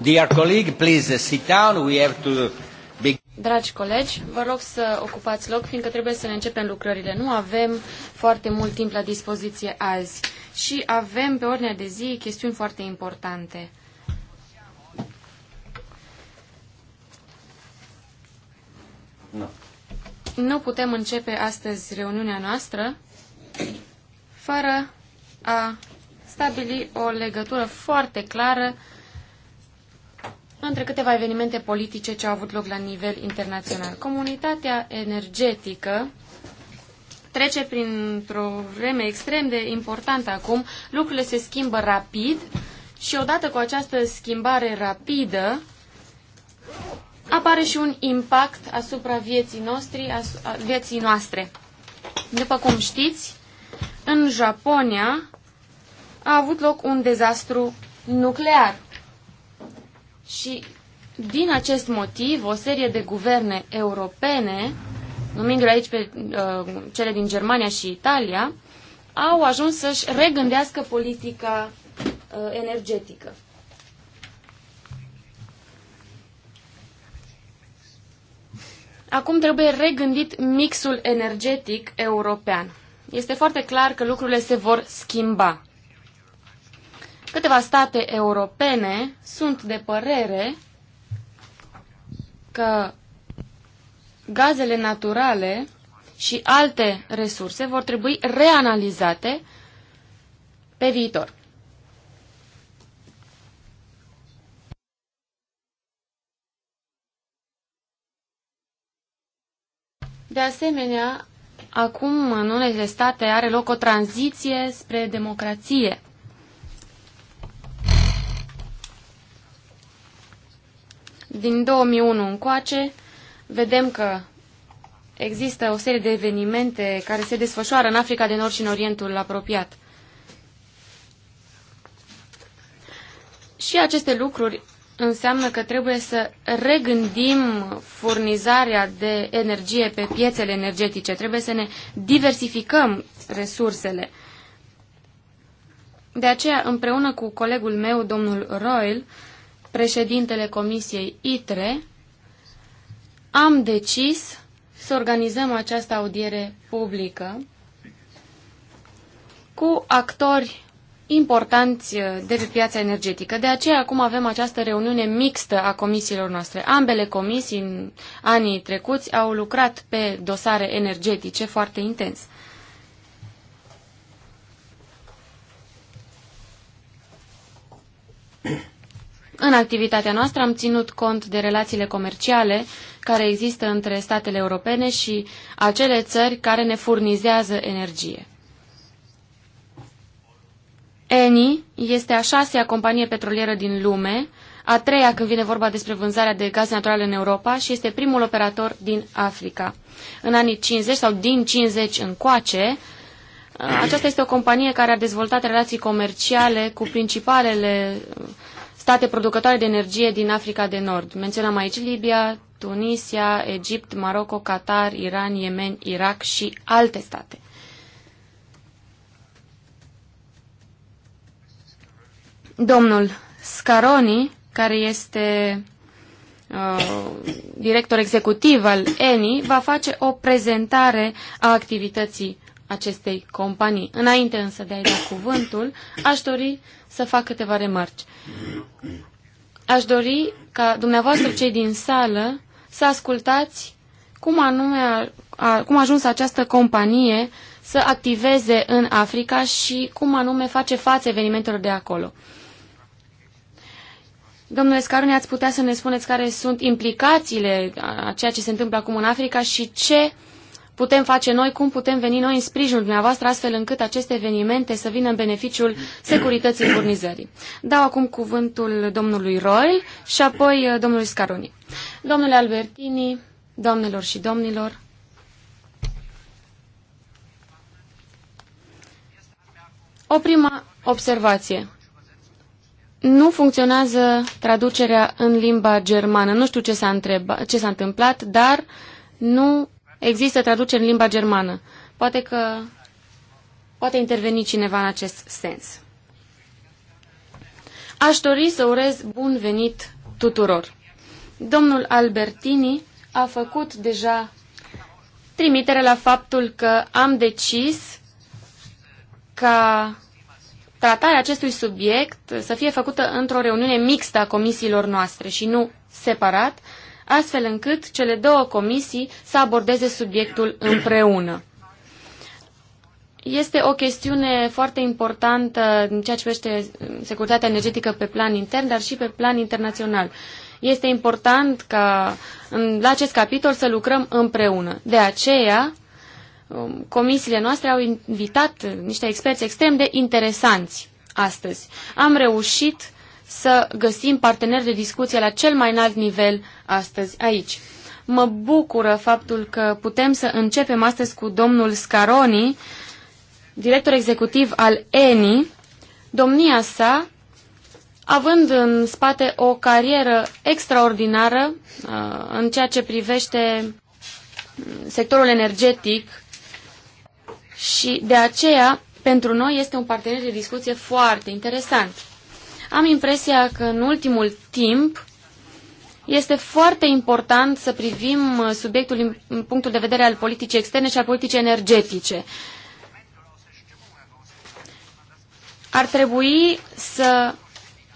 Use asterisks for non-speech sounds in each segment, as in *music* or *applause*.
Dear colleague, please sit down. We have to Dragi colegi, vă rog să ocupați loc, fiindcă trebuie să ne începem lucrările. Nu avem foarte mult timp la dispoziție azi și avem pe ordinea de zi chestiuni foarte importante. Nu putem începe astăzi reuniunea noastră fără a stabili o legătură foarte clară între câteva evenimente politice ce au avut loc la nivel internațional. Comunitatea energetică trece printr-o vreme extrem de importantă acum. Lucrurile se schimbă rapid și odată cu această schimbare rapidă apare și un impact asupra vieții, noștri, asupra vieții noastre. După cum știți, în Japonia a avut loc un dezastru nuclear. Și din acest motiv, o serie de guverne europene, numindu-le aici pe uh, cele din Germania și Italia, au ajuns să-și regândească politica uh, energetică. Acum trebuie regândit mixul energetic european. Este foarte clar că lucrurile se vor schimba. Câteva state europene sunt de părere că gazele naturale și alte resurse vor trebui reanalizate pe viitor. De asemenea, acum în unele state are loc o tranziție spre democrație. Din 2001 încoace, vedem că există o serie de evenimente care se desfășoară în Africa de Nord și în Orientul apropiat. Și aceste lucruri înseamnă că trebuie să regândim furnizarea de energie pe piețele energetice. Trebuie să ne diversificăm resursele. De aceea, împreună cu colegul meu, domnul Royal, președintele Comisiei ITRE, am decis să organizăm această audiere publică cu actori importanți uh, de pe piața energetică. De aceea acum avem această reuniune mixtă a comisiilor noastre. Ambele comisii în anii trecuți au lucrat pe dosare energetice foarte intens. you. În activitatea noastră am ținut cont de relațiile comerciale care există între statele europene și acele țări care ne furnizează energie. ENI este a șasea companie petrolieră din lume, a treia când vine vorba despre vânzarea de gaze naturale în Europa și este primul operator din Africa. În anii 50 sau din 50 încoace, aceasta este o companie care a dezvoltat relații comerciale cu principalele state producătoare de energie din Africa de Nord. Menționăm aici Libia, Tunisia, Egipt, Maroco, Qatar, Iran, Yemen, Irak și alte state. Domnul Scaroni, care este uh, director executiv al ENI, va face o prezentare a activității acestei companii. Înainte însă de a-i da cuvântul, aș dori să fac câteva remarci. Aș dori ca dumneavoastră cei din sală să ascultați cum anume a, a, cum a ajuns această companie să activeze în Africa și cum anume face față evenimentelor de acolo. Domnule Scarune, ați putea să ne spuneți care sunt implicațiile a ceea ce se întâmplă acum în Africa și ce putem face noi, cum putem veni noi în sprijinul dumneavoastră, astfel încât aceste evenimente să vină în beneficiul securității furnizării. Dau acum cuvântul domnului Royal și apoi uh, domnului Scaroni. Domnule Albertini, domnilor și domnilor, o prima observație. Nu funcționează traducerea în limba germană. Nu știu ce ce s-a întâmplat, dar nu există traducere în limba germană. Poate că poate interveni cineva în acest sens. Aș dori să urez bun venit tuturor. Domnul Albertini a făcut deja trimitere la faptul că am decis ca tratarea acestui subiect să fie făcută într-o reuniune mixtă a comisiilor noastre și nu separat, astfel încât cele două comisii să abordeze subiectul *clears throat* împreună. Este o chestiune foarte importantă în ceea ce privește uh, securitatea energetică pe plan intern, dar și pe plan internațional. Este important ca în, la acest capitol să lucrăm împreună. De aceea, um, comisiile noastre au invitat niște experți extrem de interesanți astăzi. Am reușit să găsim parteneri de discuție la cel mai înalt nivel astăzi aici. Mă bucură faptul că putem să începem astăzi cu domnul Scaroni, director executiv al ENI, domnia sa, având în spate o carieră extraordinară uh, în ceea ce privește mm, sectorul energetic și de aceea pentru noi este un partener de discuție foarte interesant. Am impresia că în ultimul timp este foarte important să privim uh, subiectul din punctul de vedere al politicii externe și al politicii energetice. Ar trebui să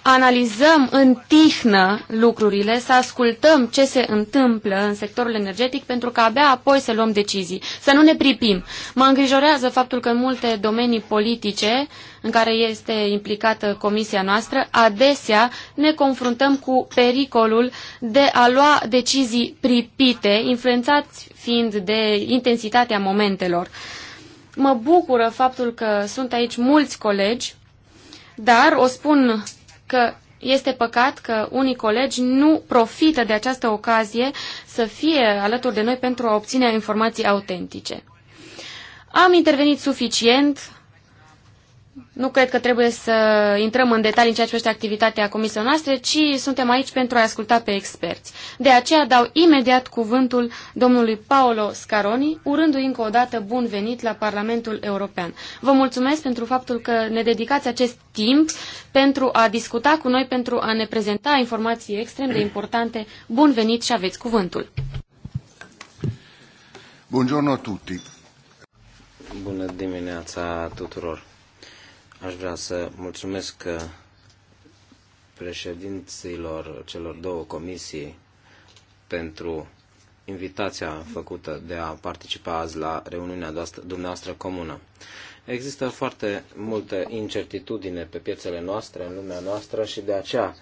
analizăm în tihnă lucrurile, să ascultăm ce se întâmplă în sectorul energetic pentru că abia apoi să luăm decizii, să nu ne pripim. Mă îngrijorează faptul că în multe domenii politice în care este implicată comisia noastră, adesea ne confruntăm cu pericolul de a lua decizii pripite, influențați fiind de intensitatea momentelor. Mă bucură faptul că sunt aici mulți colegi, dar o spun că este păcat că unii colegi nu profită de această ocazie să fie alături de noi pentru a obține informații autentice. Am intervenit suficient, nu cred că trebuie să intrăm în detalii în ceea ce privește activitatea comisiei noastre, ci suntem aici pentru a asculta pe experți. De aceea dau imediat cuvântul domnului Paolo Scaroni, urându-i încă o dată bun venit la Parlamentul European. Vă mulțumesc pentru faptul că ne dedicați acest timp pentru a discuta cu noi, pentru a ne prezenta informații extrem de importante. Bun venit și aveți cuvântul. Buongiorno a tutti. Bună dimineața tuturor. Aș vrea să mulțumesc uh, președinților celor două comisii pentru invitația făcută de a participa azi la reuniunea dumneavoastră comună. Există foarte multă incertitudine pe piețele noastre, în lumea noastră și de aceea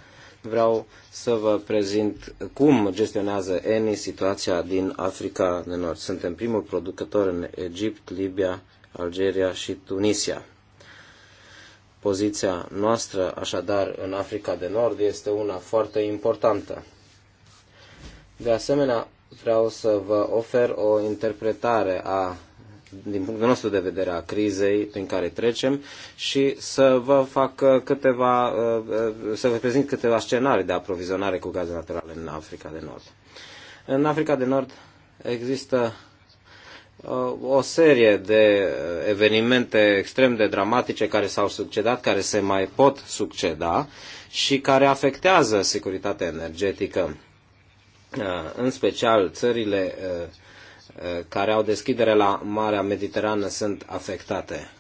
vreau să vă prezint cum gestionează ENI situația din Africa de Nord. Suntem primul producător în Egipt, Libia, Algeria și Tunisia. Poziția noastră, așadar, în Africa de Nord este una foarte importantă. De asemenea, vreau să vă ofer o interpretare a, din punctul nostru de vedere a crizei prin care trecem și să vă fac uh, câteva, uh, uh, să vă prezint câteva scenarii de aprovizionare cu gaze naturale în Africa de Nord. În Africa de Nord există o serie de evenimente extrem de dramatice care s-au succedat, care se mai pot succeda și care afectează securitatea energetică, uh, în special țările uh, uh, care au deschidere la Marea Mediterană sunt afectate.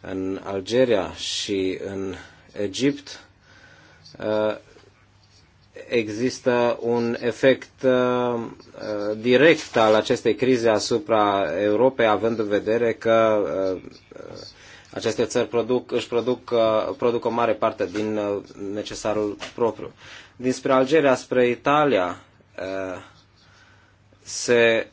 În Algeria și în Egipt există un efect uh, uh, direct al acestei crize asupra Europei, având în vedere că uh, aceste țări produc, își produc, produc o mare parte din necesarul propriu. Dinspre Algeria spre Italia se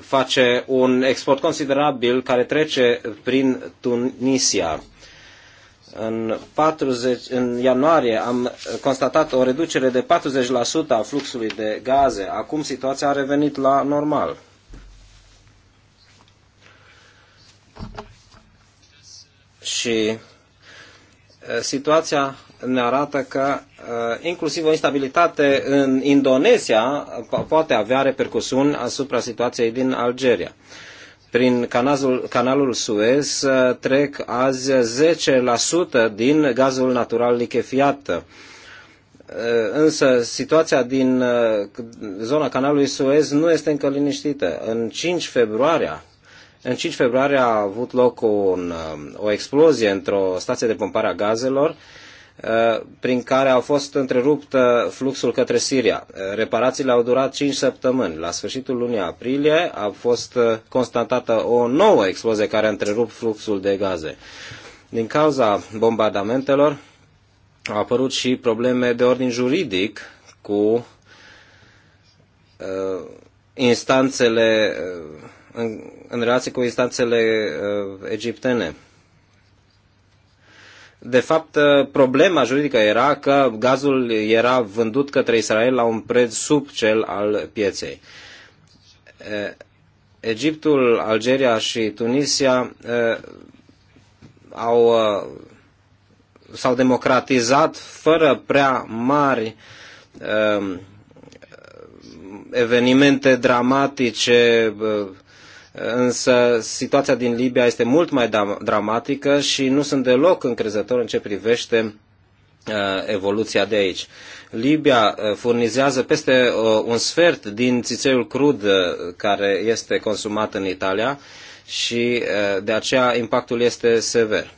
face un export considerabil care trece prin Tunisia în, 40, în ianuarie am constatat o reducere de 40% a fluxului de gaze. Acum situația a revenit la normal. Și situația ne arată că inclusiv o instabilitate în Indonezia poate avea repercusiuni asupra situației din Algeria. Prin canazul, canalul Suez uh, trec azi 10% din gazul natural lichefiat. Uh, însă situația din uh, zona canalului Suez nu este încă liniștită. În 5 februarie în 5 februarie a avut loc un, um, o explozie într-o stație de pompare a gazelor Uh, prin care au fost întrerupt fluxul către Siria. Uh, reparațiile au durat 5 săptămâni. La sfârșitul lunii aprilie a fost uh, constatată o nouă explozie care a întrerupt fluxul de gaze. Din cauza bombardamentelor au apărut și probleme de ordin juridic cu uh, instanțele uh, în, în relație cu instanțele uh, egiptene de fapt, uh, problema juridică era că gazul era vândut către Israel la un preț sub cel al pieței. Uh, Egiptul, Algeria și Tunisia uh, au, s-au democratizat fără prea mari evenimente dramatice, însă situația din Libia este mult mai dramatică și nu sunt deloc încrezător în ce privește uh, evoluția de aici. Libia uh, furnizează peste uh, un sfert din țițeiul crud care este consumat în Italia și de aceea impactul este sever.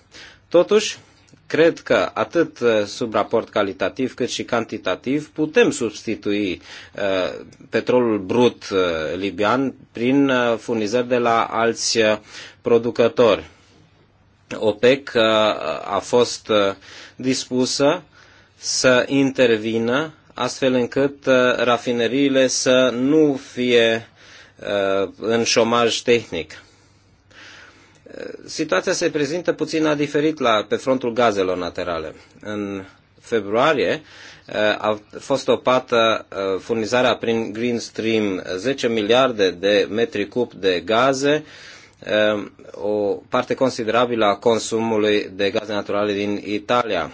Totuși, cred că atât uh, sub raport calitativ cât și cantitativ putem substitui uh, petrolul brut uh, libian prin furnizări de la alți producători. OPEC a fost dispusă să intervină astfel încât rafineriile să nu fie în șomaj tehnic situația se prezintă puțin a diferit la, pe frontul gazelor naturale. În februarie eh, a fost opată eh, furnizarea prin Green Stream 10 miliarde de metri cub de gaze, eh, o parte considerabilă a consumului de gaze naturale din Italia.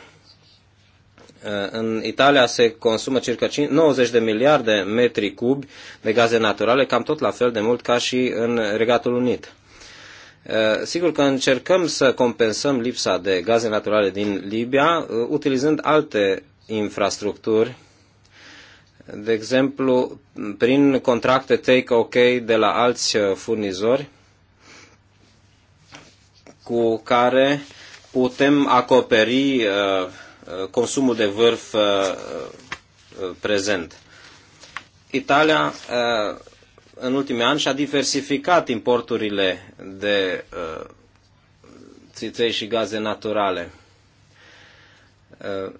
În Italia se consumă circa 90 de miliarde metri cubi de gaze naturale, cam tot la fel de mult ca și în Regatul Unit. Eh, sigur că încercăm să compensăm lipsa de gaze naturale din Libia eh, utilizând alte infrastructuri, de exemplu, prin contracte take-ok de la alți eh, furnizori cu care putem acoperi consumul de vârf prezent. Italia în ultimii ani și-a diversificat importurile de uh, țiței și gaze naturale. Uh,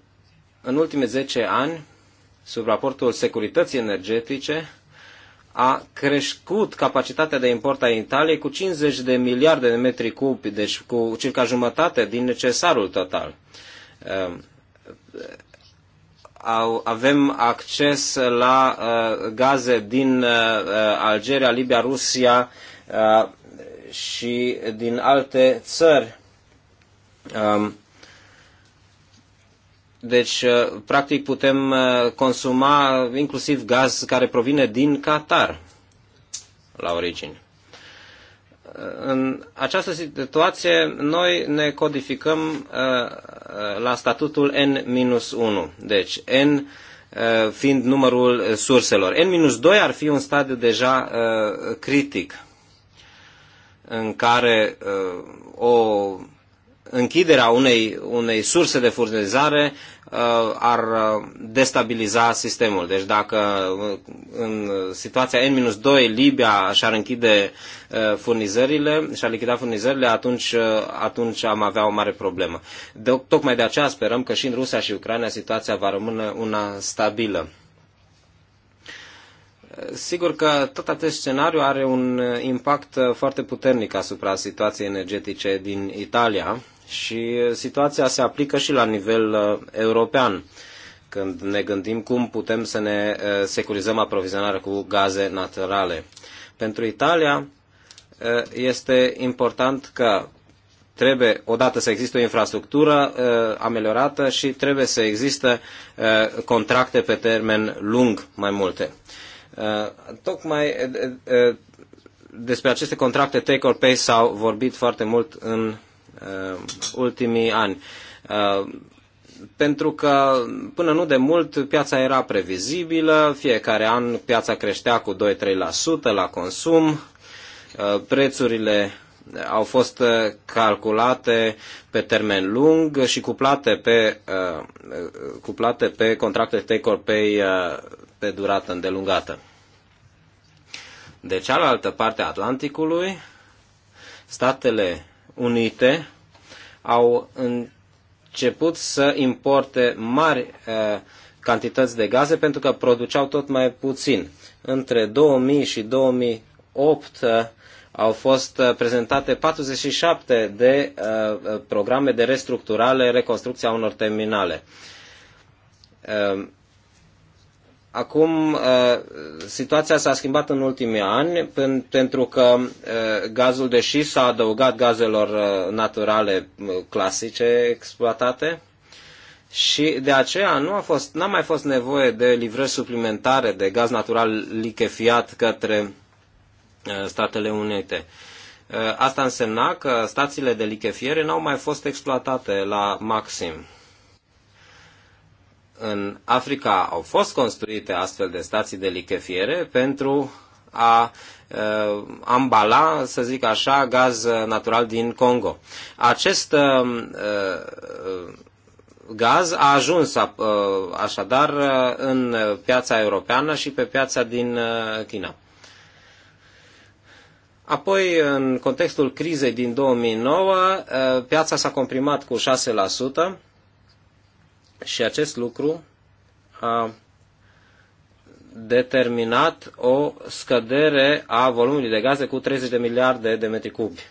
în ultimii 10 ani, sub raportul securității energetice, a crescut capacitatea de import a Italiei cu 50 de miliarde de metri cubi, deci cu circa jumătate din necesarul total. Uh, au, avem acces la uh, gaze din uh, uh, Algeria, Libia, Rusia uh, și din alte țări. Um, deci, uh, practic, putem uh, consuma inclusiv gaz care provine din Qatar la origine în această situație noi ne codificăm uh, uh, la statutul N-1, deci N uh, fiind numărul surselor. N-2 ar fi un stadiu deja critic în care o închiderea unei, unei surse de furnizare Uh, ar uh, destabiliza sistemul. Deci dacă uh, în situația N-2 Libia și-ar închide furnizările și-ar lichida furnizările, atunci, atunci am avea o mare problemă. De, tocmai de aceea sperăm că și în Rusia și Ucraina situația va rămâne una stabilă. Sigur că tot acest scenariu are un impact foarte puternic asupra situației energetice din Italia, și situația se aplică și la nivel european, când ne gândim cum putem să ne securizăm aprovizionarea cu gaze naturale. Pentru Italia este important că trebuie odată să existe o infrastructură uh, ameliorată și trebuie să existe uh, contracte pe termen lung mai multe. Uh, tocmai uh, despre aceste contracte take or pay s-au vorbit foarte mult în Uh, ultimii ani. Uh, pentru că până nu de mult piața era previzibilă, fiecare an piața creștea cu 2-3% la consum, uh, prețurile au fost calculate pe termen lung și cuplate pe, cuplate pe contracte take or pay pe durată îndelungată. De cealaltă parte a Atlanticului, statele Unite au început să importe mari uh, cantități de gaze pentru că produceau tot mai puțin. Între 2000 și 2008 uh, au fost uh, prezentate 47 de uh, uh, programe de restructurare, reconstrucția unor terminale. Uh, Acum, uh, situația s-a schimbat în ultimii ani pentru că uh, gazul de șist s-a adăugat gazelor uh, naturale clasice exploatate și de aceea nu a fost, n-a mai fost nevoie de livrări suplimentare de gaz natural lichefiat către Statele Unite. Asta însemna că stațiile de lichefiere n-au mai fost exploatate la maxim în Africa au fost construite astfel de stații de lichefiere pentru a uh, ambala, să zic așa, gaz natural din Congo. Acest uh, uh, gaz a ajuns uh, așadar în piața europeană și pe piața din uh, China. Apoi, în contextul crizei din 2009, piața s-a comprimat cu 6%, și acest lucru a determinat o scădere a volumului de gaze cu 30 de miliarde de metri cubi.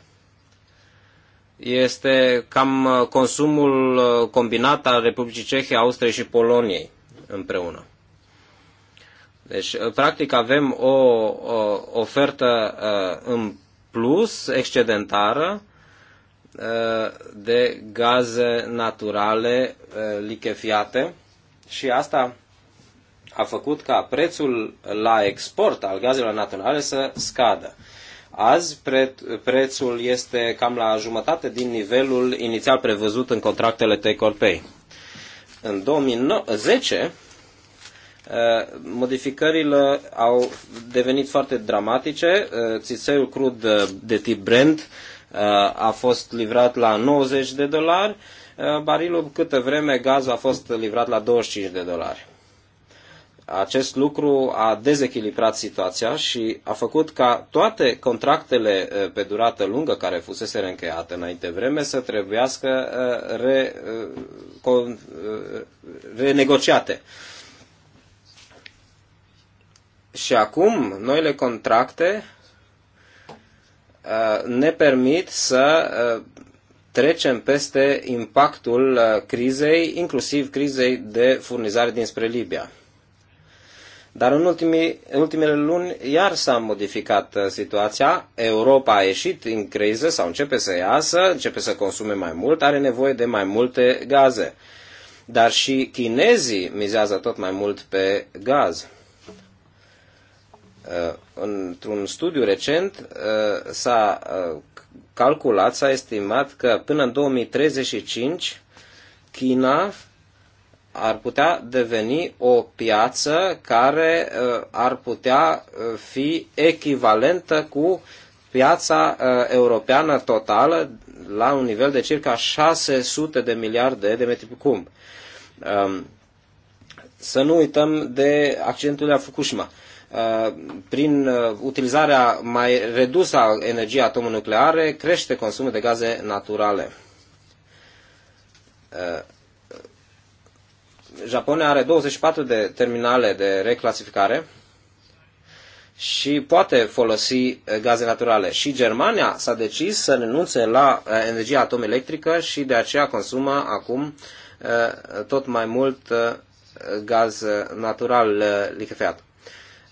Este cam uh, consumul uh, combinat al Republicii Cehe, Austriei și Poloniei împreună. Deci, uh, practic, avem o, o ofertă în plus, excedentară, Uh, de gaze naturale uh, lichefiate și asta a făcut ca prețul la export al gazelor naturale să scadă. Azi prețul este cam la jumătate din nivelul inițial prevăzut în contractele take or pay. În 2010, uh, modificările au devenit foarte dramatice. Țițeiul crud de tip Brent Uh, a fost livrat la 90 de dolari, uh, barilul câtă vreme gazul a fost livrat la 25 de dolari. Acest lucru a dezechilibrat situația și a făcut ca toate contractele uh, pe durată lungă care fusese încheiate înainte vreme să trebuiască re, con, renegociate. Și acum noile contracte Uh, ne permit să uh, trecem peste impactul uh, crizei, inclusiv crizei de furnizare dinspre Libia. Dar în ultimii, ultimele luni iar s-a modificat situația, Europa a ieșit în criză sau începe să iasă, începe să consume mai mult, are nevoie de mai multe gaze. Dar și chinezii mizează tot mai mult pe gaz. Uh, într-un studiu recent uh, s-a uh, calculat, s-a estimat că până în 2035 China ar putea deveni o piață care ar putea fi echivalentă cu piața europeană totală la un nivel de circa 600 de miliarde de metri cub. Um, să nu uităm de accidentul de la Fukushima. Uh, prin uh, utilizarea mai redusă a energiei atomonucleare, crește consumul de gaze naturale. Uh, Japonia are 24 de terminale de reclasificare și poate folosi gaze naturale. Și Germania s-a decis să renunțe la energia atomelectrică și de aceea consumă acum tot mai mult gaz natural lichefiat.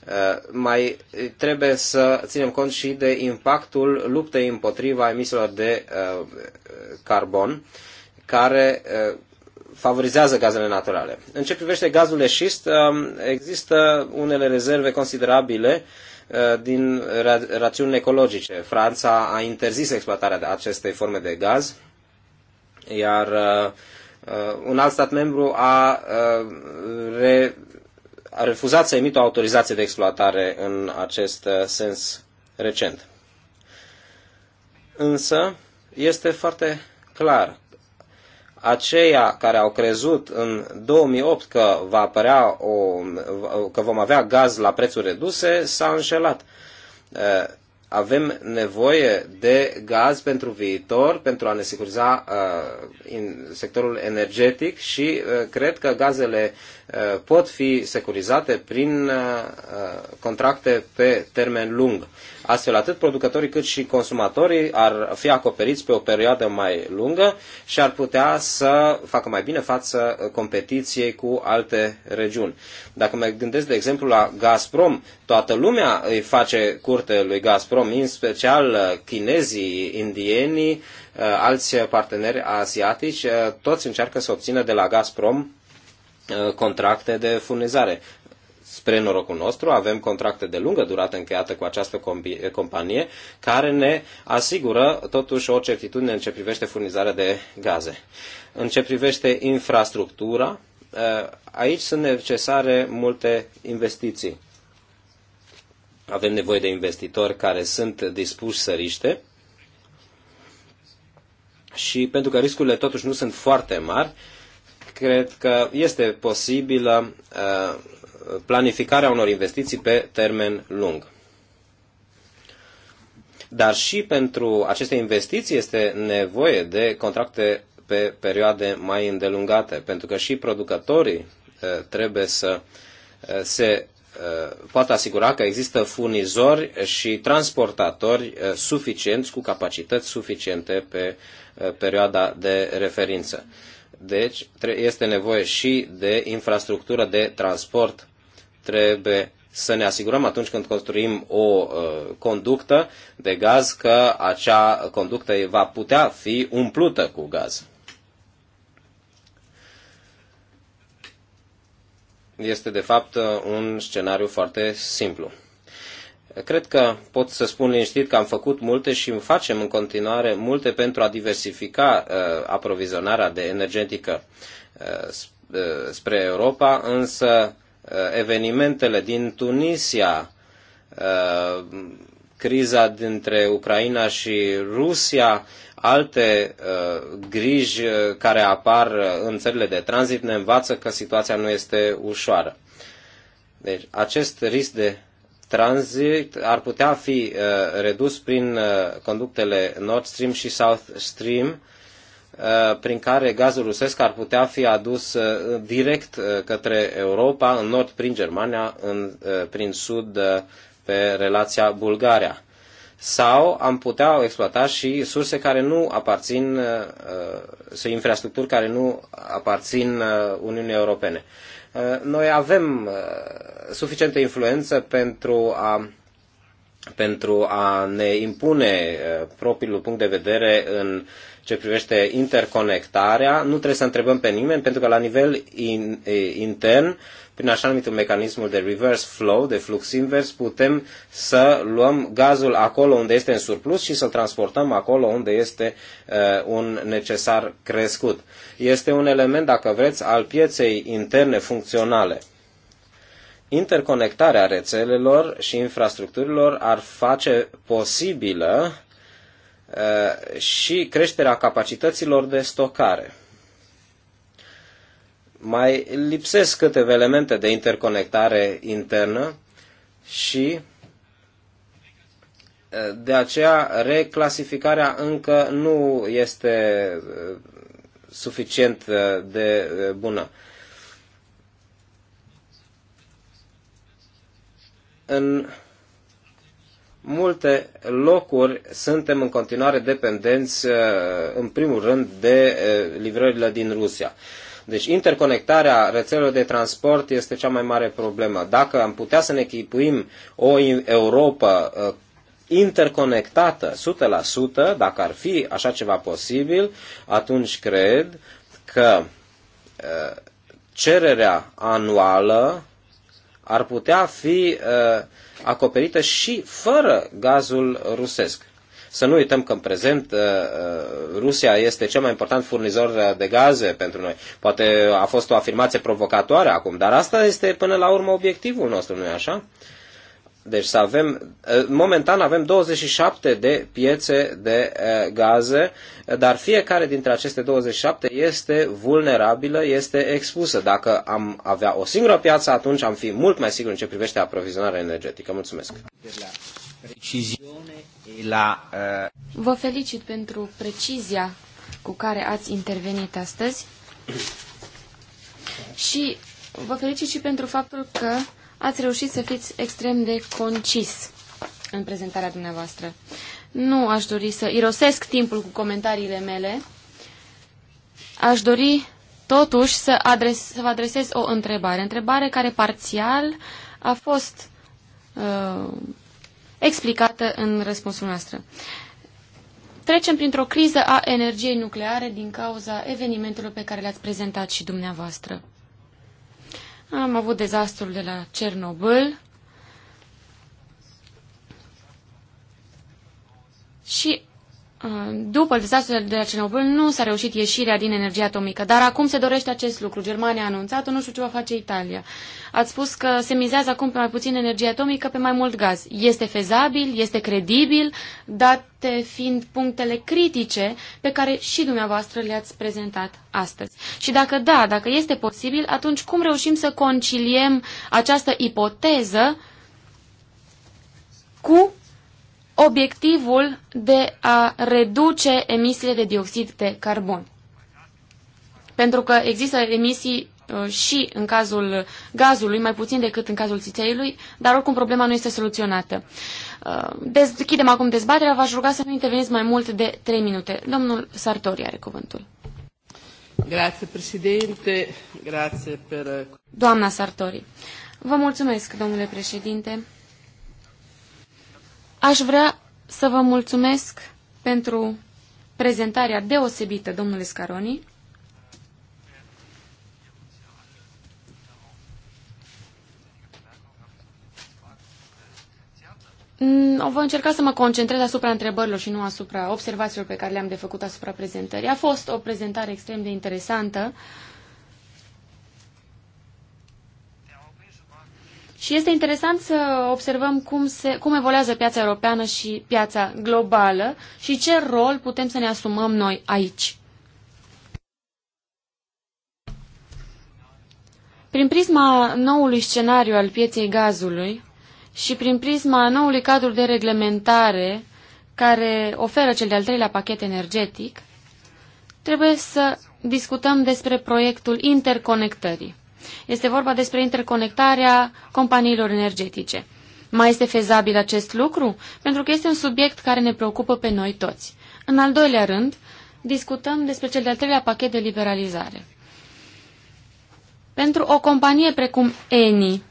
Uh, mai trebuie să ținem cont și de impactul luptei împotriva emisiilor de uh, carbon, care uh, favorizează gazele naturale. În ce privește gazul de șist, există unele rezerve considerabile din rațiuni ecologice. Franța a interzis exploatarea acestei forme de gaz, iar un alt stat membru a re a refuzat să emită o autorizație de exploatare în acest uh, sens recent. Însă, este foarte clar, aceia care au crezut în 2008 că, va apărea o, că vom avea gaz la prețuri reduse, s au înșelat. Uh, avem nevoie de gaz pentru viitor, pentru a ne securiza uh, sectorul energetic și cred că gazele Uh, pot fi securizate prin uh, contracte pe termen lung. Astfel, atât producătorii cât și consumatorii ar fi acoperiți pe o perioadă mai lungă și ar putea să facă mai bine față uh, competiției cu alte regiuni. Dacă mă gândesc, de exemplu, la Gazprom, toată lumea îi face curte lui Gazprom, în special chinezii, indienii, alți parteneri asiatici, toți încearcă să obțină de la Gazprom Uh, contracte de furnizare. Spre norocul nostru avem contracte de lungă durată încheiate cu această eh, companie care ne asigură totuși o certitudine în ce privește furnizarea de gaze. În ce privește infrastructura, eh, aici sunt necesare multe investiții. Avem nevoie de investitori care sunt dispuși să riște și pentru că riscurile totuși nu sunt foarte mari, uh, cred că este posibilă uh, planificarea unor investiții pe termen lung. Dar și pentru aceste investiții este nevoie de contracte pe perioade mai îndelungate, pentru că și producătorii uh, trebuie să uh, se poată asigura că există furnizori și transportatori suficienți, cu capacități suficiente pe perioada de referință. Deci este nevoie și de infrastructură de transport. Trebuie să ne asigurăm atunci când construim o uh, conductă de gaz că acea conductă va putea fi umplută cu gaz. Este de fapt un scenariu foarte simplu. Cred că pot să spun liniștit că am făcut multe și facem în continuare multe pentru a diversifica uh, aprovizionarea de energetică uh, uh, spre Europa, însă uh, evenimentele din Tunisia, uh, criza dintre Ucraina și Rusia, alte uh, griji uh, care apar uh, în țările de tranzit ne învață că situația nu este ușoară. Deci acest risc de tranzit ar putea fi uh, redus prin uh, conductele Nord Stream și South Stream, uh, prin care gazul rusesc ar putea fi adus direct către Europa, în nord prin Germania, în, prin sud pe relația Bulgaria. Sau am putea exploata și surse care nu aparțin, sau infrastructuri care nu aparțin Uniunii Europene. Uh, noi avem uh, suficientă influență pentru a pentru a ne impune uh, propriul punct de vedere în ce privește interconectarea. Nu trebuie să întrebăm pe nimeni, pentru că la nivel in, eh, intern prin așa numitul mecanismul de reverse flow, de flux invers, putem să luăm gazul acolo unde este în surplus și să-l transportăm acolo unde este uh, un necesar crescut. Este un element, dacă vreți, al pieței interne funcționale. Interconectarea rețelelor și infrastructurilor ar face posibilă uh, și creșterea capacităților de stocare mai lipsesc câteva elemente de interconectare internă și de aceea reclasificarea încă nu este suficient de bună. În multe locuri suntem în continuare dependenți, în primul rând, de livrările din Rusia. Deci interconectarea rețelelor de transport este cea mai mare problemă. Dacă am putea să ne chipuim o Europa uh, interconectată 100%, dacă ar fi așa ceva posibil, atunci cred că uh, cererea anuală ar putea fi uh, acoperită și fără gazul rusesc. Să nu uităm că în prezent uh, uh, Rusia este cel mai important furnizor de gaze pentru noi. Poate a fost o afirmație provocatoare acum, dar asta este până la urmă obiectivul nostru, nu-i așa? Deci să avem, uh, momentan avem 27 de piețe de gaze, dar fiecare dintre aceste 27 este vulnerabilă, este expusă. Dacă am avea o singură piață, atunci am fi mult mai sigur în ce privește aprovizionarea energetică. Mulțumesc! la... Vă felicit pentru precizia cu care ați intervenit astăzi și vă felicit și pentru faptul că ați reușit să fiți extrem de concis în prezentarea dumneavoastră. Nu aș dori să irosesc timpul cu comentariile mele. Aș dori totuși să, adres, să vă adresez o întrebare. Întrebare care parțial a fost uh, explicată în răspunsul noastră. Trecem printr-o criză a energiei nucleare din cauza evenimentelor pe care le-ați prezentat și dumneavoastră. Am avut dezastrul de la Cernobâl și Uh, după dezastrele de la Cernobâl nu s-a reușit ieșirea din energia atomică, dar acum se dorește acest lucru. Germania a anunțat-o, nu știu ce va face Italia. Ați spus că se mizează acum pe mai puțin energie atomică, pe mai mult gaz. Este fezabil, este credibil, date fiind punctele critice pe care și dumneavoastră le-ați prezentat astăzi. Și dacă da, dacă este posibil, atunci cum reușim să conciliem această ipoteză cu obiectivul de a reduce emisiile de dioxid de carbon. Pentru că există emisii uh, și în cazul gazului, mai puțin decât în cazul țițeiului, dar oricum problema nu este soluționată. Uh, deschidem acum dezbaterea, v-aș ruga să nu interveniți mai mult de 3 minute. Domnul Sartori are cuvântul. Grazie, președinte. Grazie per... Doamna Sartori, vă mulțumesc, domnule președinte. Aș vrea să vă mulțumesc pentru prezentarea deosebită, domnule Scaroni. Mm, o voi încerca să mă concentrez asupra întrebărilor și nu asupra observațiilor pe care le-am de făcut asupra prezentării. A fost o prezentare extrem de interesantă. Uh, Și este interesant să observăm cum, se, cum evoluează piața europeană și piața globală și ce rol putem să ne asumăm noi aici. Prin prisma noului scenariu al pieței gazului și prin prisma noului cadru de reglementare care oferă cel de-al treilea pachet energetic, trebuie să discutăm despre proiectul interconectării. Este vorba despre interconectarea companiilor energetice. Mai este fezabil acest lucru? Pentru că este un subiect care ne preocupă pe noi toți. În al doilea rând, discutăm despre cel de-al treilea pachet de liberalizare. Pentru o companie precum ENI,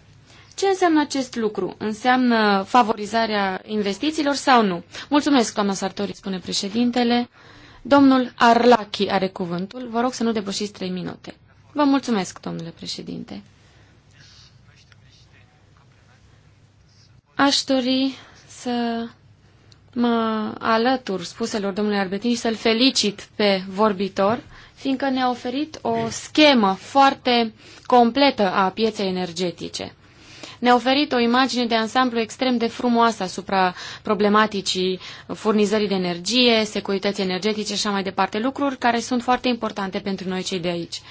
ce înseamnă acest lucru? Înseamnă favorizarea investițiilor sau nu? Mulțumesc, doamna Sartori, spune președintele. Domnul Arlachi are cuvântul. Vă rog să nu depășiți trei minute. Vă mulțumesc, domnule președinte. Aș dori să mă alătur spuselor domnului Arbetin și să-l felicit pe vorbitor, fiindcă ne-a oferit o schemă foarte completă a pieței energetice. Ne-a oferit o imagine de ansamblu extrem de frumoasă asupra problematicii furnizării de energie, securității energetice și așa mai departe, lucruri care sunt foarte importante pentru noi cei de aici.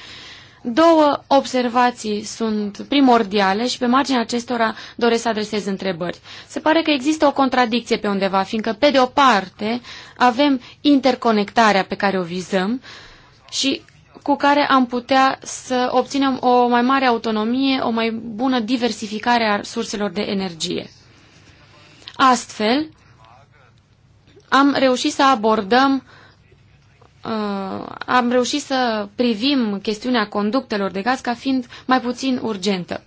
Două observații sunt primordiale și pe marginea acestora doresc să adresez întrebări. Se pare că există o contradicție pe undeva, fiindcă pe de o parte avem interconectarea pe care o vizăm și cu care am putea să obținem o mai mare autonomie, o mai bună diversificare a surselor de energie. Astfel, am reușit să abordăm Uh, am reușit să privim chestiunea conductelor de gaz ca fiind mai puțin urgentă.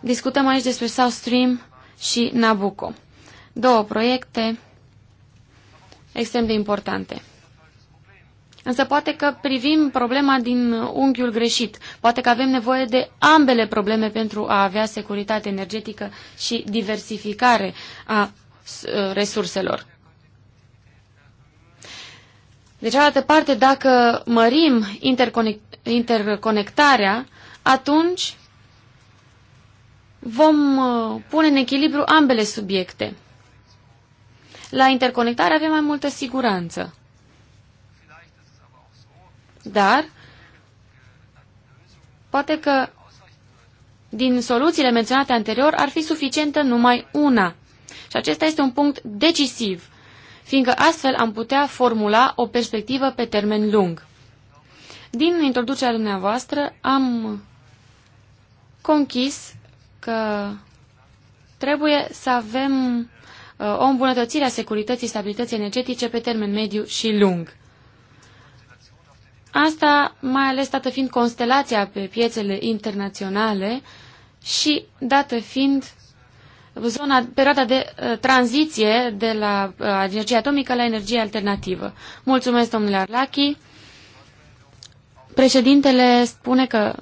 Discutăm aici despre South Stream și Nabucco. Două proiecte extrem de importante. Însă poate că privim problema din unghiul greșit. Poate că avem nevoie de ambele probleme pentru a avea securitate energetică și diversificare a uh, resurselor. De cealaltă parte, dacă mărim interconectarea, atunci vom uh, pune în echilibru ambele subiecte. La interconectare avem mai multă siguranță. Dar poate că din soluțiile menționate anterior ar fi suficientă numai una. Și acesta este un punct decisiv fiindcă astfel am putea formula o perspectivă pe termen lung. Din introducerea dumneavoastră am conchis că trebuie să avem uh, o îmbunătățire a securității stabilității energetice pe termen mediu și lung. Asta mai ales dată fiind constelația pe piețele internaționale și dată fiind zona, perioada de uh, tranziție de la uh, energie atomică la energie alternativă. Mulțumesc, domnule Arlachi. Președintele spune că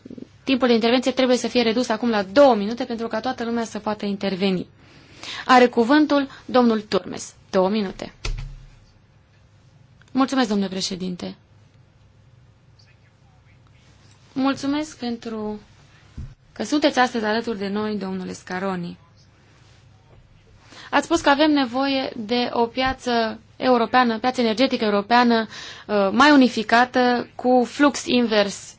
timpul de intervenție trebuie să fie redus acum la două minute pentru ca toată lumea să poată interveni. Are cuvântul domnul Turmes. Două minute. Mulțumesc, domnule președinte. Mulțumesc pentru că sunteți astăzi alături de noi, domnule Scaroni. Ați spus că avem nevoie de o piață europeană, piață energetică europeană uh, mai unificată cu flux invers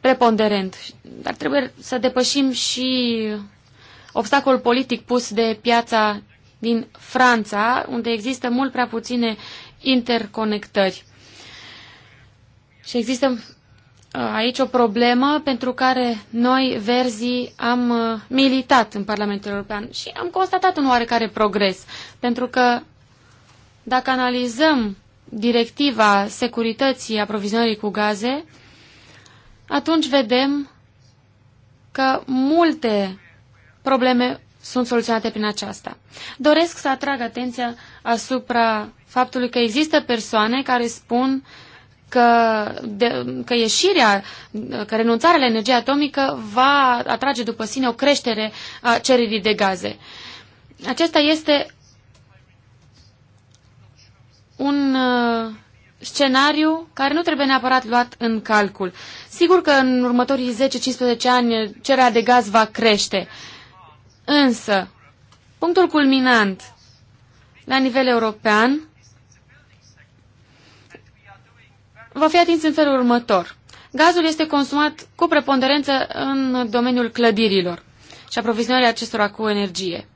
preponderent. Dar trebuie să depășim și obstacolul politic pus de piața din Franța, unde există mult prea puține interconectări. Și există aici o problemă pentru care noi, verzii, am uh, militat în Parlamentul European și am constatat un oarecare progres. Pentru că dacă analizăm directiva securității aprovizionării cu gaze, atunci vedem că multe probleme sunt soluționate prin aceasta. Doresc să atrag atenția asupra faptului că există persoane care spun uh, că, de, că ieșirea, că renunțarea la energie atomică va atrage după sine o creștere a cererii de gaze. Acesta este un uh, scenariu care nu trebuie neapărat luat în calcul. Sigur că în următorii 10-15 ani cererea de gaz va crește, însă punctul culminant la nivel european va fi atins în felul următor. Gazul este consumat cu preponderență în domeniul clădirilor și aprovizionarea acestora cu energie.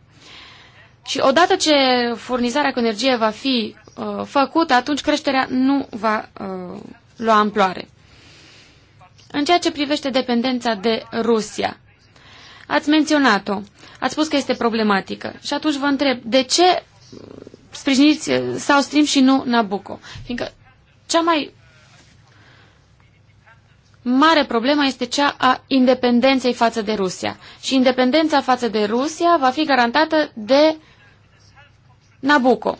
Și odată ce furnizarea cu energie va fi uh, făcută, atunci creșterea nu va uh, lua amploare. În ceea ce privește dependența de Rusia, ați menționat-o, ați spus că este problematică și atunci vă întreb, de ce sprijiniți uh, sau Stream și nu Nabucco? Fiindcă cea mai mare problemă este cea a independenței față de Rusia. Și independența față de Rusia va fi garantată de Nabucco.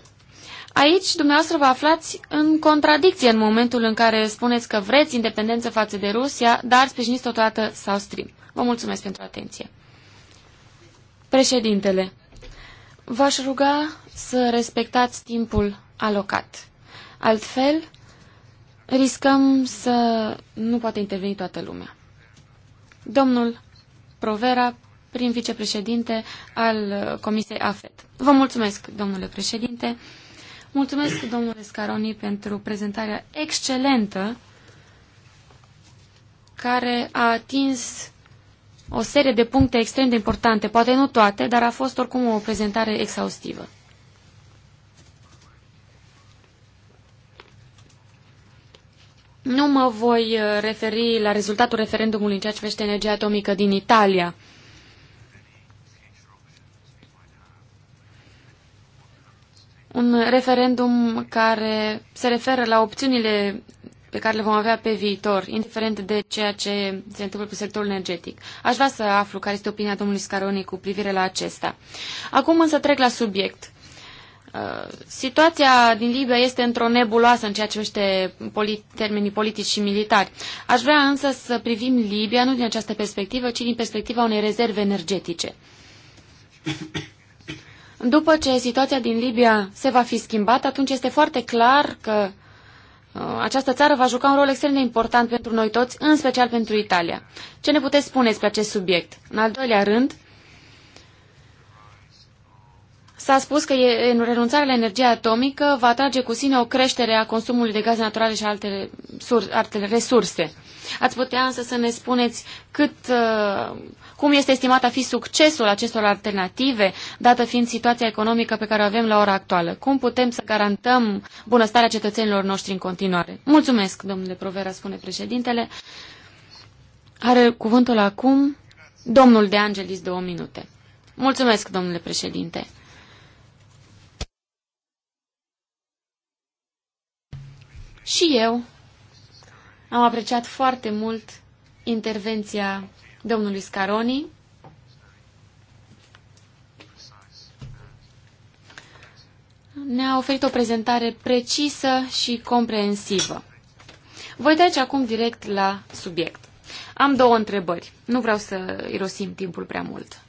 Aici, dumneavoastră, vă aflați în contradicție în momentul în care spuneți că vreți independență față de Rusia, dar sprijiniți totodată sau Stream. Vă mulțumesc pentru atenție. Președintele, v-aș ruga să respectați timpul alocat. Altfel, riscăm să nu poată interveni toată lumea. Domnul Provera, prim vicepreședinte al Comisiei AFET. Vă mulțumesc, domnule președinte. Mulțumesc, domnule Scaroni, pentru prezentarea excelentă care a atins o serie de puncte extrem de importante, poate nu toate, dar a fost oricum o prezentare exhaustivă. Nu mă voi uh, referi la rezultatul referendumului în ceea ce privește energia atomică din Italia. Un referendum care se referă la opțiunile pe care le vom avea pe viitor, indiferent de ceea ce se întâmplă cu sectorul energetic. Aș vrea să aflu care este opinia domnului Scaroni cu privire la acesta. Acum însă trec la subiect. Uh, situația din Libia este într-o nebuloasă în ceea ce privește polit- termenii politici și militari. Aș vrea însă să privim Libia nu din această perspectivă, ci din perspectiva unei rezerve energetice. *coughs* După ce situația din Libia se va fi schimbat, atunci este foarte clar că uh, această țară va juca un rol extrem de important pentru noi toți, în special pentru Italia. Ce ne puteți spune despre acest subiect? În al doilea rând, S-a spus că renunțarea la energia atomică va atrage cu sine o creștere a consumului de gaze naturale și alte, sur, alte resurse. Ați putea însă să ne spuneți cât, uh, cum este estimat a fi succesul acestor alternative, dată fiind situația economică pe care o avem la ora actuală. Cum putem să garantăm bunăstarea cetățenilor noștri în continuare? Mulțumesc, domnule Provera, spune președintele. Are cuvântul acum domnul De Angelis două minute. Mulțumesc, domnule președinte. Și eu am apreciat foarte mult intervenția domnului Scaroni. Ne-a oferit o prezentare precisă și comprehensivă. Voi trece acum direct la subiect. Am două întrebări. Nu vreau să irosim timpul prea mult.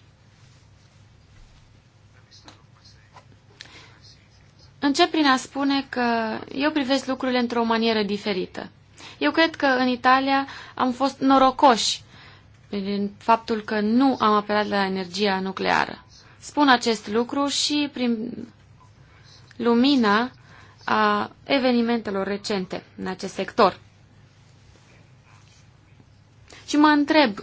Încep prin a spune că eu privesc lucrurile într-o manieră diferită. Eu cred că în Italia am fost norocoși prin faptul că nu am apelat la energia nucleară. Spun acest lucru și prin lumina a evenimentelor recente în acest sector. Și mă întreb,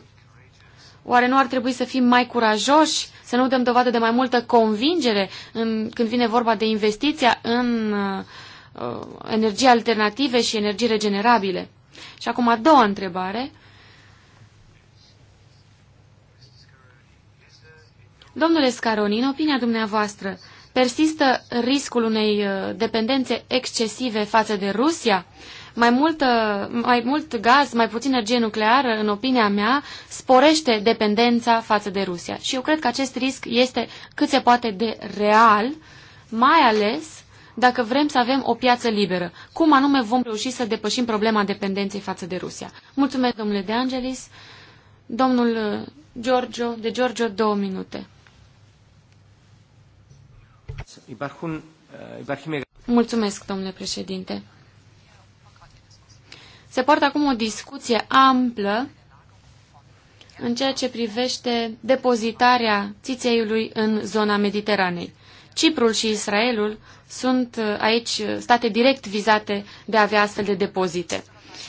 oare nu ar trebui să fim mai curajoși să nu dăm dovadă de mai multă convingere în, când vine vorba de investiția în uh, energie alternative și energii regenerabile. Și acum a doua întrebare. Domnule Scaroni, în opinia dumneavoastră, persistă riscul unei uh, dependențe excesive față de Rusia? Uh, mai, multă, uh, mai mult gaz, mai puțin energie nucleară, în opinia mea, sporește dependența față de Rusia. Și eu cred că acest risc este cât se poate de real, mai ales dacă vrem să avem o piață liberă. Cum anume vom reuși să depășim problema dependenței față de Rusia? Mulțumesc, domnule De Angelis. Domnul uh, Giorgio, de Giorgio, două minute. Mulțumesc, domnule președinte. Se poartă acum o discuție amplă în ceea ce privește depozitarea țițeiului în zona Mediteranei. Ciprul și Israelul sunt uh, aici uh, state direct vizate de a avea astfel de depozite.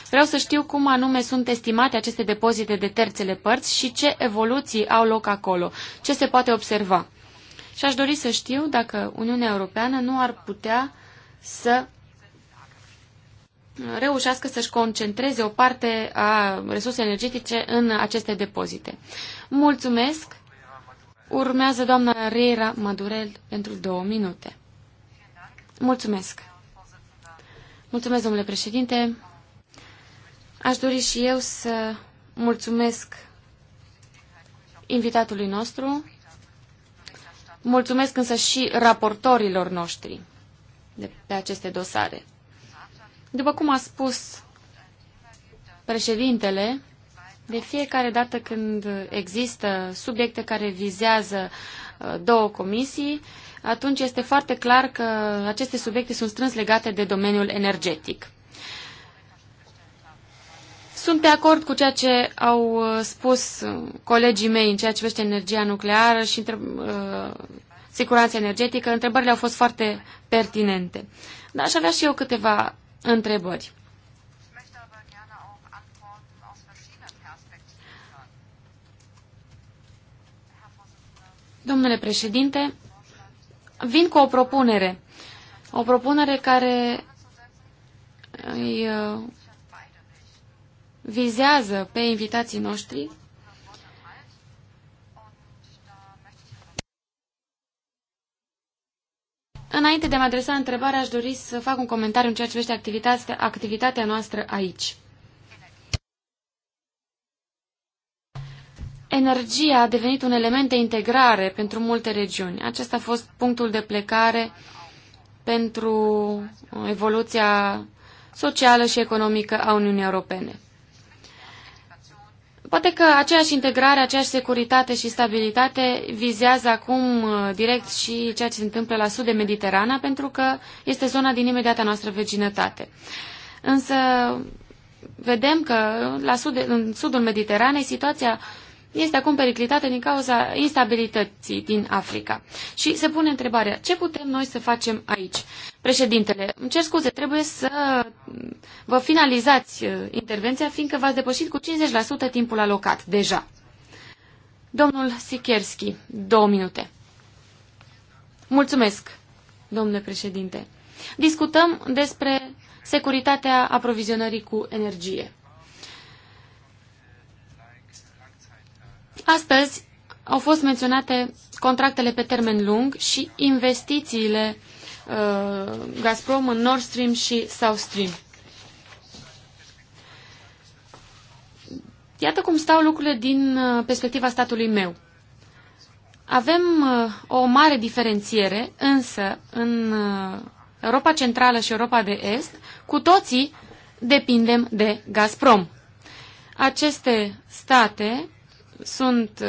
Vreau să știu cum anume sunt estimate aceste depozite de terțele părți și ce evoluții au loc acolo, ce se poate observa. Și aș dori să știu dacă Uniunea Europeană nu ar putea să reușească să-și concentreze o parte a resurselor energetice în aceste depozite. Mulțumesc! Urmează doamna Riera Madurel pentru două minute. Mulțumesc! Mulțumesc, domnule președinte! Aș dori și eu să mulțumesc invitatului nostru, mulțumesc însă și raportorilor noștri de pe aceste dosare. După cum a spus președintele, de fiecare dată când există subiecte care vizează uh, două comisii, atunci este foarte clar că aceste subiecte sunt strâns legate de domeniul energetic. Sunt de acord cu ceea ce au uh, spus uh, colegii mei în ceea ce privește energia nucleară și uh, siguranța energetică. Întrebările au fost foarte pertinente. Dar aș avea și eu câteva întrebări. Domnule președinte, vin cu o propunere. O propunere care îi uh, vizează pe invitații noștri Înainte de a-mi adresa întrebarea, aș dori să fac un comentariu în ceea ce vește activitatea, activitatea noastră aici. Energia a devenit un element de integrare pentru multe regiuni. Acesta a fost punctul de plecare pentru evoluția socială și economică a Uniunii Europene. Poate că aceeași integrare, aceeași securitate și stabilitate vizează acum uh, direct și ceea ce se întâmplă la sud de Mediterana, pentru că este zona din imediata noastră vecinătate. Însă vedem că la sud, în sudul Mediteranei situația este acum periclitată din cauza instabilității din Africa. Și se pune întrebarea, ce putem noi să facem aici? Președintele, îmi cer scuze, trebuie să vă finalizați uh, intervenția, fiindcă v-ați depășit cu 50% timpul alocat deja. Domnul Sikerski, două minute. Mulțumesc, domnule președinte. Discutăm despre securitatea aprovizionării cu energie. Astăzi au fost menționate contractele pe termen lung și investițiile Uh, Gazprom în Nord Stream și South Stream. Iată cum stau lucrurile din uh, perspectiva statului meu. Avem uh, o mare diferențiere, însă în Europa Centrală și Europa de Est, cu toții depindem de Gazprom. Aceste state sunt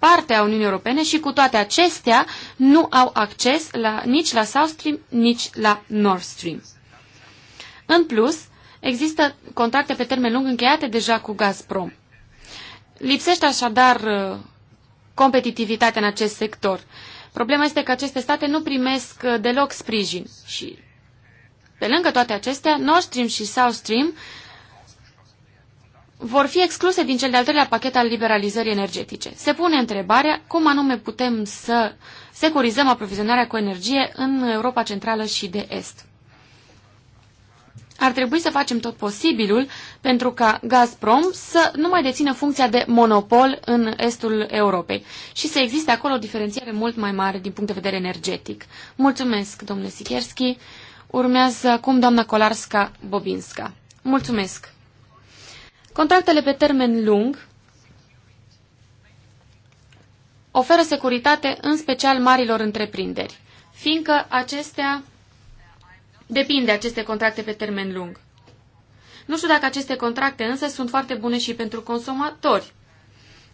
parte a Uniunii Europene și cu toate acestea nu au acces la, nici la South Stream, nici la Nord Stream. În plus, există contracte pe termen lung încheiate deja cu Gazprom. Lipsește așadar uh, competitivitatea în acest sector. Problema este că aceste state nu primesc uh, deloc sprijin și pe lângă toate acestea, Nord Stream și South Stream vor fi excluse din cel de-al treilea pachet al liberalizării energetice. Se pune întrebarea cum anume putem să securizăm aprovizionarea cu energie în Europa Centrală și de Est. Ar trebui să facem tot posibilul pentru ca Gazprom să nu mai dețină funcția de monopol în estul Europei și să existe acolo o diferențiere mult mai mare din punct de vedere energetic. Mulțumesc, domnule Sikierski. Urmează acum doamna Kolarska-Bobinska. Mulțumesc! Contractele pe termen lung oferă securitate în special marilor întreprinderi, fiindcă acestea depind de aceste contracte pe termen lung. Nu știu dacă aceste contracte însă sunt foarte bune și pentru consumatori.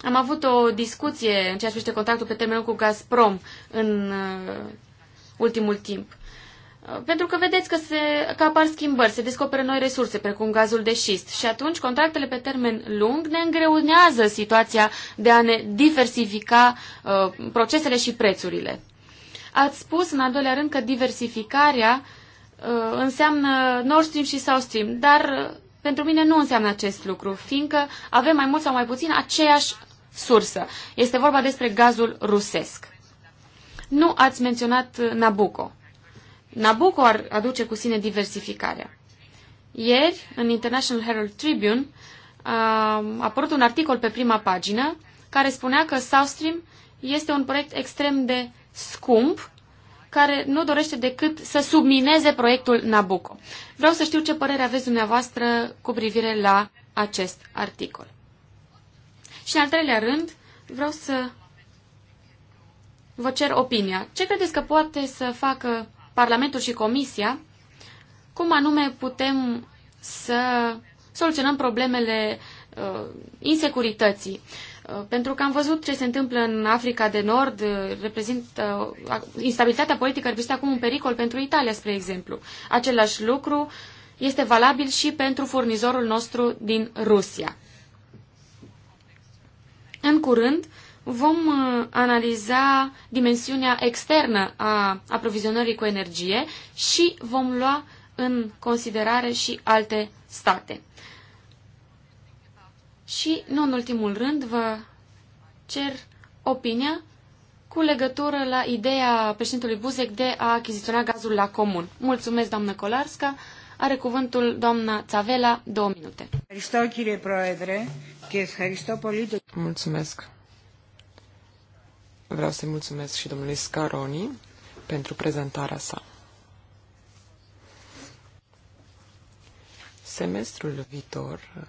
Am avut o discuție în ceea ce privește contractul pe termen lung cu Gazprom în uh, ultimul timp. Pentru că vedeți că, se, că apar schimbări, se descoperă noi resurse, precum gazul de șist. Și atunci contractele pe termen lung ne îngreunează situația de a ne diversifica uh, procesele și prețurile. Ați spus, în al doilea rând, că diversificarea uh, înseamnă Nord Stream și South Stream, dar uh, pentru mine nu înseamnă acest lucru, fiindcă avem mai mult sau mai puțin aceeași sursă. Este vorba despre gazul rusesc. Nu ați menționat Nabucco. Nabucco ar aduce cu sine diversificarea. Ieri, în International Herald Tribune, a apărut un articol pe prima pagină care spunea că South Stream este un proiect extrem de scump care nu dorește decât să submineze proiectul Nabucco. Vreau să știu ce părere aveți dumneavoastră cu privire la acest articol. Și în al treilea rând, vreau să vă cer opinia. Ce credeți că poate să facă Parlamentul și Comisia, cum anume putem să soluționăm problemele uh, insecurității. Uh, pentru că am văzut ce se întâmplă în Africa de Nord, uh, reprezintă, uh, instabilitatea politică reprezintă acum un pericol pentru Italia, spre exemplu. Același lucru este valabil și pentru furnizorul nostru din Rusia. În curând, uh, vom uh, analiza dimensiunea externă a aprovizionării cu energie și vom lua în considerare și alte state. Și, nu în ultimul rând, vă cer opinia cu legătură la ideea președintelui Buzek de a achiziționa gazul la comun. Mulțumesc, doamnă Colarska. Are cuvântul doamna Țavela, două minute. Mulțumesc. Vreau să-i mulțumesc și domnului Scaroni pentru prezentarea sa. Semestrul viitor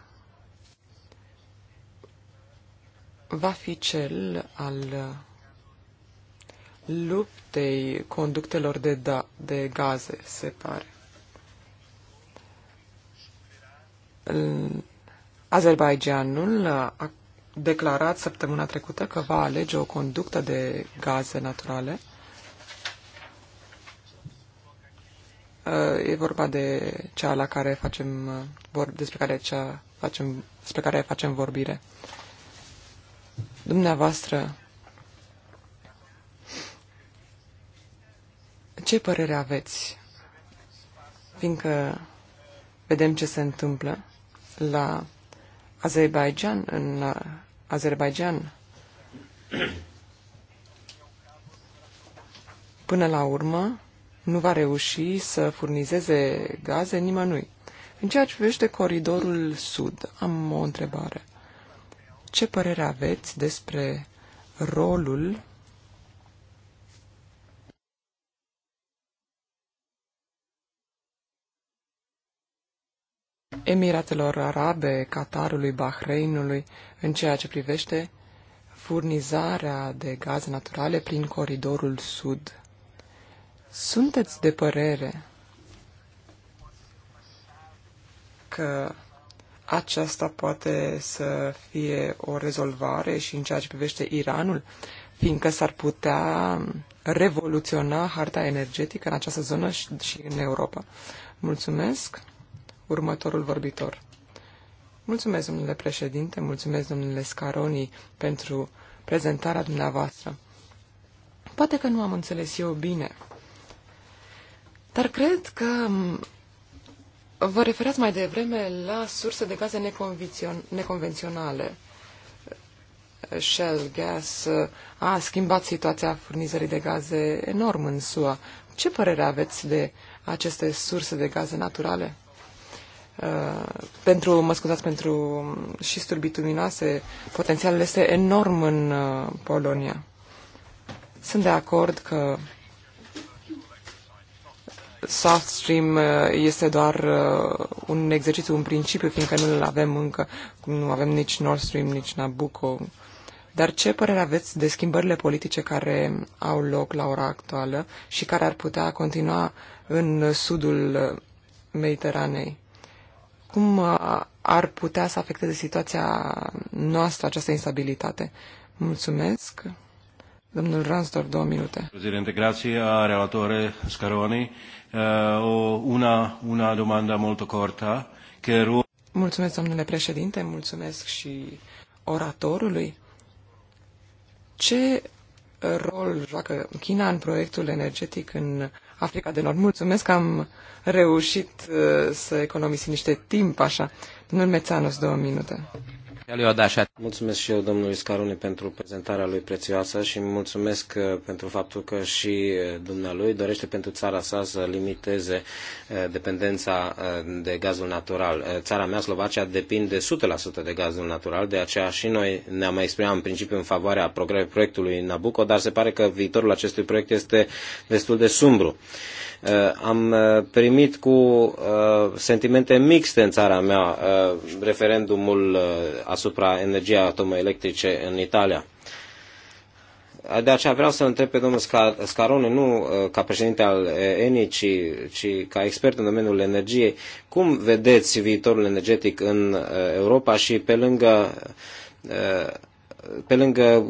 va fi cel al luptei conductelor de, da, de gaze, se pare. Azerbaijanul a declarat săptămâna trecută că va alege o conductă de gaze naturale. Uh, e vorba de cea la care facem uh, vor, despre care cea facem, despre care facem vorbire. Dumneavoastră, ce părere aveți? Fiindcă vedem ce se întâmplă la Azerbaijan în uh, Azerbaijan. Până la urmă, nu va reuși să furnizeze gaze nimănui. În ceea ce privește coridorul sud, am o întrebare. Ce părere aveți despre rolul Emiratelor Arabe, Qatarului, Bahreinului, în ceea ce privește furnizarea de gaze naturale prin coridorul sud. Sunteți de părere că aceasta poate să fie o rezolvare și în ceea ce privește Iranul, fiindcă s-ar putea revoluționa harta energetică în această zonă și în Europa. Mulțumesc! următorul vorbitor. Mulțumesc, domnule președinte, mulțumesc, domnule Scaroni, pentru prezentarea dumneavoastră. Poate că nu am înțeles eu bine, dar cred că vă referați mai devreme la surse de gaze neconvenționale. Shell Gas a schimbat situația furnizării de gaze enorm în SUA. Ce părere aveți de aceste surse de gaze naturale? Uh, pentru, mă scuzați, pentru șisturi bituminoase, potențialul este enorm în uh, Polonia. Sunt de acord că South Stream uh, este doar un exercițiu, un principiu, fiindcă nu îl avem încă, nu avem nici Nord Stream, nici Nabucco. Dar ce părere aveți de schimbările politice care au loc la ora actuală și care ar putea continua în sudul Mediteranei? cum uh, ar putea să afecteze situația noastră această instabilitate. Mulțumesc. Domnul Ransdor, două minute. Presidente, grație, a relatore Scaroni. Uh, o una, una domanda molto corta. Che... Mulțumesc, domnule președinte, mulțumesc și oratorului. Ce rol joacă China în proiectul energetic în Africa de Nord. Mulțumesc că am reușit uh, să economisim niște timp așa. Domnul Mețanos, două minute. Mulțumesc și eu domnului Scaroni pentru prezentarea lui prețioasă și mulțumesc uh, pentru faptul că și uh, dumnealui dorește pentru țara sa să limiteze uh, dependența de gazul natural. Țara mea, Slovacia, depinde 100% de gazul natural, de aceea și noi ne-am mai exprimat în principiu în favoarea proiectului Nabucco, dar se pare că viitorul acestui proiect este destul de sumbru Uh, am uh, primit cu uh, sentimente mixte în țara mea referendumul asupra energiei atomoelectrice în Italia. De aceea vreau să întreb pe domnul Scarone, nu ca președinte al ENI, ci, ci ca expert în domeniul energiei, cum vedeți viitorul energetic în Europa și pe lângă pe lângă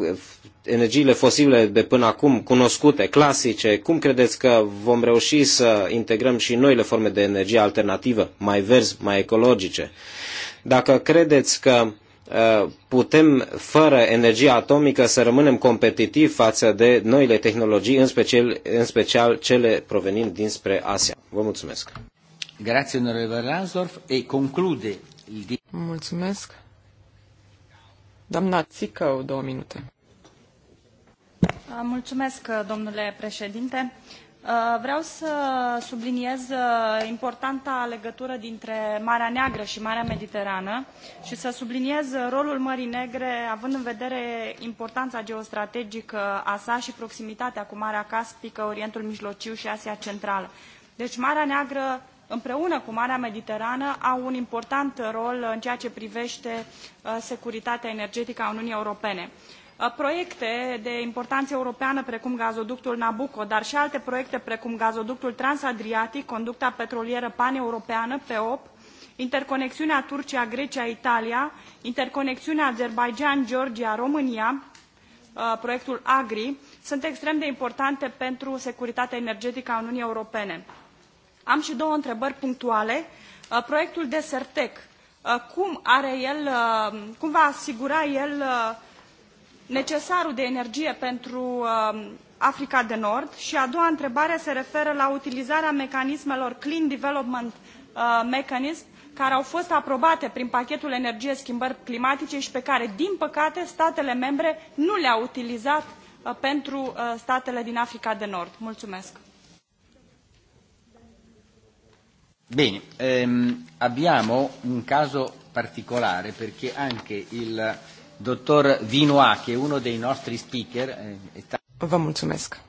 energiile fosile de până acum cunoscute, clasice, cum credeți că vom reuși să integrăm și noile forme de energie alternativă, mai verzi, mai ecologice? Dacă credeți că uh, putem, fără energia atomică, să rămânem competitivi față de noile tehnologii, în special, în special cele provenind dinspre Asia. Vă mulțumesc! Grazie, onorevole Ransdorf, e conclude Mulțumesc! Doamna Țicău, două minute. Uh, mulțumesc, uh, domnule președinte. Uh, vreau să subliniez importanta legătură dintre Marea Neagră și Marea Mediterană și să subliniez rolul Mării Negre, având în vedere importanța geostrategică a sa și proximitatea cu Marea Caspică, Orientul Mijlociu și Asia Centrală. Deci Marea Neagră împreună cu Marea Mediterană au un important rol în ceea ce privește securitatea energetică a Uniunii Europene. Uh, proiecte de importanță europeană precum gazoductul Nabucco, dar și alte proiecte precum gazoductul Transadriatic, conducta petrolieră paneuropeană, PEOP, interconexiunea Turcia-Grecia-Italia, interconexiunea Azerbaijan-Georgia-România, uh, proiectul AGRI, sunt extrem de importante pentru securitatea energetică a Uniunii Europene. Am și două întrebări punctuale. Uh, proiectul Desertec, cum, are el, cum va asigura el necesarul de energie pentru um, Africa de Nord și a doua întrebare se referă la utilizarea mecanismelor Clean Development uh, Mechanism care au fost aprobate prin pachetul energie schimbări climatice și pe care, din păcate, statele membre nu le-au utilizat uh, pentru uh, statele din Africa de Nord. Mulțumesc! Bine, ehm, abbiamo un caso particolare perché anche il Dottor Vinoa, che è uno dei nostri speaker. Eh, Vă mulțumesc.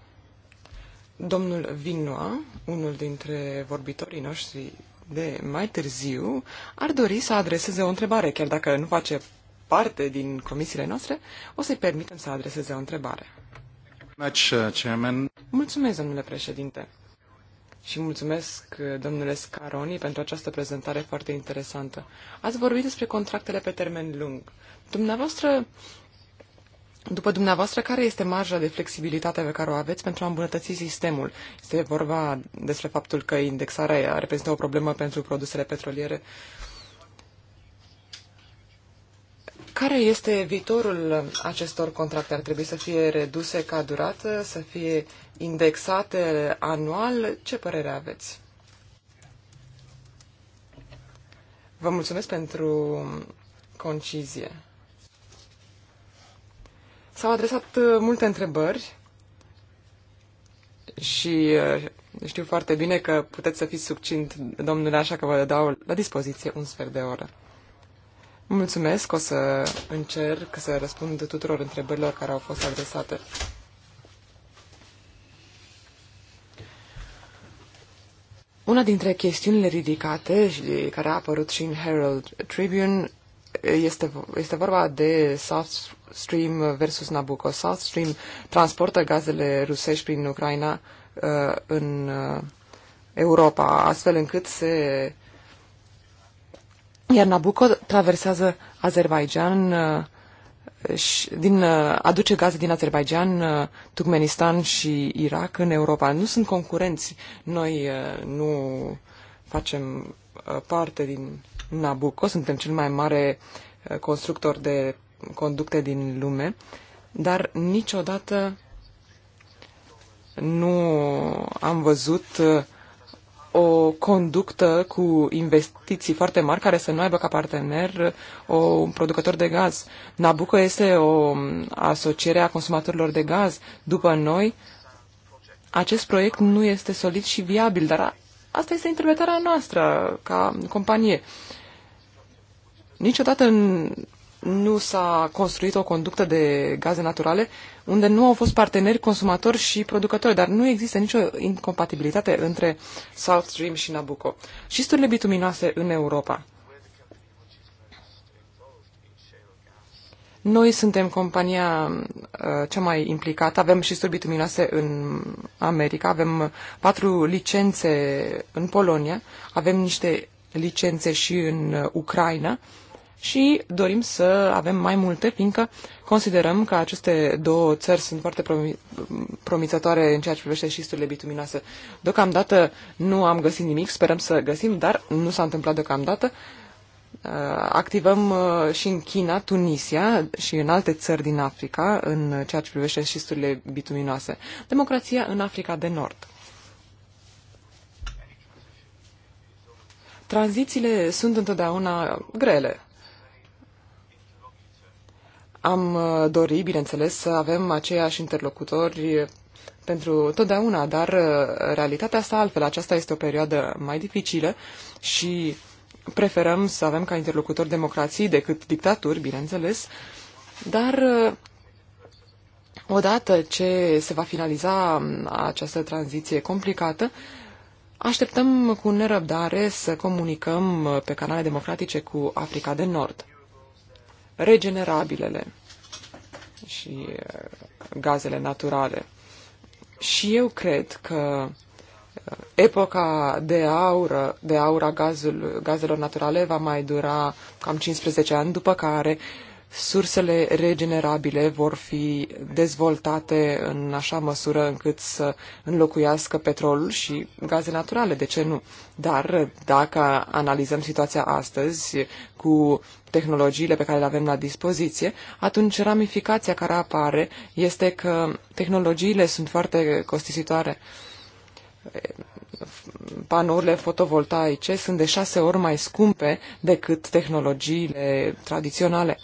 Domnul Vinoa, unul dintre vorbitorii noștri de mai târziu, ar dori să adreseze o întrebare, chiar dacă nu face parte din comisiile noastre, o să-i permitem să adreseze o întrebare. Uh, mulțumesc, domnule președinte și mulțumesc, domnule Scaroni, pentru această prezentare foarte interesantă. Ați vorbit despre contractele pe termen lung. Dumneavoastră, după dumneavoastră, care este marja de flexibilitate pe care o aveți pentru a îmbunătăți sistemul? Este vorba despre faptul că indexarea reprezintă o problemă pentru produsele petroliere. Uh, Care este viitorul acestor contracte? Ar trebui să fie reduse ca durată, să fie indexate anual? Ce părere aveți? Vă mulțumesc pentru concizie. S-au adresat multe întrebări și uh, știu foarte bine că puteți să fiți succint, domnule, așa că vă dau la dispoziție un sfert de oră. Mulțumesc, o să încerc să răspund tuturor întrebărilor care au fost adresate. Una dintre chestiunile ridicate și care a apărut și în Herald Tribune este, este vorba de South Stream versus Nabucco. South Stream transportă gazele rusești prin Ucraina uh, în uh, Europa, astfel încât se uh, iar Nabucco traversează Azerbaijan uh, și din, uh, aduce gaze din Azerbaijan, uh, Turkmenistan și Irak în Europa. Nu sunt concurenți. Noi nu facem parte din Nabucco, suntem cel mai mare constructor de conducte din lume, dar niciodată nu am văzut o conductă cu investiții foarte mari care să nu aibă ca partener o, un producător de gaz. Nabucco este o asociere a consumatorilor de gaz. După noi, acest proiect nu este solid și viabil, dar asta este interpretarea noastră ca companie. Niciodată în nu s-a construit o conductă de gaze naturale unde nu au fost parteneri consumatori și producători, dar nu există nicio incompatibilitate între South Stream și Nabucco. Și sturile bituminoase în Europa. Noi suntem compania uh, cea mai implicată, avem și sturi bituminoase în America, avem patru licențe în Polonia, avem niște licențe și în uh, Ucraina, uh, și dorim să avem mai multe, fiindcă considerăm că aceste două țări sunt foarte promi- promițătoare în ceea ce privește șisturile bituminoase. Deocamdată nu am găsit nimic, sperăm să găsim, dar nu s-a întâmplat deocamdată. Uh, activăm uh, și în China, Tunisia și în alte țări din Africa în ceea ce privește șisturile bituminoase. Democrația în Africa de Nord. Tranzițiile sunt întotdeauna grele am uh, dorit, bineînțeles, să avem aceiași interlocutori pentru totdeauna, dar uh, realitatea asta altfel. Aceasta este o perioadă mai dificilă și preferăm să avem ca interlocutori democrații decât dictaturi, bineînțeles, dar uh, odată ce se va finaliza um, această tranziție complicată, așteptăm cu nerăbdare să comunicăm pe canale democratice cu Africa de Nord. Regenerabilele și uh, gazele naturale. Și eu cred că uh, epoca de aur, de aur a gazelor naturale va mai dura cam 15 ani, după care uh, sursele regenerabile vor fi dezvoltate în așa măsură încât să înlocuiască petrolul și gaze naturale, de ce nu? Dar dacă analizăm situația astăzi cu tehnologiile pe care le avem la dispoziție, atunci ramificația care apare este că tehnologiile sunt foarte costisitoare panourile fotovoltaice sunt de șase ori mai scumpe decât tehnologiile tradiționale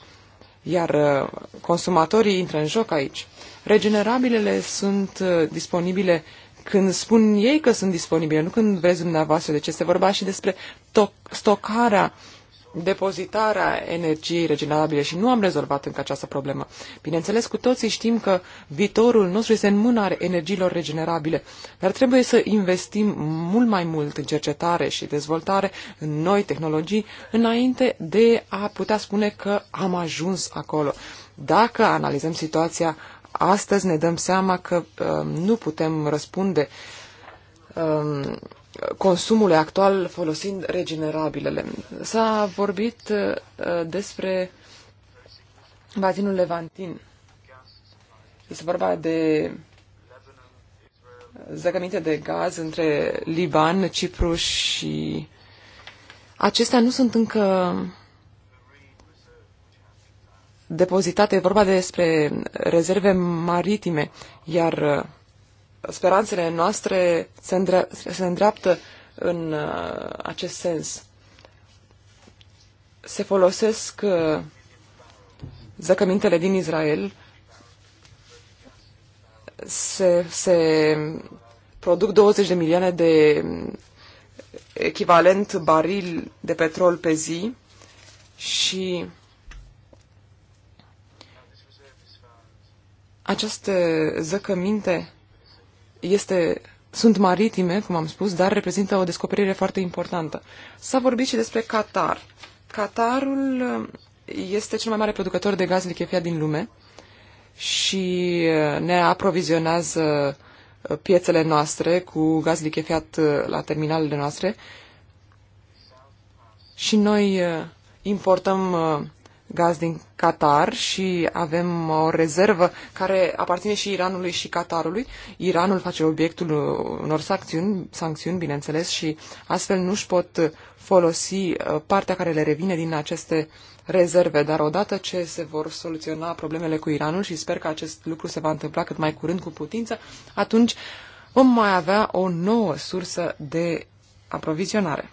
iar uh, consumatorii intră în joc aici. Regenerabilele sunt uh, disponibile când spun ei că sunt disponibile, nu când vezi dumneavoastră. ce este vorba și despre stocarea uh, depozitarea energiei regenerabile și nu am rezolvat încă această problemă. Bineînțeles, cu toții știm că viitorul nostru este în mâna energiilor regenerabile, dar trebuie să investim mult mai mult în cercetare și dezvoltare, în noi tehnologii, înainte de a putea spune că am ajuns acolo. Dacă analizăm situația astăzi, ne dăm seama că uh, nu putem răspunde uh, consumului actual folosind regenerabilele. S-a vorbit uh, despre bazinul levantin. Este vorba de zăcăminte de gaz între Liban, Cipru și... Acestea nu sunt încă depozitate. E vorba despre rezerve maritime, iar uh, speranțele noastre se, îndre- se îndreaptă în uh, acest sens. Se folosesc uh, zăcămintele din Israel, se, se produc 20 de milioane de mm, echivalent baril de petrol pe zi și aceste zăcăminte este, sunt maritime, cum am spus, dar reprezintă o descoperire foarte importantă. S-a vorbit și despre Qatar. Qatarul uh, este cel mai mare producător de gaz lichefiat din lume și uh, ne aprovizionează uh, piețele noastre cu gaz lichefiat la terminalele noastre și noi importăm gaz din Qatar și avem uh, o rezervă care aparține și Iranului și Qatarului. Iranul face obiectul uh, unor sancțiuni, sancțiuni bineînțeles, și astfel nu își pot folosi uh, partea care le revine din aceste rezerve. Dar odată ce se vor soluționa problemele cu Iranul și sper că acest lucru se va întâmpla cât mai curând cu putință, atunci vom mai avea o nouă sursă de aprovizionare.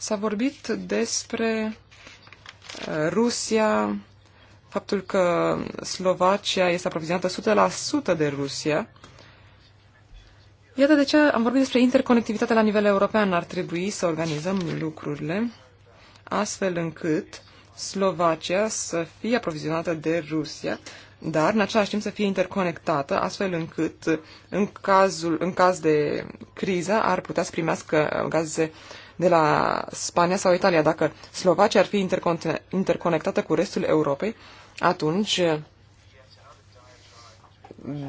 S-a vorbit despre uh, Rusia, faptul că Slovacia este aprovizionată 100% de Rusia. Iată de ce am vorbit despre interconectivitate la nivel european. Ar trebui să organizăm lucrurile astfel încât Slovacia să fie aprovizionată de Rusia, dar în același timp să fie interconectată, astfel încât în, cazul, în caz de criză ar putea să primească gaze de la Spania sau Italia. Dacă Slovacia ar fi intercon- interconectată cu restul Europei, atunci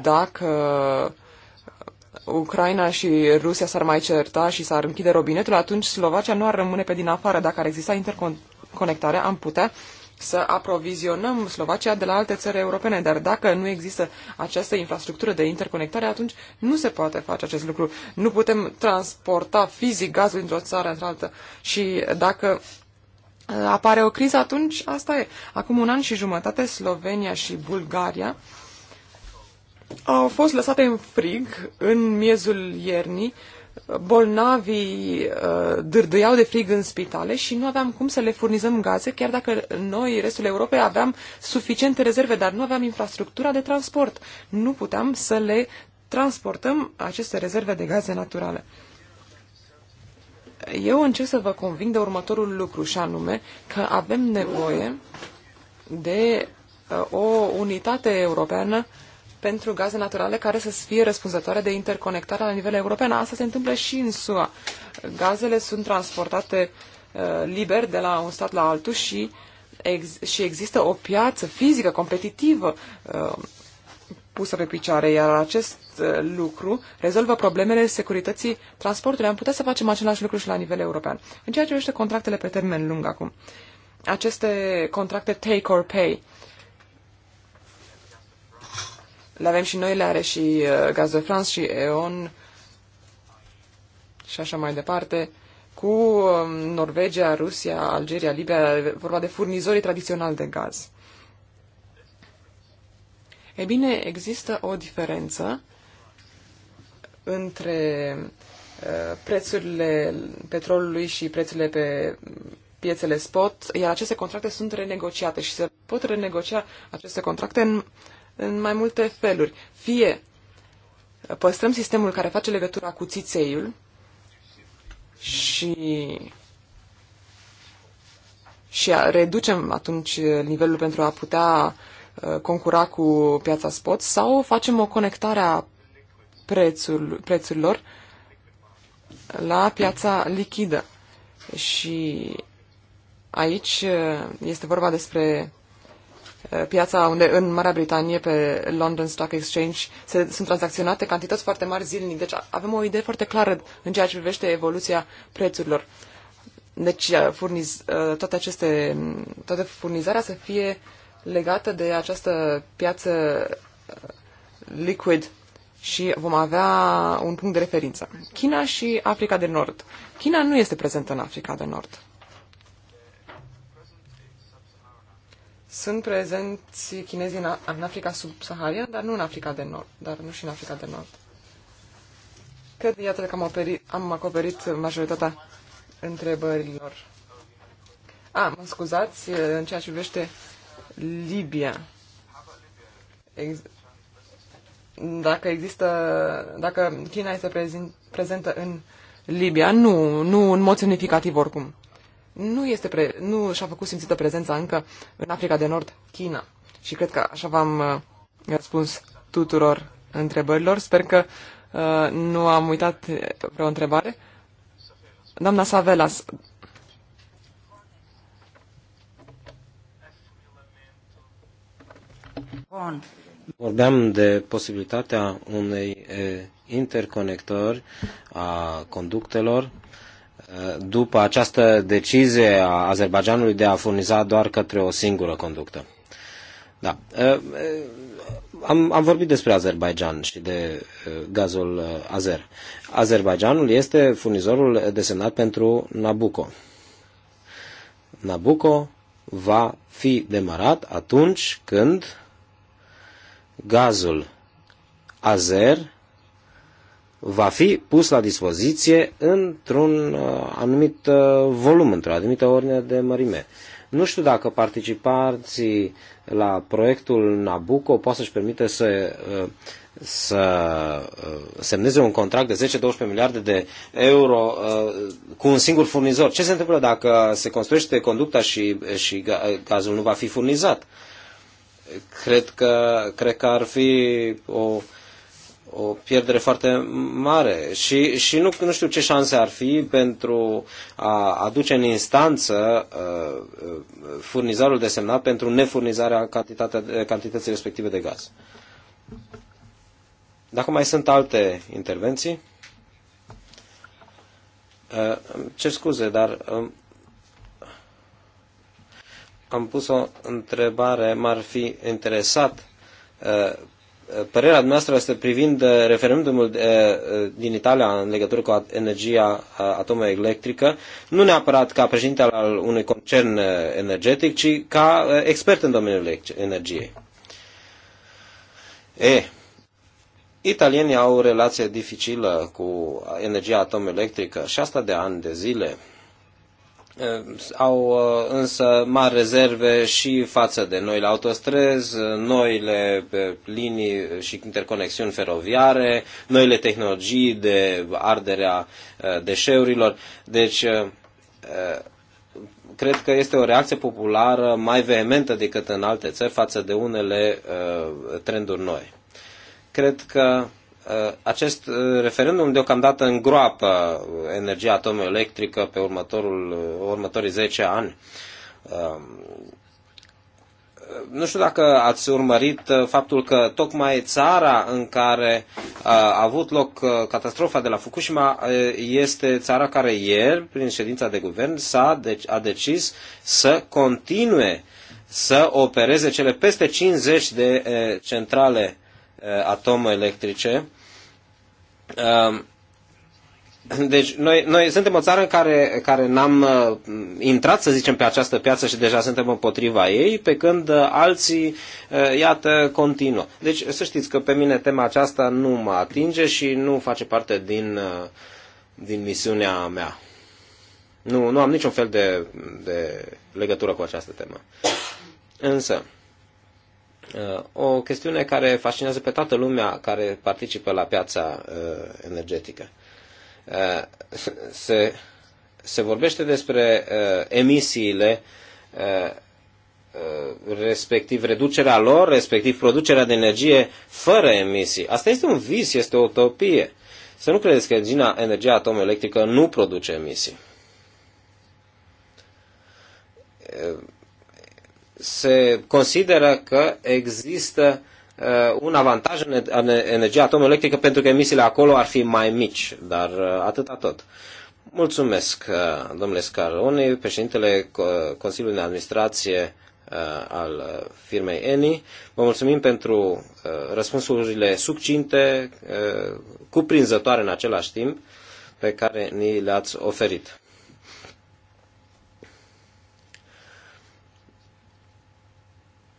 dacă Ucraina și Rusia s-ar mai certa și s-ar închide robinetul, atunci Slovacia nu ar rămâne pe din afară. Dacă ar exista interconectare, am putea să aprovizionăm Slovacia de la alte țări europene, dar dacă nu există această infrastructură de interconectare, atunci nu se poate face acest lucru. Nu putem transporta fizic gazul dintr-o țară într-altă și dacă uh, apare o criză, atunci asta e. Acum un an și jumătate, Slovenia și Bulgaria au fost lăsate în frig în miezul iernii bolnavii uh, dârdâiau de frig în spitale și nu aveam cum să le furnizăm gaze, chiar dacă noi, restul Europei, aveam suficiente rezerve, dar nu aveam infrastructura de transport. Nu puteam să le transportăm aceste rezerve de gaze naturale. Eu încerc să vă conving de următorul lucru, și anume că avem nevoie de uh, o unitate europeană uh, pentru gaze naturale care să fie răspunzătoare de interconectarea la nivel european. Asta se întâmplă și în SUA. Gazele sunt transportate uh, liber de la un stat la altul și, ex- și există o piață fizică competitivă uh, pusă pe picioare, iar acest uh, lucru rezolvă problemele securității transportului. Am putea să facem același lucru și la nivel european. În ceea ce privește contractele pe termen lung acum, aceste contracte take or pay, uh, le avem și noi, le are și uh, Gaz de France și E.ON și așa mai departe, cu um, Norvegia, Rusia, Algeria, Libia, vorba de furnizorii tradiționali de gaz. E bine, există o diferență între uh, prețurile petrolului și prețurile pe piețele spot, iar aceste contracte sunt renegociate și se pot renegocia aceste contracte în în mai multe feluri. Fie păstrăm sistemul care face legătura cu țițeiul și, și reducem atunci nivelul pentru a putea uh, concura cu piața spot sau facem o conectare a prețul, prețurilor la piața lichidă. Și aici uh, este vorba despre Eh, piața unde în Marea Britanie, pe London Stock Exchange, se, sunt tranzacționate cantități foarte mari zilnic. Deci avem o idee foarte clară în ceea ce privește evoluția prețurilor. Deci eh, furniz, eh, toate aceste, toată furnizarea să fie legată de această piață liquid și vom avea un punct de referință. China și Africa de Nord. China nu este prezentă în Africa de Nord. Sunt prezenți chinezii în, în Africa subsahariană, dar nu în Africa de Nord, dar nu și în Africa de Nord. Cred, iată că am, operit, am acoperit majoritatea întrebărilor. A, mă scuzați, în ceea ce privește Libia. Ex- dacă există, dacă China este prezentă în Libia, nu, nu în mod semnificativ oricum nu, este pre, nu și-a făcut simțită prezența încă în Africa de Nord, China. Și cred că așa v-am uh, răspuns tuturor întrebărilor. Sper că uh, nu am uitat vreo întrebare. Doamna Savelas, Vorbeam de posibilitatea unei eh, interconectări a conductelor după această decizie a Azerbaijanului de a furniza doar către o singură conductă. Da. Am, am vorbit despre Azerbaijan și de gazul Azer. Azerbaijanul este furnizorul desemnat pentru Nabucco. Nabucco va fi demarat atunci când gazul Azer va fi pus la dispoziție într-un uh, anumit uh, volum, într-o anumită ordine de mărime. Nu știu dacă participanții la proiectul Nabucco poate să-și permite să, uh, să semneze un contract de 10-12 miliarde de euro cu un singur furnizor. Ce se întâmplă dacă se construiește conducta și, și gazul nu va fi furnizat? Cred că, cred că ar fi o o pierdere foarte mare și, și nu, nu știu ce șanse ar fi pentru a aduce în instanță uh, uh furnizarul desemnat pentru nefurnizarea cantității respective de gaz. Dacă mai sunt alte intervenții, uh, cer scuze, dar uh, am pus o întrebare, m-ar fi interesat uh, părerea noastră este privind uh, referendumul uh, din Italia în legătură cu energia uh, atomoelectrică, nu neapărat ca președinte al unui concern energetic, ci ca expert în domeniul energiei. E, italienii au o relație dificilă cu energia atomoelectrică și asta de ani de zile. Eh, au eh, însă mari rezerve și față de eh, noile autostrăzi, noile linii și interconexiuni feroviare, noile tehnologii de arderea deșeurilor. Deci, cred că este o reacție populară mai vehementă decât în alte țări față de unele trenduri noi. Cred că Uh, acest uh, referendum deocamdată îngroapă uh, energia atomoelectrică pe următorul, următorii 10 ani. Um, nu știu dacă ați urmărit faptul că tocmai țara în care a avut loc catastrofa de la Fukushima este țara care ieri, prin ședința de guvern, s-a dec- a decis să continue să opereze cele peste 50 de centrale Uh, atomoelectrice. Um, deci noi, noi suntem o țară în care, care n-am uh, intrat, să zicem, pe această piață și deja suntem împotriva ei, pe când uh, alții, iată, continuă. Deci să știți că pe mine tema aceasta nu mă atinge și nu face parte din, din misiunea mea. Nu, nu am niciun fel de, de legătură cu această temă. Însă, Uh, o chestiune care fascinează pe toată lumea care participă la piața uh, energetică. Uh, se, se vorbește despre emisiile respectiv reducerea lor, respectiv producerea de energie fără emisii. Asta este un vis, este o utopie. Să nu credeți că energia, energia atomoelectrică nu produce emisii se consideră că există uh, un avantaj în energia atomoelectrică pentru că emisiile acolo ar fi mai mici, dar uh, atâta tot. Mulțumesc, uh, domnule Scaroni, președintele Consiliului de Administrație al firmei ENI. Vă mulțumim pentru răspunsurile succinte, cuprinzătoare în același timp, pe care ni le-ați oferit.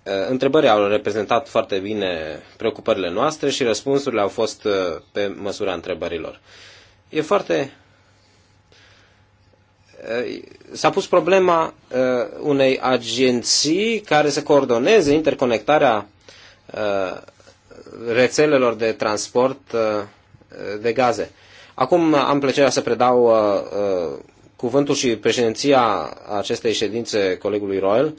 Eh, întrebările au reprezentat foarte bine preocupările noastre și răspunsurile au fost eh, pe măsura întrebărilor. E foarte. Eh, s-a pus problema unei agenții care să coordoneze interconectarea rețelelor de transport de gaze. Acum am plăcerea să predau cuvântul și președinția acestei ședințe colegului Royal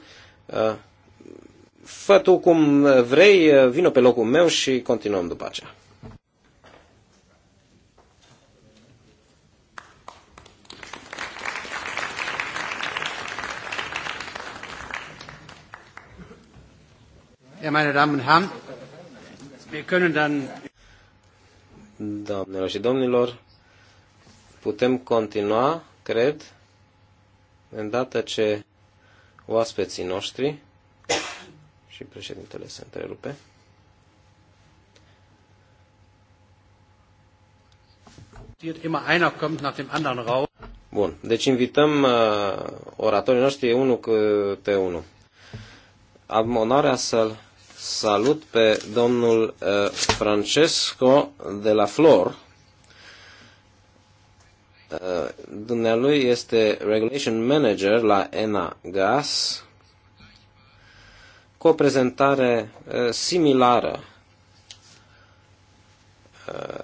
fă tu cum vrei, vină pe locul meu și continuăm după aceea. Ja, meine Damen und Herren, wir können dann... Doamnelor și domnilor, putem continua, cred, îndată ce oaspeții noștri și președintele se întrerupe. Bun, deci invităm uh, oratorii noștri unul câte unul. Am onoarea să-l salut pe domnul uh, Francesco de la Flor. Uh, dumnealui este Regulation Manager la ENA Gas, cu o prezentare uh, similară uh,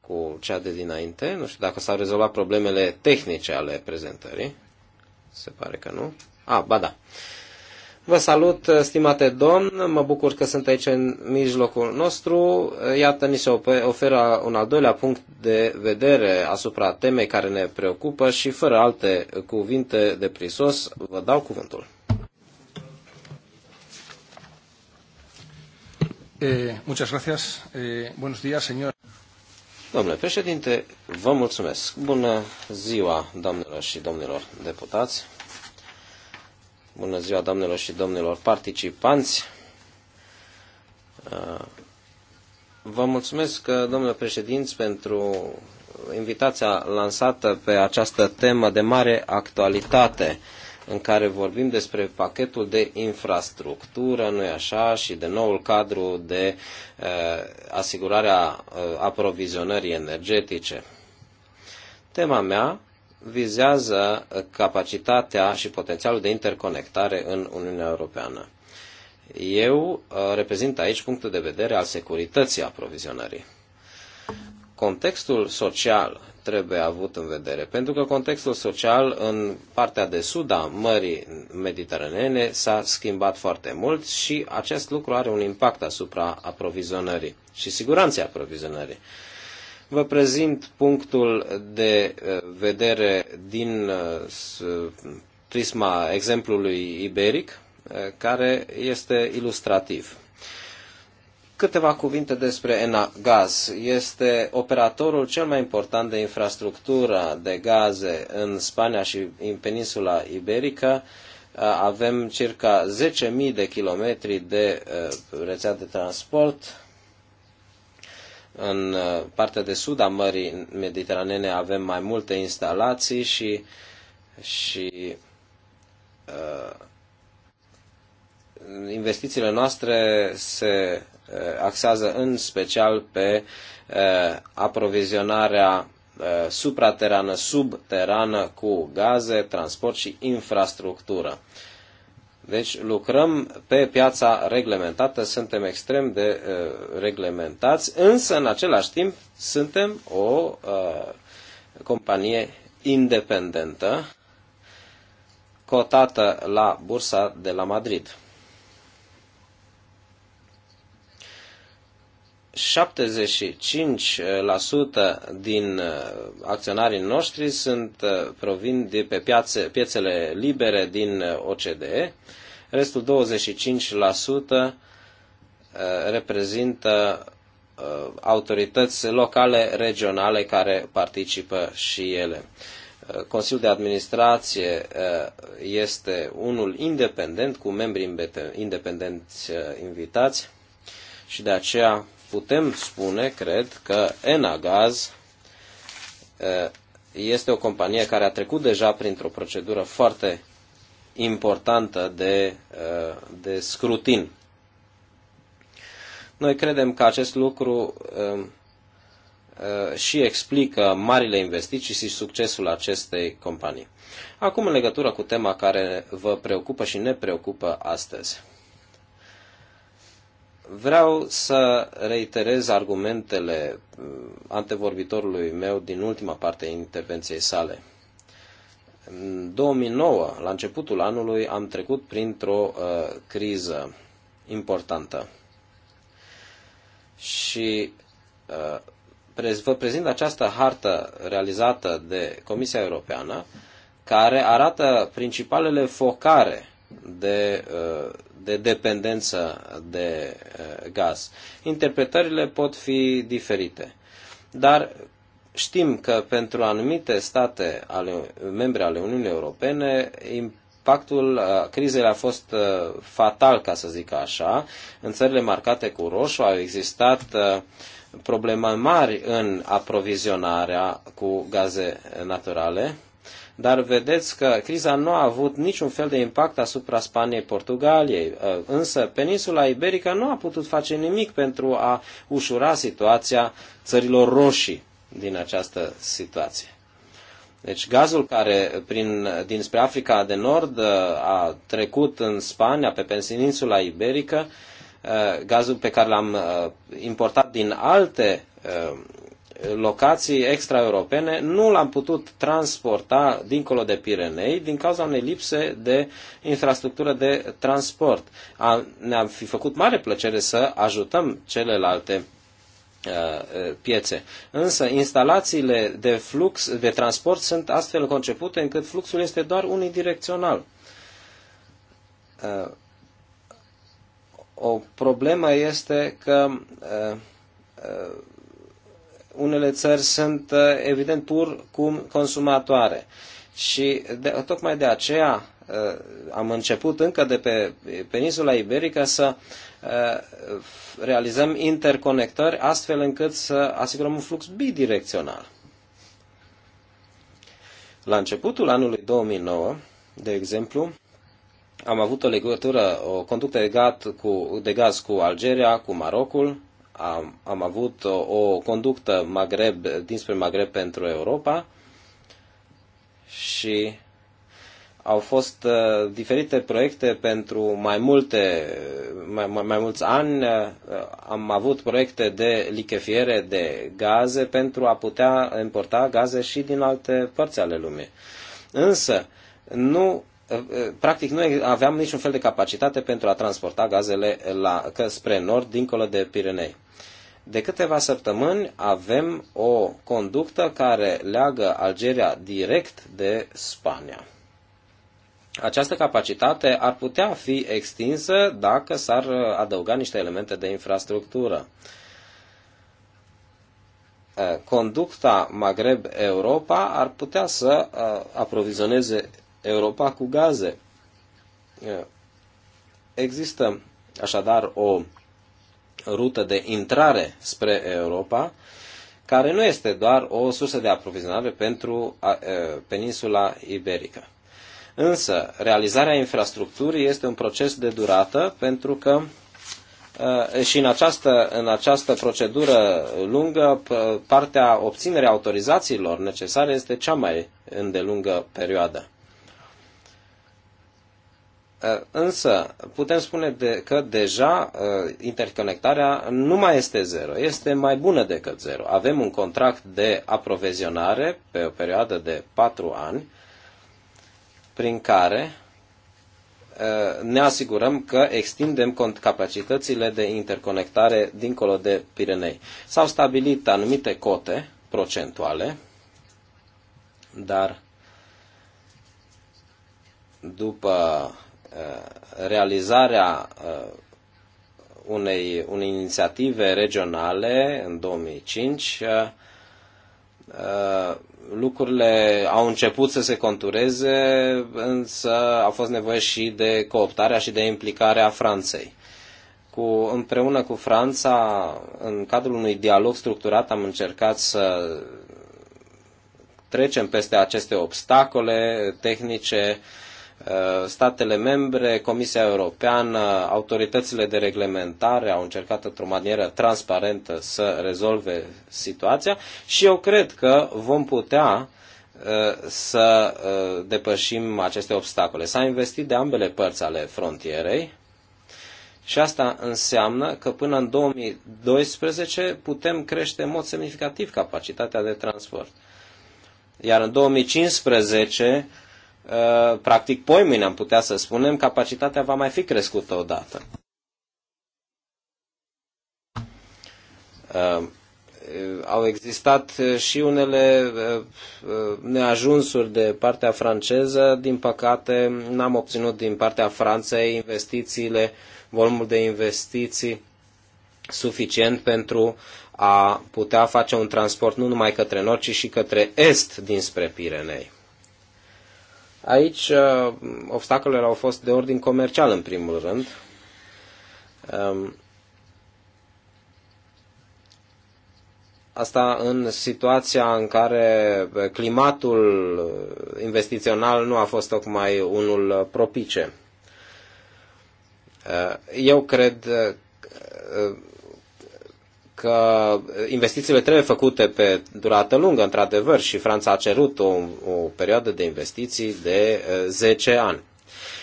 cu cea de dinainte. Nu știu dacă s-au rezolvat problemele tehnice ale prezentării. Se pare că nu. A, ah, ba da. Vă salut, uh, stimate domn, mă bucur că sunt aici în mijlocul nostru. Iată, ni se oferă un al doilea punct de vedere asupra temei care ne preocupă și fără alte cuvinte de prisos, vă dau cuvântul. Eh, muchas gracias. Eh, buenos días, señor. Domnule președinte, vă mulțumesc. Bună ziua, doamnelor și domnilor deputați. Bună ziua, doamnelor și domnilor participanți. Eh, vă mulțumesc, domnule președinte, pentru invitația lansată pe această temă de mare actualitate în care vorbim despre pachetul de infrastructură, nu-i așa, și de noul cadru de uh, asigurarea uh, aprovizionării energetice. Tema mea vizează capacitatea și potențialul de interconectare în Uniunea Europeană. Eu uh, reprezint aici punctul de vedere al securității aprovizionării. Contextul social trebuie avut în vedere, pentru că contextul social în partea de sud a Mării Mediteranene s-a schimbat foarte mult și acest lucru are un impact asupra aprovizionării și siguranței aprovizionării. Vă prezint punctul de eh, vedere din eh, prisma exemplului iberic, eh, care este ilustrativ. Câteva cuvinte despre Enagaz. Este operatorul cel mai important de infrastructură de gaze în Spania și în peninsula iberică. Avem circa 10.000 de kilometri de rețea de transport. În partea de sud a Mării Mediteranene avem mai multe instalații și, și uh, investițiile noastre se Uh, axează în special pe uh, aprovizionarea uh, supraterană, subterană cu gaze, transport și infrastructură. Deci lucrăm pe piața reglementată, suntem extrem de reglementați, însă în același timp suntem o companie independentă cotată la bursa de la Madrid. 75% din uh, acționarii noștri sunt, uh, provin de pe piațe, piețele libere din uh, OCDE, restul 25% reprezintă autorități locale, regionale care participă și ele. Consiliul de administrație este unul independent, cu membri independenți invitați și de aceea putem spune, cred, că Enagaz este o companie care a trecut deja printr-o procedură foarte importantă de, de scrutin. Noi credem că acest lucru și explică marile investiții și succesul acestei companii. Acum, în legătură cu tema care vă preocupă și ne preocupă astăzi. Vreau să reiterez argumentele uh, antevorbitorului meu din ultima parte a intervenției sale. În 2009, la începutul anului, am trecut printr-o uh, criză importantă. Și uh, vă prezint această hartă realizată de Comisia Europeană, care arată principalele focare de, uh, de dependență de uh, gaz. Interpretările pot fi diferite, dar știm că pentru anumite state ale, membre ale Uniunii Europene impactul uh, crizei a fost fatal, ca să zic așa. În țările marcate cu roșu au existat probleme mari în aprovizionarea cu gaze naturale dar vedeți că criza nu a avut niciun fel de impact asupra Spaniei, Portugaliei. Uh, însă peninsula iberică nu a putut face nimic pentru a ușura situația țărilor roșii din această situație. Deci gazul care prin, dinspre Africa de Nord uh, a trecut în Spania, pe peninsula iberică, uh, gazul pe care l-am importat din alte locații extraeuropene, nu l-am putut transporta dincolo de Pirenei din cauza unei lipse de infrastructură de transport. ne-am fi făcut mare plăcere să ajutăm celelalte uh, uh, piețe. Însă instalațiile de flux de transport sunt astfel concepute încât fluxul este doar unidirecțional. Uh, o problemă este că unele țări sunt eh, evident pur consumatoare. Și de, tocmai de aceea eh, am început încă de pe peninsula iberică să eh, realizăm interconectări astfel încât să asigurăm un flux bidirecțional. La începutul anului 2009, de exemplu, am avut o legătură, o conductă de gaz cu Algeria, cu Marocul, am, am avut o, uh, o conductă Maghreb, dinspre Maghreb pentru Europa și au fost uh, diferite proiecte pentru mai multe, mai, mai, mai mulți ani. Uh, am avut proiecte de lichefiere de gaze pentru a putea importa gaze și din alte părți ale lumii. Însă, nu practic nu aveam niciun fel de capacitate pentru a transporta gazele la, spre nord, dincolo de Pirenei. De câteva săptămâni avem o conductă care leagă Algeria direct de Spania. Această capacitate ar putea fi extinsă dacă s-ar adăuga niște elemente de infrastructură. Conducta Maghreb-Europa ar putea să uh, aprovizioneze Europa cu gaze. Există așadar o rută de intrare spre Europa, care nu este doar o sursă de aprovizionare pentru peninsula iberică. Însă, realizarea infrastructurii este un proces de durată pentru că și în această, în această procedură lungă, partea obținerea autorizațiilor necesare este cea mai îndelungă perioadă. Însă putem spune de, că deja interconectarea nu mai este zero, este mai bună decât zero. Avem un contract de aprovizionare pe o perioadă de patru ani, prin care ne asigurăm că extindem capacitățile de interconectare dincolo de Pirenei. S-au stabilit anumite cote procentuale, dar după Uh, realizarea uh, unei, unei inițiative regionale în 2005, uh, lucrurile au început să se contureze, însă a fost nevoie și de cooptarea și de implicarea Franței. Cu, împreună cu Franța, în cadrul unui dialog structurat, am încercat să trecem peste aceste obstacole tehnice, uh, Uh, statele membre, Comisia Europeană, autoritățile de reglementare au încercat într-o manieră transparentă să rezolve situația și eu cred că vom putea uh, să uh, depășim aceste obstacole. S-a investit de ambele părți ale frontierei și asta înseamnă că până în 2012 putem crește în mod semnificativ capacitatea de transport. Iar în 2015 Uh, practic poimâine am putea să spunem, capacitatea va mai fi crescută odată. Uh, uh, au existat și unele neajunsuri de partea franceză, din păcate n-am obținut din partea Franței investițiile, volumul de investiții suficient pentru a putea face un transport nu numai către nord, ci și către est dinspre Pirenei. Aici uh, obstacolele au fost de ordin comercial în primul rând. Um, asta în situația în care climatul investițional nu a fost tocmai unul propice. Uh, eu cred uh, că investițiile trebuie făcute pe durată lungă, într-adevăr, și Franța a cerut o, o perioadă de investiții de 10 eh, ani.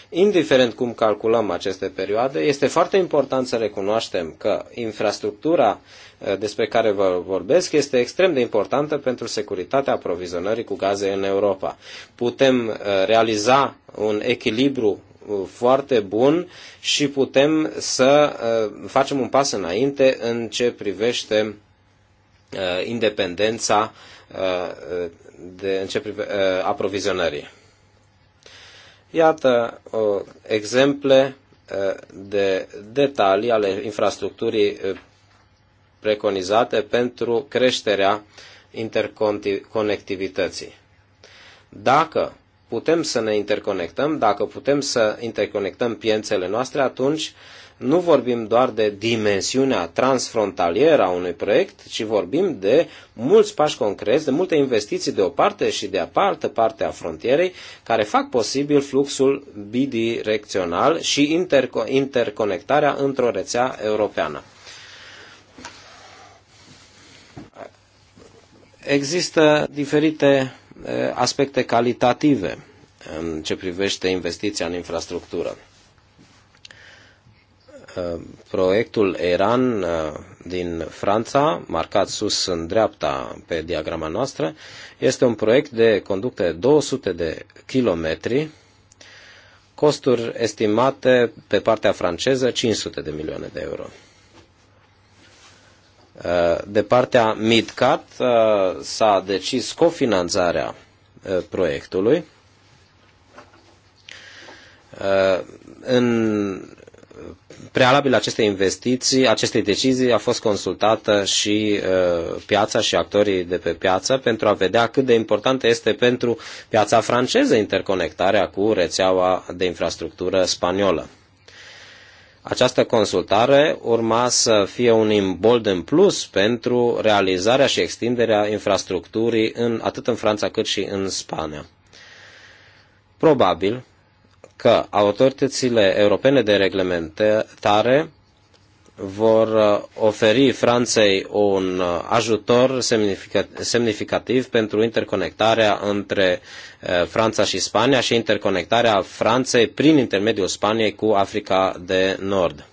Indiferent cum calculăm aceste perioade, este foarte important să recunoaștem că infrastructura eh, despre care vă vorbesc este extrem de importantă pentru securitatea aprovizionării cu gaze în Europa. Putem eh, realiza un echilibru foarte bun și putem să uh, facem un pas înainte în ce privește uh, independența uh, de, în ce prive, aprovizionării. Iată exemple de detalii ale infrastructurii preconizate pentru creșterea interconectivității. Dacă putem să ne interconectăm, dacă putem să interconectăm piențele noastre, atunci nu vorbim doar de dimensiunea transfrontalieră a unui proiect, ci vorbim de mulți pași concreți, de multe investiții de o parte și de altă parte a frontierei, care fac posibil fluxul bidirecțional și interco- interconectarea într-o rețea europeană. Există diferite Eh, aspecte calitative în ce privește investiția în infrastructură. Eh, proiectul Eran eh, din Franța, marcat sus în dreapta pe diagrama noastră, este un proiect de conducte 200 de kilometri, costuri estimate pe partea franceză 500 de milioane de euro. Uh, de partea MidCat uh, s-a decis cofinanțarea uh, proiectului. În prealabil acestei investiții, acestei decizii a fost consultată și piața și actorii de pe piață pentru a vedea cât de importantă este pentru piața franceză interconectarea cu rețeaua de infrastructură spaniolă. Această consultare urma să fie un imbold în plus pentru realizarea și extinderea infrastructurii în, atât în Franța cât și în Spania. Probabil că autoritățile europene de reglementare vor uh, oferi Franței un uh, ajutor semnificativ pentru interconectarea între uh, Franța și Spania și interconectarea Franței prin intermediul Spaniei cu Africa de Nord.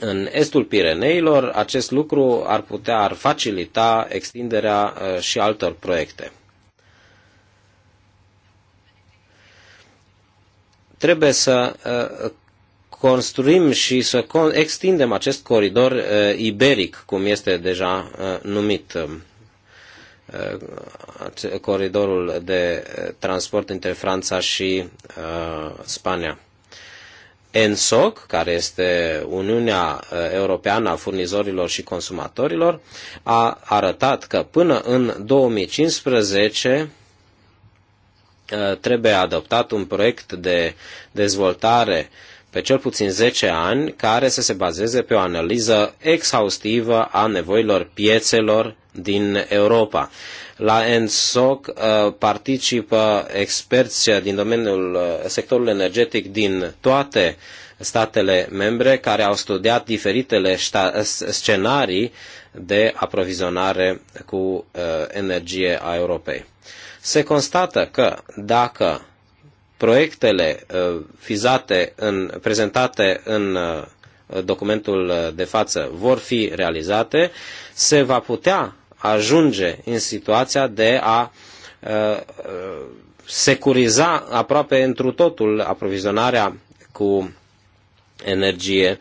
În estul Pireneilor, acest lucru ar putea ar facilita extinderea și altor proiecte. trebuie să construim și să extindem acest coridor uh, iberic, cum este deja uh, numit um, uh, coridorul de transport între Franța și Spania. ENSOC, care este Uniunea Europeană a Furnizorilor și Consumatorilor, a arătat că până în 2015 trebuie adoptat un proiect de dezvoltare uh, pe cel puțin 10 ani, care să se bazeze pe o analiză exhaustivă a nevoilor piețelor din Europa. La ENSOC uh, participă experți din domeniul uh, sectorului energetic din toate statele membre care au studiat diferitele scenarii de aprovizionare cu uh, energie a Europei. Se constată că dacă proiectele uh, fizate în, prezentate în uh, documentul de față vor fi realizate, se va putea ajunge în situația de a uh, securiza aproape întru totul aprovizionarea cu energie,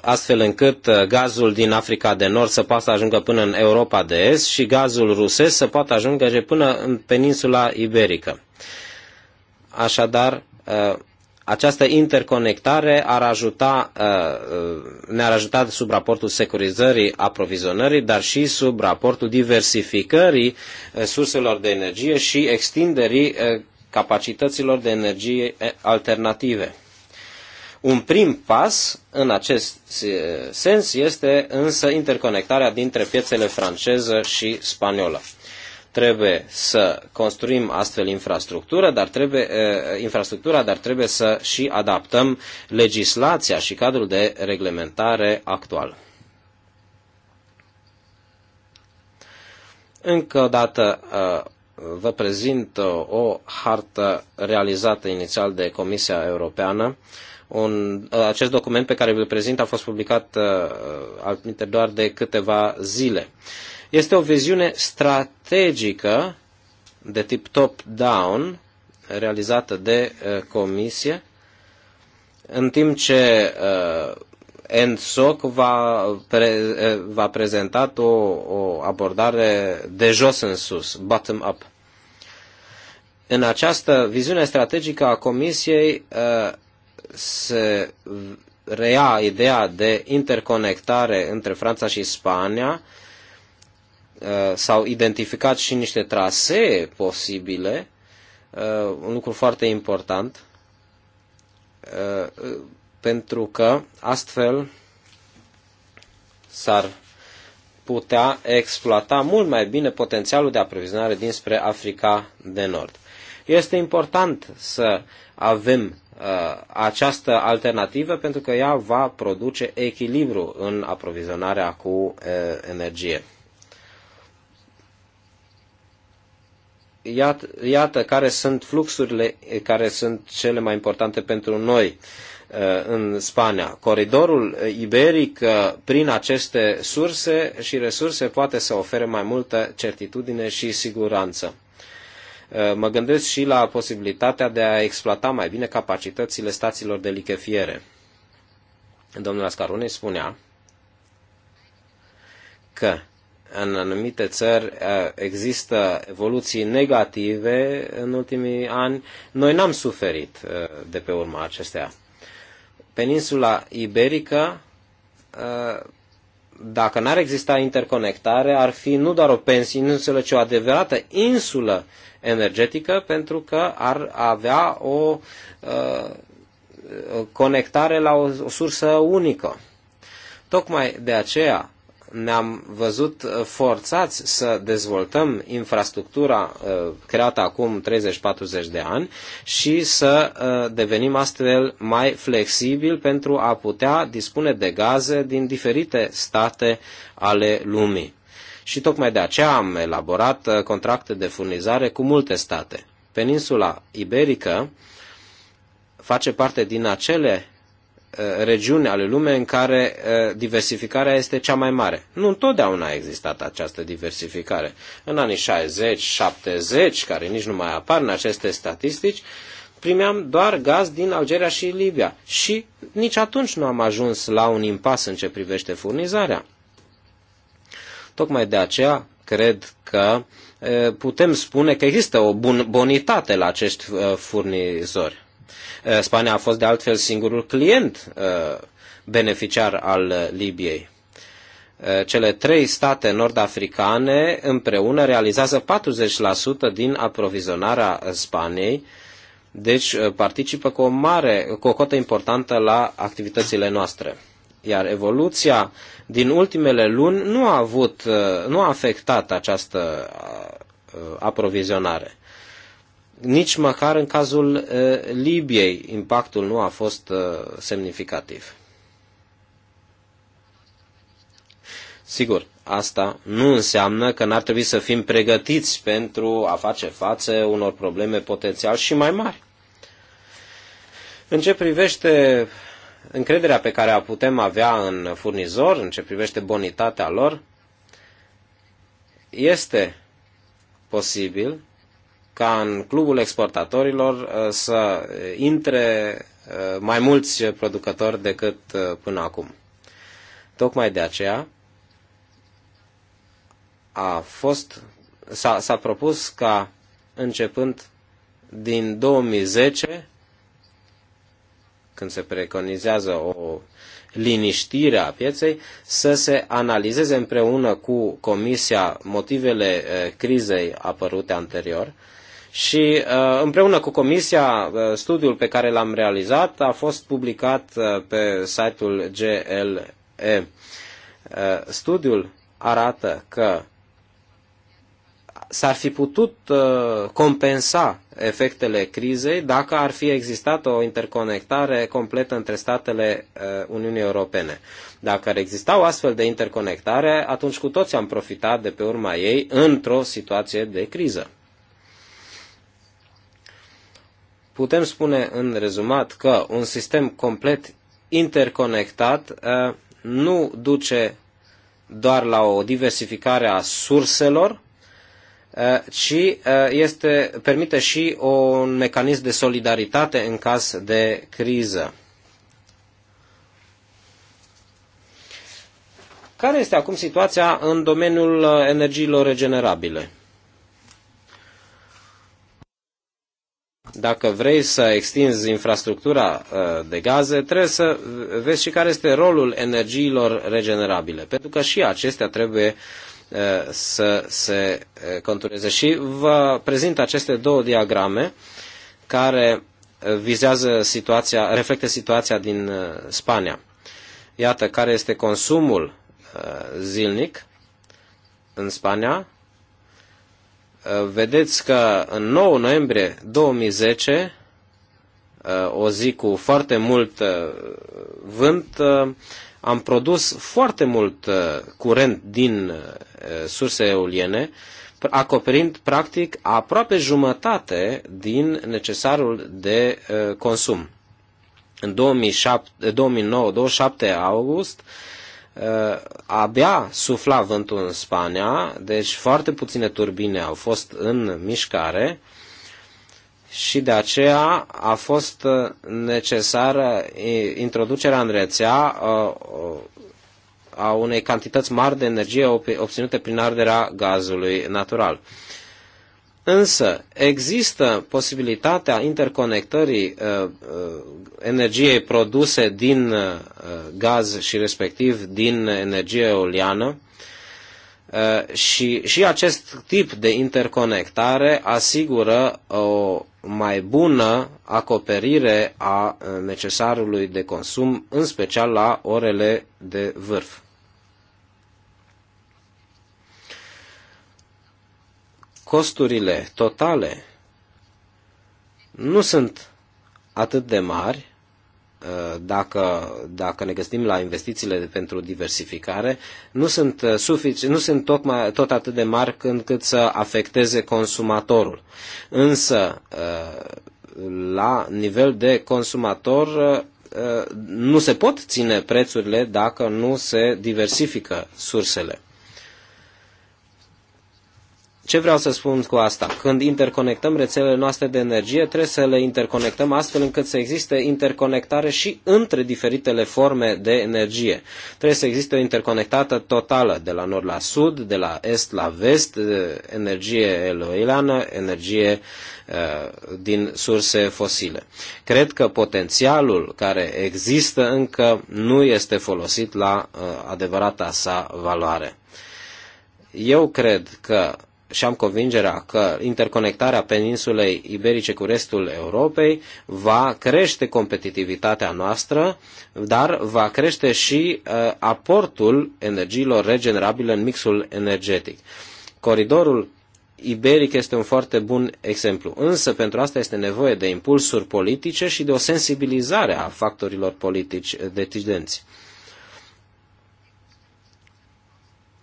astfel încât gazul din Africa de Nord să poată ajungă până în Europa de Est și gazul rusesc să poată ajunge până în peninsula iberică. Așadar, uh, această interconectare ar ajuta, uh, uh, ne-ar ajuta sub raportul securizării aprovizionării, dar și sub raportul diversificării surselor de energie și extinderii capacităților de energie alternative. Un prim pas în acest sens este însă interconectarea dintre piețele franceză și spaniolă. Trebuie să construim astfel infrastructura, dar trebuie, infrastructura, dar trebuie să și adaptăm legislația și cadrul de reglementare actual. Încă o dată vă prezint o hartă realizată inițial de Comisia Europeană. Un, acest document pe care vă prezint a fost publicat uh, doar de câteva zile. Uh, este o viziune strategică de tip top-down realizată de uh, comisie, în timp ce uh, ENSOC va, pre, uh, va prezenta o, o abordare de jos în sus, bottom-up. În această viziune strategică a comisiei uh, se reia ideea de interconectare între Franța și Spania, uh, Uh, s-au identificat și niște trasee posibile, uh, un lucru foarte important, uh, pentru că astfel s-ar putea exploata mult mai bine potențialul de aprovizionare dinspre Africa de Nord. Este important să avem uh, această alternativă pentru că ea va produce echilibru în aprovizionarea cu uh, energie. iată, iată care sunt fluxurile eh, care sunt cele mai importante pentru noi eh, în Spania. Coridorul eh, iberic, prin aceste surse și resurse, poate să ofere mai multă certitudine și siguranță. Mă gândesc și la posibilitatea de a exploata mai bine capacitățile stațiilor de lichefiere. Domnul Ascaruni spunea că în anumite țări există evoluții negative în ultimii ani, noi n-am suferit de pe urma acestea. Peninsula iberică, dacă n-ar exista interconectare, ar fi nu doar o peninsulă, ci o adevărată insulă energetică, pentru că ar avea o conectare la o sursă unică. Tocmai de aceea ne-am văzut uh, forțați să dezvoltăm infrastructura uh, creată acum 30-40 de ani și să uh, devenim astfel mai flexibili pentru a putea dispune de gaze din diferite state ale lumii. Și tocmai de aceea am elaborat contracte de furnizare cu multe state. Peninsula Iberică face parte din acele Uh, regiuni ale lumei în care uh, diversificarea este cea mai mare. Nu întotdeauna a existat această diversificare. În anii 60-70, care nici nu mai apar în aceste statistici, primeam doar gaz din Algeria și Libia și nici atunci nu am ajuns la un impas în ce privește furnizarea. Tocmai de aceea cred că uh, putem spune că există o bun, bonitate la acești furnizori. Eh, Spania a fost de altfel singurul client eh, beneficiar al eh, Libiei. Cele trei state nord-africane împreună realizează 40% din aprovizionarea Spaniei, deci participă cu o mare, cu o cotă importantă la activitățile noastre. Iar evoluția din ultimele luni nu a avut, nu a afectat această aprovizionare nici măcar în cazul uh, Libiei impactul nu a fost uh, semnificativ. Sigur, asta nu înseamnă că n-ar trebui să fim pregătiți pentru a face față unor probleme potențial și mai mari. În ce privește încrederea pe care o putem avea în furnizor, în ce privește bonitatea lor, este posibil ca în clubul exportatorilor uh, să intre uh, mai mulți producători decât uh, până acum. Tocmai de aceea a fost, s-a, propus ca începând din 2010, când se preconizează o liniștire a pieței, să se analizeze împreună cu Comisia motivele crizei apărute anterior și uh, împreună cu comisia, uh, studiul pe care l-am realizat a fost publicat uh, pe site-ul GLE. Studiul arată că s-ar fi putut compensa efectele crizei dacă ar fi existat o interconectare completă între statele Uniunii Europene. Dacă ar exista o astfel de interconectare, atunci cu toți am profitat de pe urma ei într-o situație de criză. putem spune în rezumat că un sistem complet interconectat uh, nu duce doar la o diversificare a surselor, uh, ci uh, este, permite și un mecanism de solidaritate în caz de criză. Care este acum situația în domeniul energiilor regenerabile? Dacă vrei să extinzi infrastructura uh, de gaze, trebuie să vezi și care este rolul energiilor regenerabile, pentru că și acestea trebuie uh, să se uh, contureze. Și vă prezint aceste două diagrame care vizează situația, reflectă situația din Spania. Iată care este consumul zilnic în Spania Uh, vedeți că în 9 noiembrie 2010, uh, o zi cu foarte mult uh, vânt, am produs foarte mult curent din surse eoliene, acoperind practic aproape jumătate din necesarul de consum. În 2009-27 august Eh, abia sufla vântul în Spania, deci foarte puține turbine au fost în mișcare și de aceea a fost eh, necesară introducerea în rețea eh, a unei cantități mari de energie obținute prin arderea gazului natural. Însă există posibilitatea interconectării uh, uh, energiei produse din uh, gaz și respectiv din energie eoliană uh, și, și acest tip de interconectare asigură o mai bună acoperire a uh, necesarului de consum, în special la orele de vârf. costurile totale nu sunt atât de mari uh, dacă, dacă ne găsim la investițiile pentru diversificare, nu sunt, uh, sufici, nu sunt tot, mai, tot atât de mari cât să afecteze consumatorul. Însă, uh, la nivel de consumator, nu se pot ține prețurile dacă nu se diversifică sursele. Ce vreau să spun cu asta? Când interconectăm rețelele noastre de energie, trebuie să le interconectăm astfel încât să existe interconectare și între diferitele forme de energie. Trebuie să existe o interconectată totală, de la nord la sud, de la est la vest, eh, energie eloileană, energie eh, din surse fosile. Cred că potențialul care există încă nu este folosit la eh, adevărata sa valoare. Eu cred că și am convingerea că interconectarea peninsulei iberice cu restul Europei va crește competitivitatea noastră, dar va crește și uh, aportul energiilor regenerabile în mixul energetic. Coridorul iberic este un foarte bun exemplu, însă pentru asta este nevoie de impulsuri politice și de o sensibilizare a factorilor politici uh, decidenți.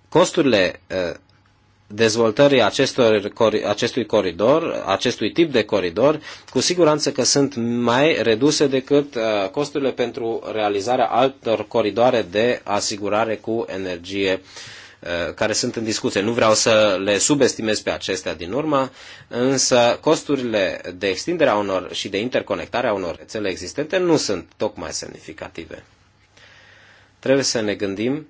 Costurile uh, dezvoltării acestor, acestui coridor, acestui tip de coridor, cu siguranță că sunt mai reduse decât uh, costurile pentru realizarea altor coridoare de asigurare cu energie uh, care sunt în discuție. Nu vreau să le subestimez pe acestea din urmă, însă costurile de extindere a unor și de interconectare a unor rețele existente nu sunt tocmai semnificative. Trebuie să ne gândim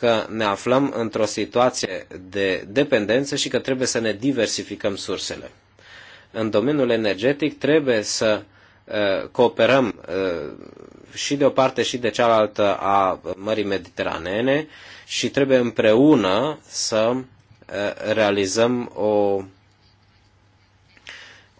că ne aflăm într-o situație de dependență și că trebuie să ne diversificăm sursele. În domeniul energetic trebuie să uh, cooperăm uh, și de o parte și de cealaltă a Mării Mediteranene și trebuie împreună să uh, realizăm o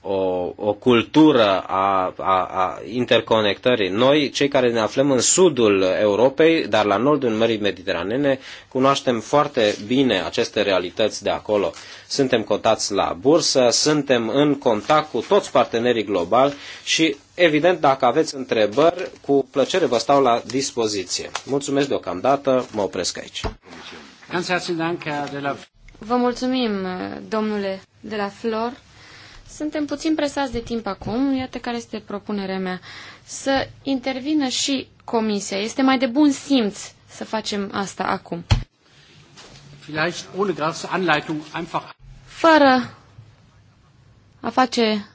o, o cultură a, a, a interconectării. Noi, cei care ne aflăm în sudul Europei, dar la nordul Mării Mediteranene, cunoaștem foarte bine aceste realități de acolo. Suntem cotați la bursă, suntem în contact cu toți partenerii globali și, evident, dacă aveți întrebări, cu plăcere vă stau la dispoziție. Mulțumesc deocamdată, mă opresc aici. Vă mulțumim, domnule de la Flor. Suntem puțin presați de timp acum, iată care este propunerea mea, să intervină și comisia. Este mai de bun simț să facem asta acum. Fără a face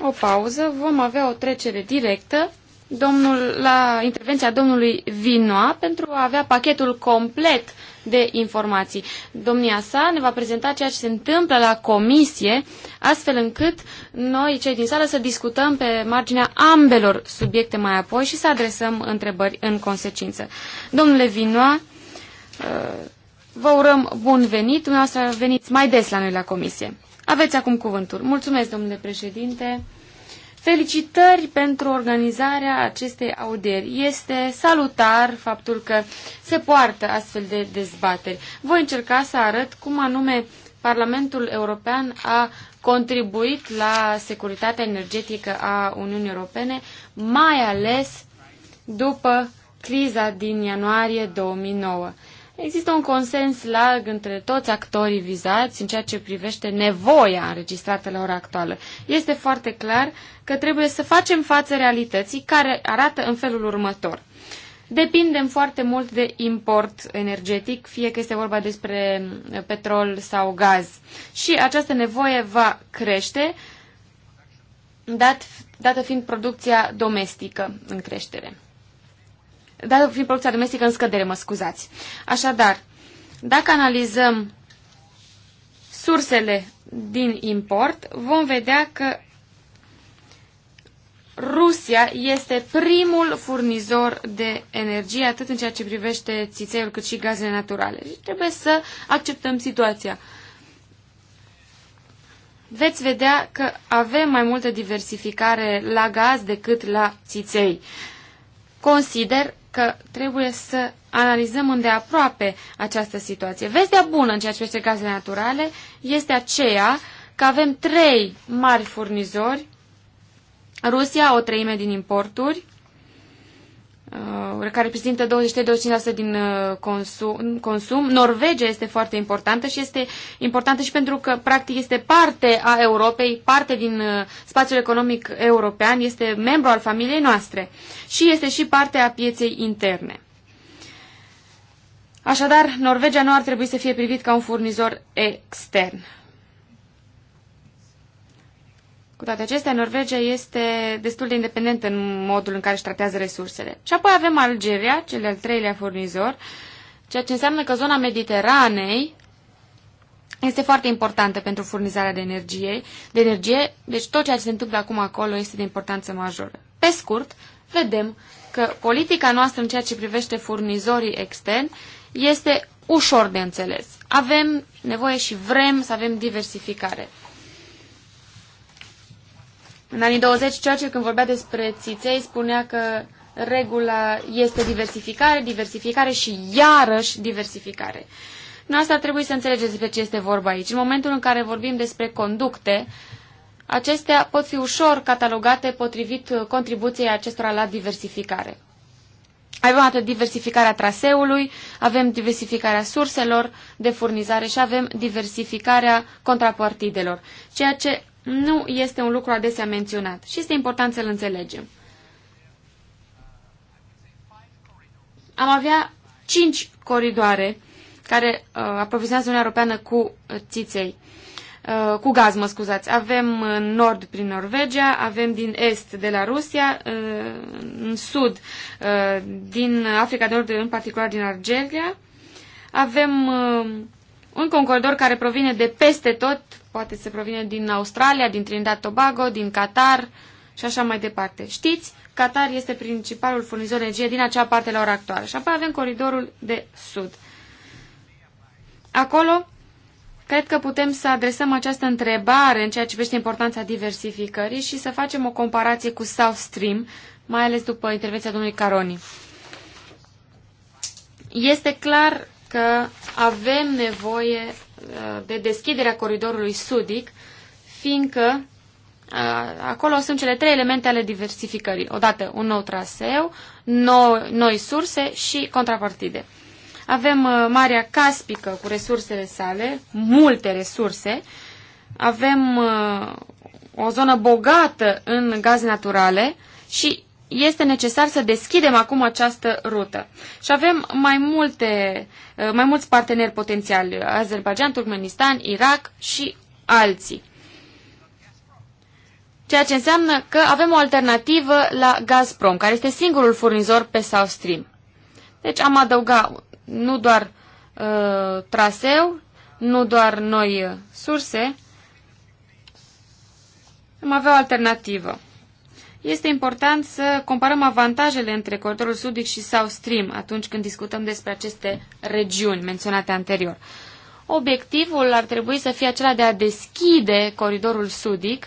o pauză, vom avea o trecere directă domnul, la intervenția domnului Vinoa pentru a avea pachetul complet de informații. Domnia sa ne va prezenta ceea ce se întâmplă la comisie, astfel încât noi, cei din sală, să discutăm pe marginea ambelor subiecte mai apoi și să adresăm întrebări în consecință. Domnule Vinoa, uh, vă urăm bun venit, dumneavoastră veniți mai des la noi la comisie. Aveți acum cuvântul. Mulțumesc, domnule președinte. Felicitări pentru organizarea acestei audieri. Este salutar faptul că se poartă astfel de dezbateri. Voi încerca să arăt cum anume Parlamentul European a contribuit la securitatea energetică a Uniunii Europene, mai ales după criza din ianuarie 2009. Există un consens larg între toți actorii vizați în ceea ce privește nevoia înregistrată la ora actuală. Este foarte clar că trebuie să facem față realității care arată în felul următor. Depindem foarte mult de import energetic, fie că este vorba despre uh, petrol sau gaz. Și această nevoie va crește, dat, dată fiind producția domestică în creștere. Dar fiind producția domestică în scădere, mă scuzați. Așadar, dacă analizăm sursele din import, vom vedea că Rusia este primul furnizor de energie, atât în ceea ce privește țițeiul, cât și gazele naturale. Și trebuie să acceptăm situația. Veți vedea că avem mai multă diversificare la gaz decât la țiței. Consider că trebuie să analizăm îndeaproape această situație. Vestea bună în ceea ce privește gazele naturale este aceea că avem trei mari furnizori, Rusia o treime din importuri, Uh, care reprezintă 23-25% din uh, consum, consum. Norvegia este foarte importantă și este importantă și pentru că practic este parte a Europei, parte din uh, spațiul economic european, este membru al familiei noastre și este și parte a pieței interne. Așadar, Norvegia nu ar trebui să fie privit ca un furnizor extern toate acestea, Norvegia este destul de independentă în modul în care își tratează resursele. Și apoi avem Algeria, cel de-al treilea furnizor, ceea ce înseamnă că zona Mediteranei este foarte importantă pentru furnizarea de energie. De energie deci tot ceea ce se întâmplă acum acolo este de importanță majoră. Pe scurt, vedem că politica noastră în ceea ce privește furnizorii externi este ușor de înțeles. Avem nevoie și vrem să avem diversificare. În anii 20, Churchill, când vorbea despre țiței, spunea că regula este diversificare, diversificare și iarăși diversificare. Noi asta trebuie să înțelegeți despre ce este vorba aici. În momentul în care vorbim despre conducte, acestea pot fi ușor catalogate potrivit contribuției acestora la diversificare. Avem atât diversificarea traseului, avem diversificarea surselor de furnizare și avem diversificarea contrapartidelor, ceea ce nu este un lucru adesea menționat și este important să-l înțelegem. Am avea cinci coridoare care uh, aprovizionează Uniunea Europeană cu uh, țiței, uh, cu gaz, mă scuzați. Avem în nord prin Norvegia, avem din est de la Rusia, uh, în sud uh, din Africa de Nord, în particular din Argelia. Avem uh, un coridor care provine de peste tot poate să provină din Australia, din Trinidad Tobago, din Qatar și așa mai departe. Știți, Qatar este principalul furnizor de energie din acea parte la ora actuală. Și apoi avem coridorul de sud. Acolo, cred că putem să adresăm această întrebare în ceea ce privește importanța diversificării și să facem o comparație cu South Stream, mai ales după intervenția domnului Caroni. Este clar că avem nevoie de deschiderea coridorului sudic, fiindcă acolo sunt cele trei elemente ale diversificării. Odată un nou traseu, noi, noi surse și contrapartide. Avem Marea Caspică cu resursele sale, multe resurse. Avem o zonă bogată în gaze naturale și este necesar să deschidem acum această rută. Și avem mai, multe, eh, mai mulți parteneri potențiali, Azerbaijan, Turkmenistan, Irak și alții. Ceea ce înseamnă că avem o alternativă la Gazprom, care este singurul furnizor pe South Stream. Deci am adăugat nu doar uh, traseu, nu doar noi eh, surse, am avea o alternativă este important să comparăm avantajele între coridorul sudic și South Stream atunci când discutăm despre aceste regiuni menționate anterior. Obiectivul ar trebui să fie acela de a deschide coridorul sudic,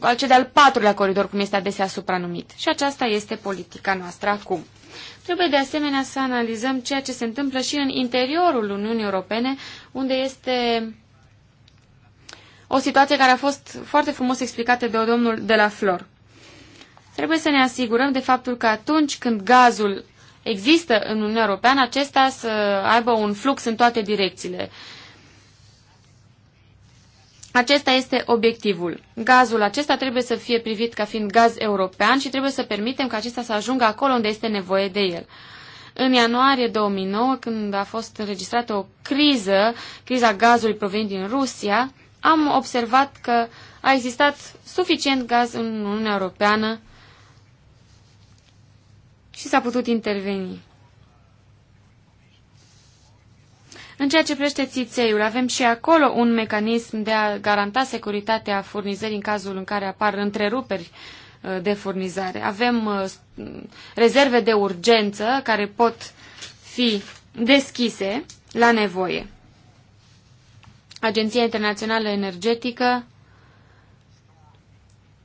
al cel de-al patrulea coridor, cum este adesea supranumit. Și aceasta este politica noastră acum. Trebuie de asemenea să analizăm ceea ce se întâmplă și în interiorul Uniunii Europene, unde este o situație care a fost foarte frumos explicată de o domnul de la Flor. Trebuie să ne asigurăm de faptul că atunci când gazul există în Uniunea Europeană, acesta să aibă un flux în toate direcțiile. Acesta este obiectivul. Gazul acesta trebuie să fie privit ca fiind gaz european și trebuie să permitem ca acesta să ajungă acolo unde este nevoie de el. În ianuarie 2009, când a fost înregistrată o criză, criza gazului provenind din Rusia, am observat că a existat suficient gaz în Uniunea Europeană și s-a putut interveni. În ceea ce prește țițeiul, avem și acolo un mecanism de a garanta securitatea furnizării în cazul în care apar întreruperi uh, de furnizare. Avem uh, rezerve de urgență care pot fi deschise la nevoie. Agenția Internațională Energetică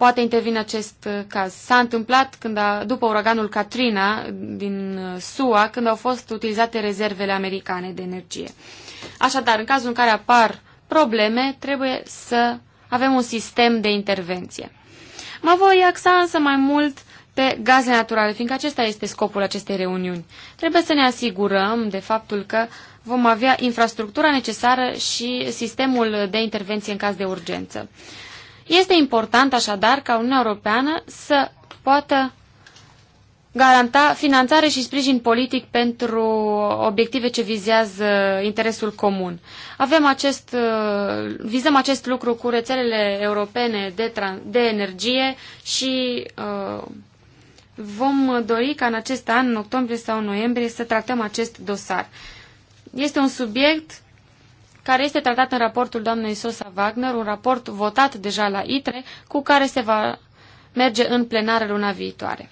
poate intervine acest uh, caz. S-a întâmplat când a, după uraganul Katrina uh, din uh, SUA, când au fost utilizate rezervele americane de energie. Așadar, în cazul în care apar probleme, trebuie să avem un sistem de intervenție. Mă voi axa însă mai mult pe gaze naturale, fiindcă acesta este scopul acestei reuniuni. Trebuie să ne asigurăm de faptul că vom avea infrastructura necesară și sistemul de intervenție în caz de urgență. Este important așadar ca Uniunea Europeană să poată garanta finanțare și sprijin politic pentru obiective ce vizează interesul comun. Avem acest, uh, vizăm acest lucru cu rețelele europene de, de energie și uh, vom dori ca în acest an, în octombrie sau în noiembrie, să tratăm acest dosar. Este un subiect care este tratat în raportul doamnei Sosa Wagner, un raport votat deja la ITRE, cu care se va merge în plenară luna viitoare.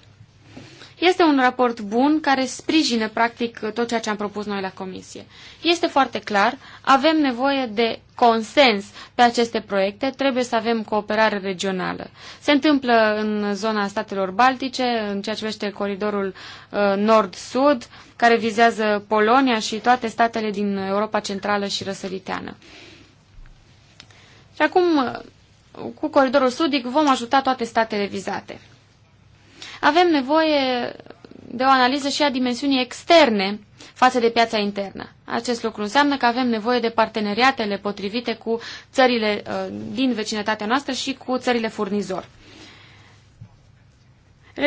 Este un raport bun care sprijină practic tot ceea ce am propus noi la comisie. Este foarte clar, avem nevoie de consens pe aceste proiecte, trebuie să avem cooperare regională. Se întâmplă în zona statelor baltice, în ceea ce vește coridorul uh, nord-sud, care vizează Polonia și toate statele din Europa Centrală și Răsăriteană. Și acum, uh, cu coridorul sudic, vom ajuta toate statele vizate. Avem nevoie de o analiză și a dimensiunii externe față de piața internă. Acest lucru înseamnă că avem nevoie de parteneriatele potrivite cu țările uh, din vecinătatea noastră și cu țările furnizor. Uh,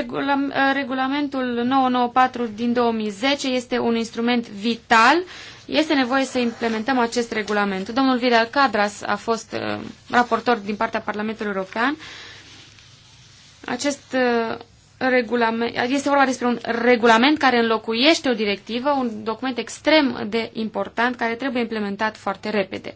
regulamentul 994 din 2010 este un instrument vital. Este nevoie să implementăm acest regulament. Domnul Vidal Cadras a fost uh, raportor din partea Parlamentului European. Acest regulament, este vorba despre un regulament care înlocuiește o directivă, un document extrem de important care trebuie implementat foarte repede.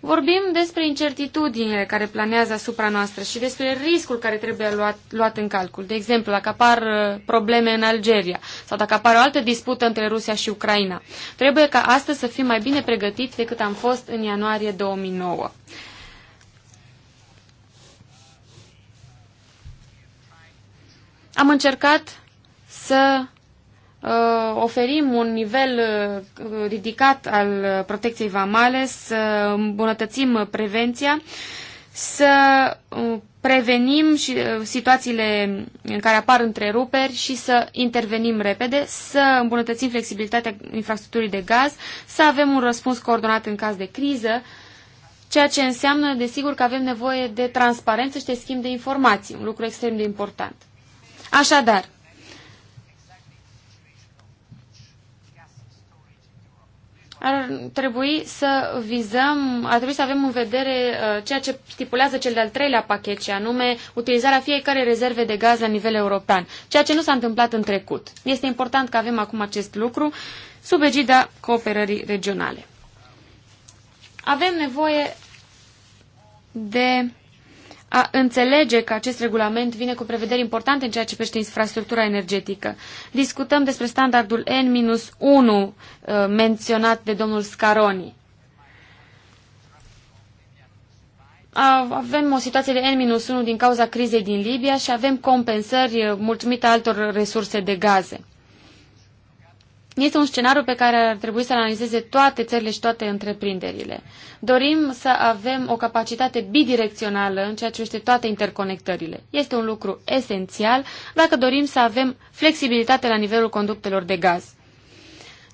Vorbim despre incertitudinile care planează asupra noastră și despre riscul care trebuie luat, luat în calcul. De exemplu, dacă apar uh, probleme în Algeria sau dacă apare o altă dispută între Rusia și Ucraina. Trebuie ca astăzi să fim mai bine pregătiți decât am fost în ianuarie 2009. Am încercat să uh, oferim un nivel uh, ridicat al protecției vamale, să îmbunătățim prevenția, să uh, prevenim și uh, situațiile în care apar întreruperi și să intervenim repede, să îmbunătățim flexibilitatea infrastructurii de gaz, să avem un răspuns coordonat în caz de criză, ceea ce înseamnă, desigur, că avem nevoie de transparență și de schimb de informații, un lucru extrem de important. Așadar, ar trebui să vizăm, ar trebui să avem în vedere uh, ceea ce stipulează cel de-al treilea pachet, și anume utilizarea fiecare rezerve de gaz la nivel european, ceea ce nu s-a întâmplat în trecut. Este important că avem acum acest lucru sub egida cooperării regionale. Avem nevoie de a înțelege că acest regulament vine cu prevederi importante în ceea ce privește infrastructura energetică. Discutăm despre standardul N-1 uh, menționat de domnul Scaroni. Avem o situație de N-1 din cauza crizei din Libia și avem compensări uh, mulțumită altor resurse de gaze. Este un scenariu pe care ar trebui să analizeze toate țările și toate întreprinderile. Dorim să avem o capacitate bidirecțională în ceea ce este toate interconectările. Este un lucru esențial dacă dorim să avem flexibilitate la nivelul conductelor de gaz.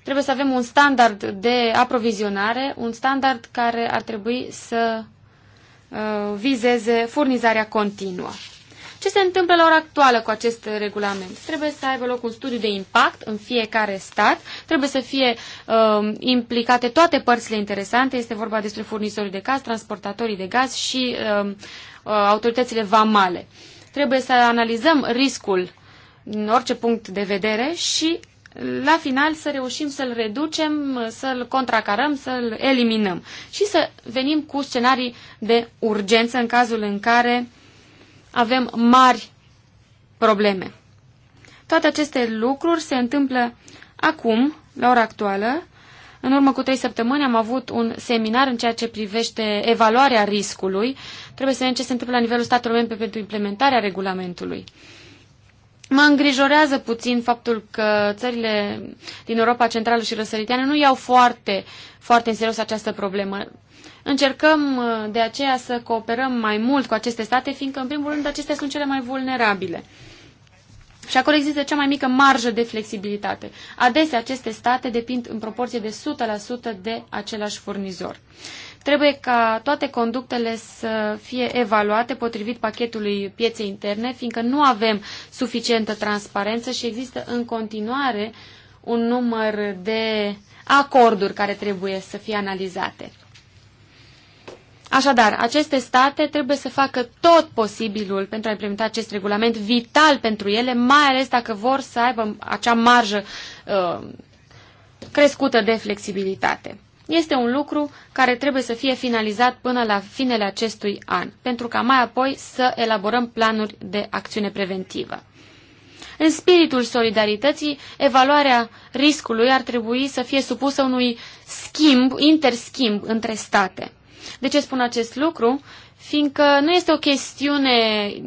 Trebuie să avem un standard de aprovizionare, un standard care ar trebui să uh, vizeze furnizarea continuă. Ce se întâmplă la ora actuală cu acest regulament? Trebuie să aibă loc un studiu de impact în fiecare stat, trebuie să fie uh, implicate toate părțile interesante, este vorba despre furnizorii de gaz, transportatorii de gaz și uh, uh, autoritățile vamale. Trebuie să analizăm riscul în orice punct de vedere și la final să reușim să-l reducem, să-l contracarăm, să-l eliminăm și să venim cu scenarii de urgență în cazul în care uh, avem mari probleme. Toate aceste lucruri se întâmplă acum, la ora actuală. În urmă cu trei săptămâni am avut un seminar în ceea ce privește evaluarea riscului. Trebuie să vedem ce se întâmplă la nivelul statelor membre pentru implementarea regulamentului. Mă îngrijorează puțin faptul că țările din Europa Centrală și Răsăriteană nu iau foarte, foarte în serios această problemă. Încercăm uh, de aceea să cooperăm mai mult cu aceste state, fiindcă, în primul rând, acestea sunt cele mai vulnerabile. Și acolo există cea mai mică marjă de flexibilitate. Adesea aceste state depind în proporție de 100% de același furnizor. Trebuie ca toate conductele să fie evaluate potrivit pachetului pieței interne, fiindcă nu avem suficientă transparență și există în continuare un număr de acorduri care trebuie să fie analizate. Așadar, aceste state trebuie să facă tot posibilul pentru a implementa acest regulament vital pentru ele, mai ales dacă vor să aibă acea marjă uh, crescută de flexibilitate. Este un lucru care trebuie să fie finalizat până la finele acestui an, pentru ca mai apoi să elaborăm planuri de acțiune preventivă. În spiritul solidarității, evaluarea riscului ar trebui să fie supusă unui schimb, interschimb între state. De ce spun acest lucru? Fiindcă nu este o chestiune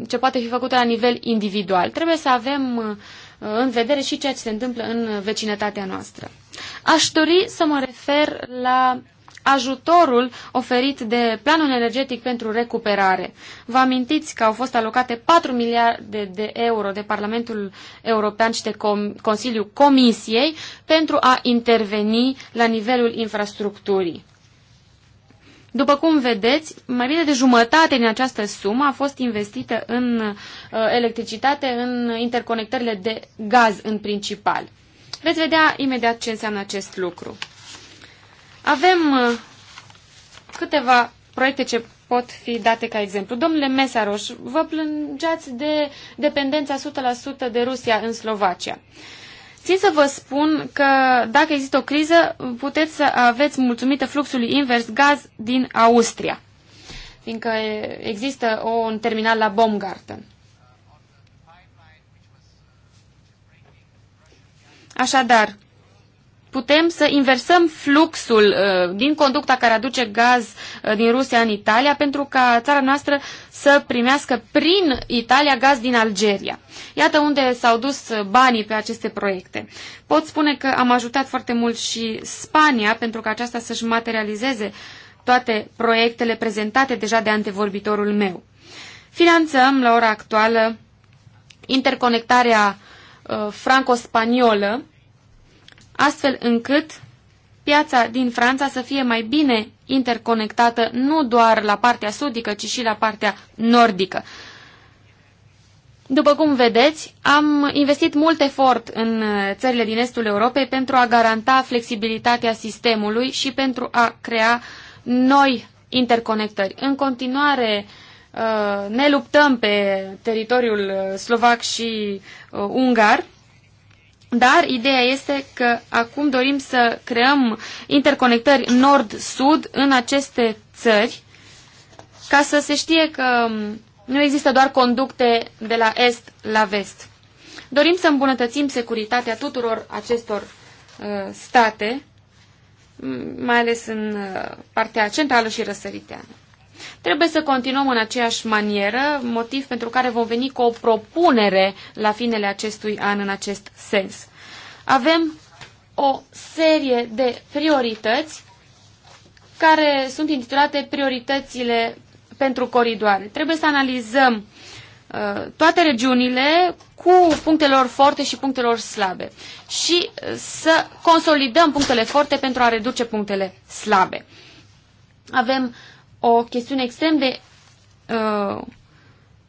ce poate fi făcută la nivel individual. Trebuie să avem uh, în vedere și ceea ce se întâmplă în vecinătatea noastră. Aș dori să mă refer la ajutorul oferit de Planul Energetic pentru Recuperare. Vă amintiți că au fost alocate 4 miliarde de euro de Parlamentul European și de Com Consiliul Comisiei pentru a interveni la nivelul infrastructurii. După cum vedeți, mai bine de jumătate din această sumă a fost investită în uh, electricitate, în interconectările de gaz în principal. Veți vedea imediat ce înseamnă acest lucru. Avem uh, câteva proiecte ce pot fi date ca exemplu. Domnule Mesaroș, vă plângeați de dependența 100% de Rusia în Slovacia. Uh, Țin să vă spun că dacă există o criză, puteți să aveți mulțumită fluxului invers gaz din Austria, fiindcă există o, un terminal la Baumgarten. Așadar, putem să inversăm fluxul uh, din conducta care aduce gaz uh, din Rusia în Italia pentru ca țara noastră să primească prin Italia gaz din Algeria. Iată unde s-au dus uh, banii pe aceste proiecte. Pot spune că am ajutat foarte mult și Spania pentru ca aceasta să-și materializeze toate proiectele prezentate deja de antevorbitorul meu. Finanțăm la ora actuală interconectarea franco-spaniolă astfel încât piața din Franța să fie mai bine interconectată nu doar la partea sudică, ci și la partea nordică. După cum vedeți, am investit mult efort în țările din estul Europei pentru a garanta flexibilitatea sistemului și pentru a crea noi interconectări. În continuare, uh, ne luptăm pe teritoriul uh, slovac și uh, ungar dar ideea este că acum dorim să creăm interconectări nord-sud în aceste țări ca să se știe că nu există doar conducte de la est la vest. Dorim să îmbunătățim securitatea tuturor acestor uh, state, mai ales în uh, partea centrală și răsăriteană. Trebuie să continuăm în aceeași manieră, motiv pentru care vom veni cu o propunere la finele acestui an în acest sens. Avem o serie de priorități care sunt intitulate prioritățile pentru coridoare. Trebuie să analizăm uh, toate regiunile cu punctelor forte și punctelor slabe și uh, să consolidăm punctele forte pentru a reduce punctele slabe. Avem o chestiune extrem de uh,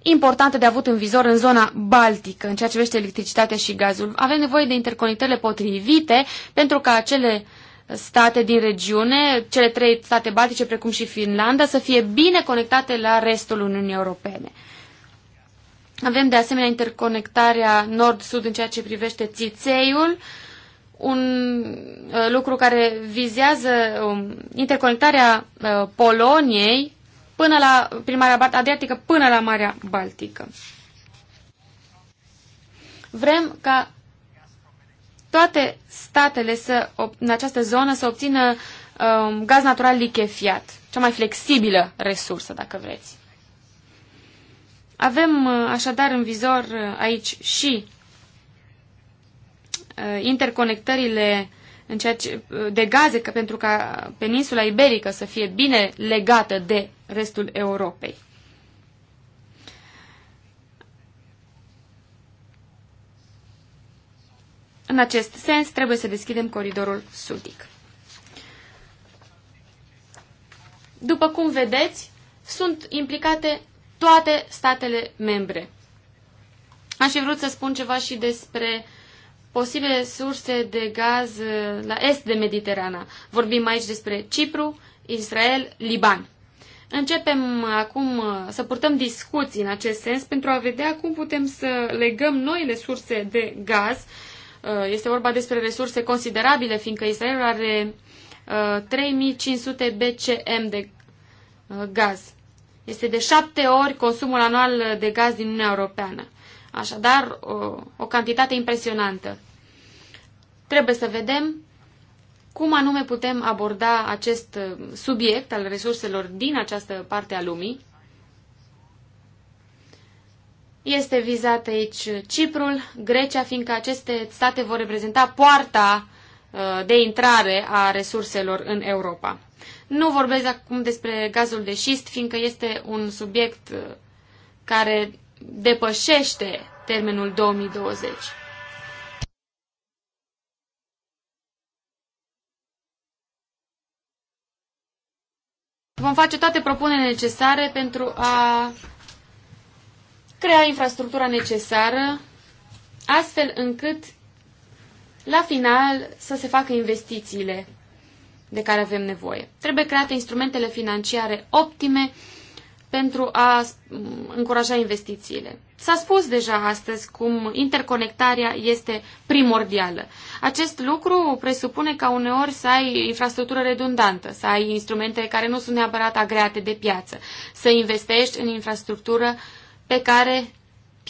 importantă de avut în vizor în zona baltică, în ceea ce vește electricitatea și gazul. Avem nevoie de interconectările potrivite pentru ca acele state din regiune, cele trei state baltice, precum și Finlanda, să fie bine conectate la restul Uniunii Europene. Avem de asemenea interconectarea nord-sud în ceea ce privește țițeiul, uh, un uh, lucru care vizează um, interconectarea uh, Poloniei până la, prin Marea Adriatică până la Marea Baltică. Vrem ca toate statele să, în această zonă să obțină um, gaz natural lichefiat, cea mai flexibilă resursă, dacă vreți. Avem uh, așadar în vizor aici și Uh, interconectările în ceea ce, uh, de gaze că pentru ca peninsula iberică să fie bine legată de restul Europei. În acest sens, trebuie să deschidem coridorul sudic. După cum vedeți, sunt implicate toate statele membre. Aș fi vrut să spun ceva și despre posibile surse de gaz uh, la est de Mediterana. Vorbim aici despre Cipru, Israel, Liban. Începem acum uh, să purtăm discuții în acest sens pentru a vedea cum putem să legăm noile surse de gaz. Uh, este vorba despre resurse considerabile, fiindcă Israel are 3500 BCM de gaz. Este de șapte ori consumul anual de gaz din Uniunea Europeană. Așadar, o, o cantitate impresionantă. Trebuie să vedem cum anume putem aborda acest uh, subiect al resurselor din această parte a lumii. Este vizat aici Ciprul, Grecia, fiindcă aceste state vor reprezenta poarta uh, de intrare a resurselor în Europa. Nu vorbesc acum despre gazul de șist, fiindcă este un subiect uh, care depășește termenul 2020. Vom face toate propunerile necesare pentru a crea infrastructura necesară, astfel încât la final să se facă investițiile de care avem nevoie. Trebuie create instrumentele financiare optime pentru a încuraja investițiile. S-a spus deja astăzi cum interconectarea este primordială. Acest lucru presupune ca uneori să ai infrastructură redundantă, să ai instrumente care nu sunt neapărat agreate de piață, să investești în infrastructură pe care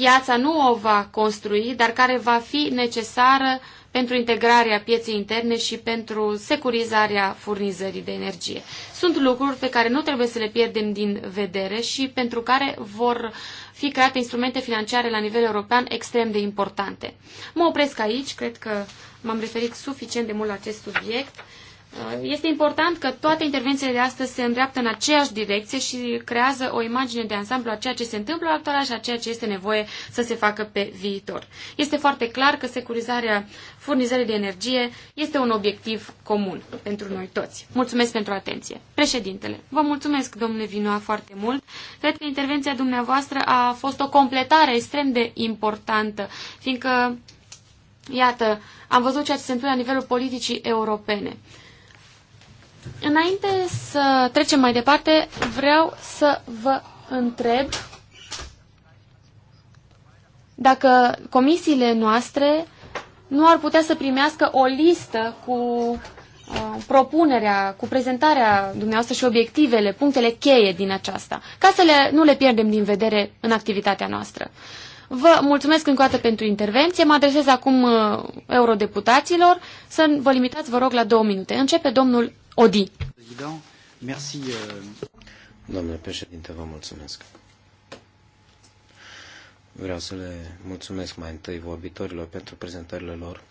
piața nu o va construi, dar care va fi necesară pentru integrarea pieței interne și pentru securizarea furnizării de energie. Sunt lucruri pe care nu trebuie să le pierdem din vedere și pentru care vor fi create instrumente financiare la nivel european extrem de importante. Mă opresc aici, cred că m-am referit suficient de mult la acest subiect este important că toate intervențiile de astăzi se îndreaptă în aceeași direcție și creează o imagine de ansamblu a ceea ce se întâmplă actual și a ceea ce este nevoie să se facă pe viitor. Este foarte clar că securizarea furnizării de energie este un obiectiv comun pentru noi toți. Mulțumesc pentru atenție. Președintele, vă mulțumesc, domnule Vinoa, foarte mult. Cred că intervenția dumneavoastră a fost o completare extrem de importantă, fiindcă, iată, am văzut ceea ce se întâmplă la nivelul politicii europene. Înainte să trecem mai departe, vreau să vă întreb dacă comisiile noastre nu ar putea să primească o listă cu uh, propunerea, cu prezentarea dumneavoastră și obiectivele, punctele cheie din aceasta, ca să le, nu le pierdem din vedere în activitatea noastră. Vă mulțumesc încă o dată pentru intervenție. Mă adresez acum uh, eurodeputaților să vă limitați, vă rog, la două minute. Începe domnul Odi. Uh, Domnule președinte, vă mulțumesc. Vreau să le mulțumesc mai întâi vorbitorilor pentru prezentările lor.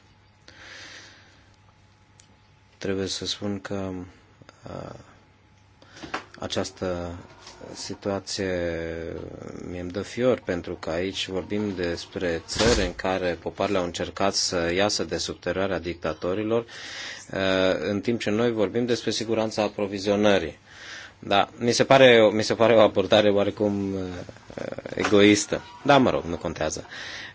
Trebuie să spun că uh, această situație mi îmi dă fior, pentru că aici vorbim despre țări în care popoarele au încercat să iasă de subterarea dictatorilor, uh, în timp ce noi vorbim despre siguranța aprovizionării. Da, mi se pare, mi se pare o abordare oarecum uh, egoistă. Da, mă rog, nu contează.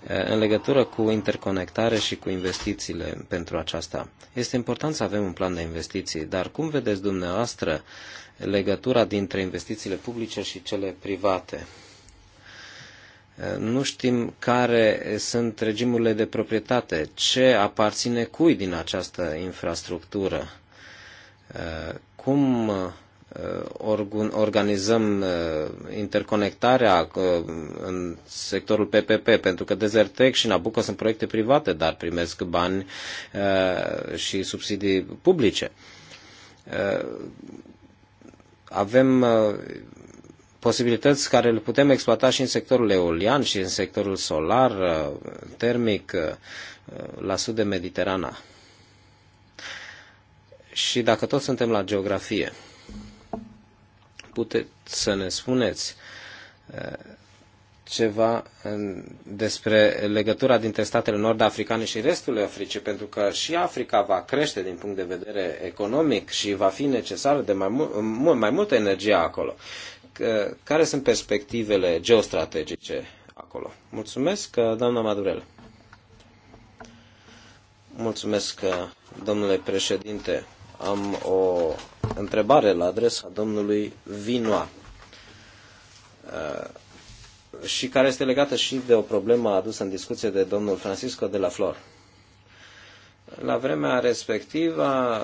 Uh, în legătură cu interconectare și cu investițiile pentru aceasta, este important să avem un plan de investiții, dar cum vedeți dumneavoastră uh, legătura dintre investițiile publice și cele private. Nu știm care sunt regimurile de proprietate, ce aparține cui din această infrastructură, cum uh, organizăm uh, interconectarea uh, în sectorul PPP, pentru că Desertec și Nabucco sunt proiecte private, dar primesc bani și subsidii publice avem uh, posibilități care le putem exploata și în sectorul eolian și în sectorul solar, uh, termic, uh, la sud de Mediterana. Și dacă tot suntem la geografie, puteți să ne spuneți ceva despre legătura dintre statele nord-africane și restul Africii, pentru că și Africa va crește din punct de vedere economic și va fi necesară de mai, mult, mai multă energie acolo. Care sunt perspectivele geostrategice acolo? Mulțumesc, uh, doamna Madurel. Mulțumesc, uh, domnule președinte. Am o întrebare la adresa domnului Vinoa uh, și care este legată și de o problemă adusă în discuție de domnul Francisco de la Flor. La vremea respectivă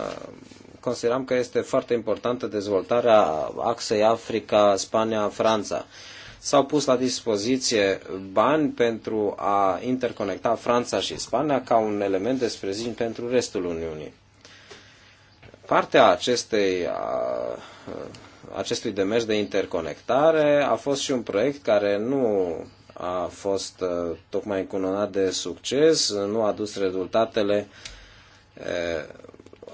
consideram că este foarte importantă dezvoltarea axei Africa, Spania, Franța. S-au pus la dispoziție bani pentru a interconecta Franța și Spania ca un element de sprijin pentru restul Uniunii. Partea acestei acestui demers de interconectare a fost și un proiect care nu a fost uh, tocmai încununat de succes, nu a dus rezultatele uh,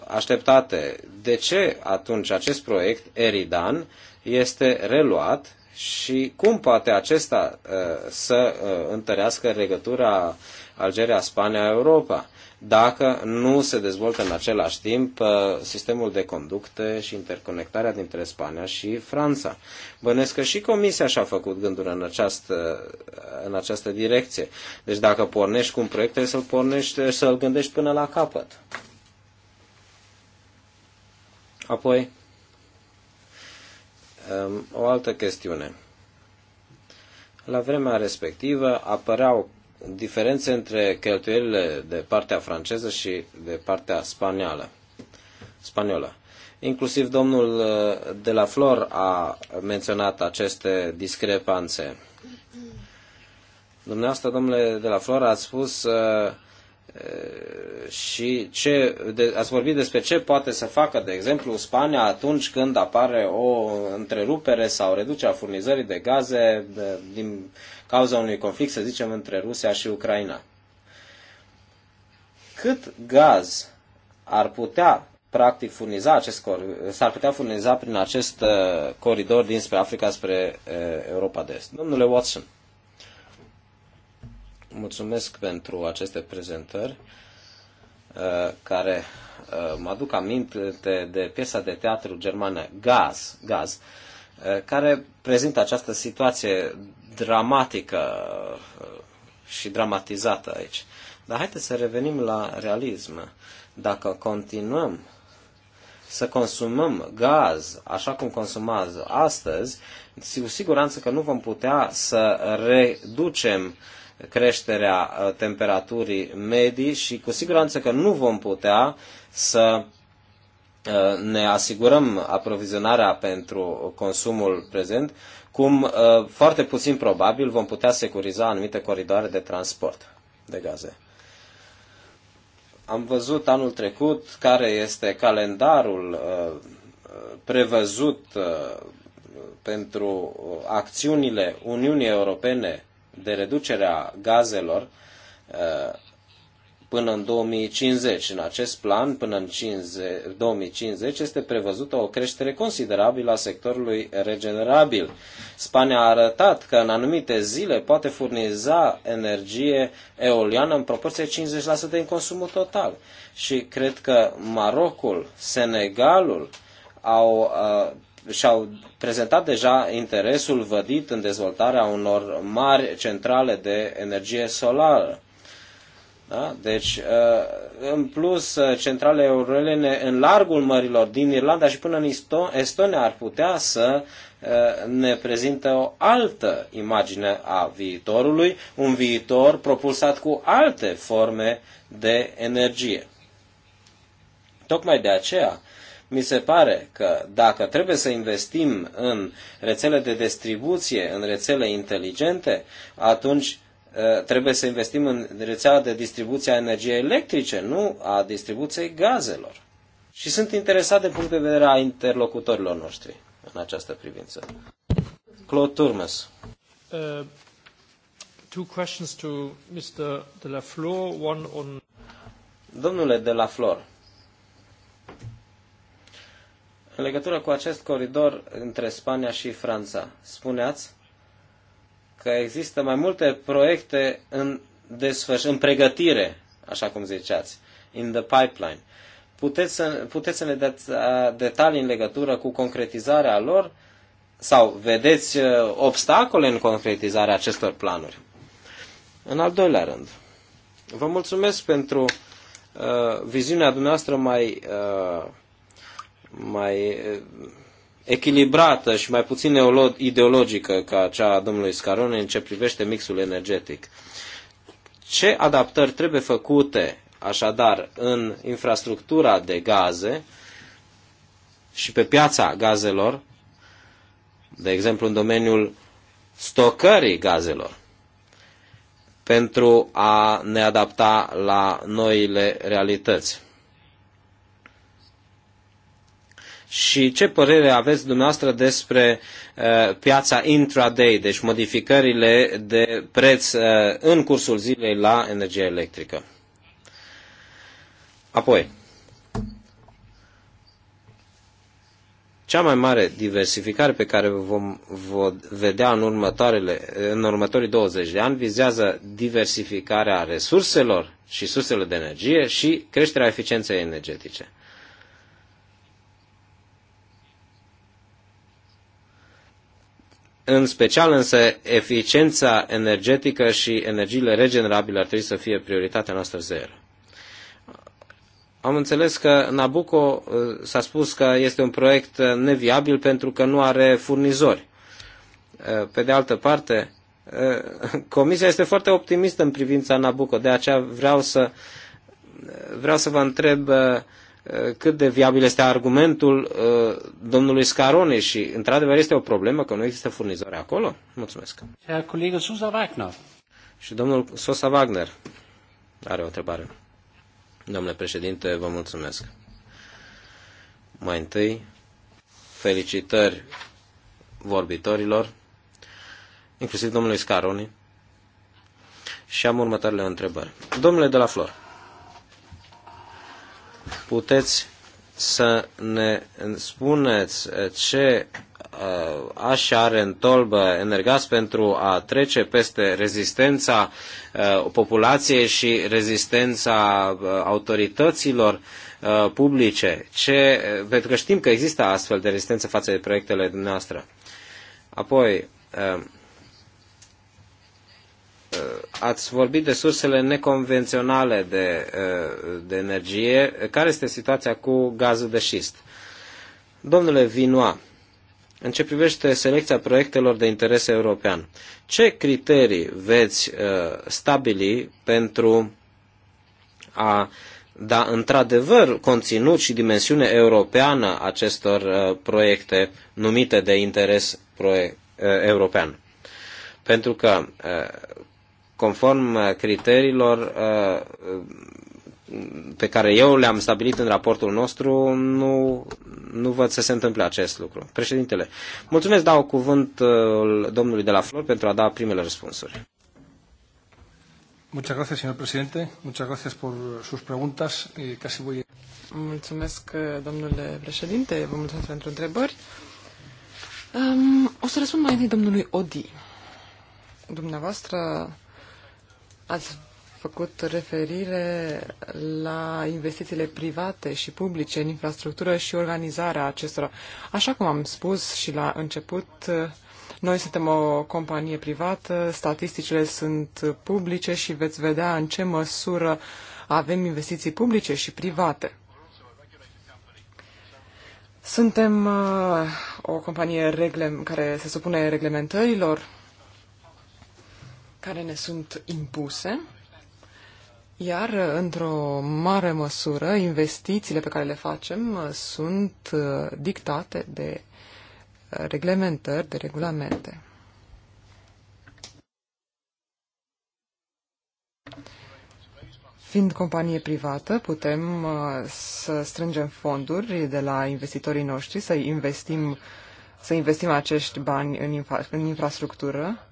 așteptate. De ce atunci acest proiect, Eridan, este reluat și cum poate acesta uh, să întărească legătura Algeria-Spania-Europa? dacă nu se dezvoltă în același timp uh, sistemul de conducte și interconectarea dintre Spania și Franța. Bănesc că și Comisia și-a făcut gânduri în această, în această direcție. Deci dacă pornești cu un proiect, trebuie să-l, pornești, să-l gândești până la capăt. Apoi, um, o altă chestiune. La vremea respectivă apăreau diferențe între cheltuielile de partea franceză și de partea spaniolă. spaniolă. Inclusiv domnul uh, de la Flor a menționat aceste discrepanțe. Dumneavoastră, domnule de la Flor, ați spus uh, și ce, de, ați vorbit despre ce poate să facă, de exemplu, Spania atunci când apare o întrerupere sau reducerea furnizării de gaze de, din cauza unui conflict, să zicem, între Rusia și Ucraina. Cât gaz ar putea practic furniza acest s-ar putea furniza prin acest uh, coridor dinspre Africa spre uh, Europa de Est. Domnule Watson, mulțumesc pentru aceste prezentări uh, care uh, mă aduc aminte de, de piesa de teatru germană Gaz, Gaz, uh, care prezintă această situație dramatică uh, și dramatizată aici. Dar haideți să revenim la realism. Dacă continuăm să consumăm gaz așa cum consumează astăzi, cu siguranță că nu vom putea să reducem creșterea uh, temperaturii medii și cu siguranță că nu vom putea să uh, ne asigurăm aprovizionarea pentru consumul prezent cum uh, foarte puțin probabil vom putea securiza anumite coridoare de transport de gaze. Am văzut anul trecut care este calendarul uh, prevăzut uh, pentru acțiunile Uniunii Europene de reducere a gazelor până în 2050. În acest plan, până în 50, 2050, este prevăzută o creștere considerabilă a sectorului regenerabil. Spania a arătat că în anumite zile poate furniza energie eoliană în proporție 50% din consumul total. Și cred că Marocul, Senegalul au uh, și-au prezentat deja interesul vădit în dezvoltarea unor mari centrale de energie solară. Da? Deci, uh, în plus, uh, centralele eurolene în largul mărilor din Irlanda și până în Estonia ar putea să uh, ne prezintă o altă imagine a viitorului, un viitor propulsat cu alte forme de energie. Tocmai de aceea, mi se pare că dacă trebuie să investim în rețele de distribuție, în rețele inteligente, atunci Eh, trebuie să investim în rețeaua de distribuție a energiei electrice, nu a distribuției gazelor. Și sunt interesat de punct de vedere a interlocutorilor noștri în această privință. Claude Turmes. Uh, two questions to Mr. De La Flor, one on... Domnule De La Flor, în legătură cu acest coridor între Spania și Franța, spuneați că există mai multe proiecte în, desfăș- în pregătire, așa cum ziceați, in the pipeline. Puteți să, puteți să ne dați uh, detalii în legătură cu concretizarea lor sau vedeți uh, obstacole în concretizarea acestor planuri? În al doilea rând, vă mulțumesc pentru uh, viziunea dumneavoastră mai, uh, mai uh, echilibrată și mai puțin ideologică ca cea a domnului Scarone în ce privește mixul energetic. Ce adaptări trebuie făcute așadar în infrastructura de gaze și pe piața gazelor, de exemplu în domeniul stocării gazelor, pentru a ne adapta la noile realități. și ce părere aveți dumneavoastră despre uh, piața intraday, deci modificările de preț uh, în cursul zilei la energie electrică. Apoi, cea mai mare diversificare pe care vom vedea în, următoarele, în următorii 20 de ani vizează diversificarea resurselor și surselor de energie și creșterea eficienței energetice. În special însă eficiența energetică și energiile regenerabile ar trebui să fie prioritatea noastră zero. Am înțeles că Nabucco uh, s-a spus că este un proiect uh, neviabil pentru că nu are furnizori. Uh, pe de altă parte, Comisia este foarte optimistă în privința Nabucco, de aceea vreau să, vreau să vă întreb Eh, cât de viabil este argumentul eh, domnului Scarone și, într-adevăr, este o problemă că nu există furnizori acolo? Mulțumesc. Colegul Susa Wagner. Și domnul Sosa Wagner are o întrebare. Domnule președinte, vă mulțumesc. Mai întâi, felicitări vorbitorilor, inclusiv domnului Scaroni, și am următoarele întrebări. Domnule de la Flor, puteți să ne spuneți ce uh, așa are în tolbă energas pentru a trece peste rezistența uh, populației și rezistența uh, autorităților publice, ce, pentru că știm că există astfel de rezistență față de proiectele dumneavoastră. Apoi, Uh, ați vorbit de sursele neconvenționale de, uh, de energie. Care este situația cu gazul de șist? Domnule Vinoa, în ce privește selecția proiectelor de interes european, ce criterii veți uh, stabili pentru a da într-adevăr conținut și dimensiune europeană acestor proiecte numite de interes european? Pentru că conform uh, criteriilor uh, pe care eu le-am stabilit în raportul nostru, nu, nu văd să se întâmple acest lucru. Președintele, mulțumesc, dau cuvântul domnului de la Flor pentru a da primele răspunsuri. Muchas gracias, señor presidente. Muchas gracias por sus preguntas. Eh, casi voy... Mulțumesc, eh, domnule președinte. Vă mulțumesc pentru întrebări. Um, o să răspund mai întâi domnului Odi. Dumneavoastră Ați făcut referire la investițiile private și publice în infrastructură și organizarea acestora. Așa cum am spus și la început, noi suntem o companie privată, statisticile sunt publice și veți vedea în ce măsură avem investiții publice și private. Suntem uh, o companie care se supune reglementărilor care ne sunt impuse, iar, într-o mare măsură, investițiile pe care le facem uh, sunt uh, dictate de uh, reglementări, de regulamente. Fiind companie privată, putem să strângem fonduri de la investitorii noștri, să investim, să investim acești bani în, infra, în infrastructură,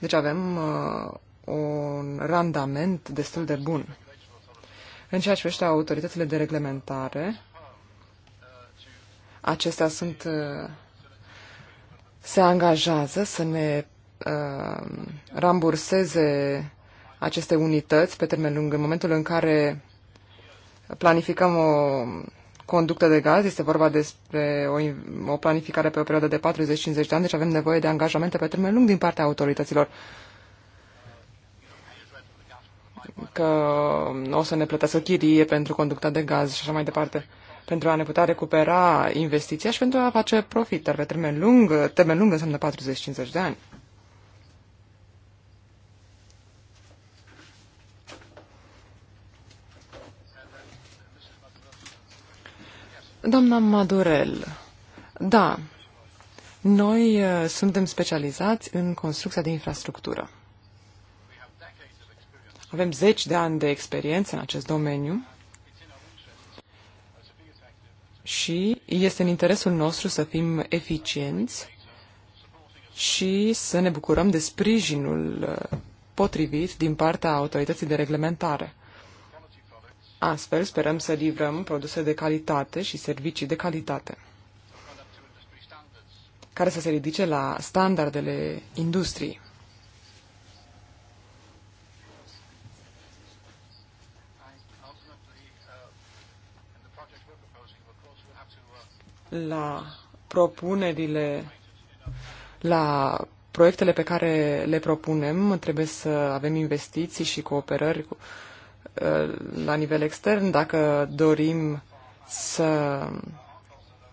Deci avem uh, un randament destul de bun. În ceea ce privește autoritățile de reglementare, acestea sunt, uh, se angajează să ne uh, ramburseze aceste unități pe termen lung. În momentul în care planificăm o conductă de gaz. Este vorba despre o, o planificare pe o perioadă de 40-50 de ani, deci avem nevoie de angajamente pe termen lung din partea autorităților. Că o să ne plătească chirie pentru conducta de gaz și așa mai departe pentru a ne putea recupera investiția și pentru a face profit, dar pe termen lung, termen lung înseamnă 40-50 de ani. Doamna Madurel, da, noi uh, suntem specializați în construcția de infrastructură. Avem zeci de ani de experiență în acest domeniu și este în interesul nostru să fim eficienți și să ne bucurăm de sprijinul uh, potrivit din partea autorității de reglementare. Astfel, sperăm să livrăm produse de calitate și servicii de calitate, care să se ridice la standardele industriei. La propunerile, la proiectele pe care le propunem, trebuie să avem investiții și cooperări cu uh, Uh, la nivel extern, dacă dorim să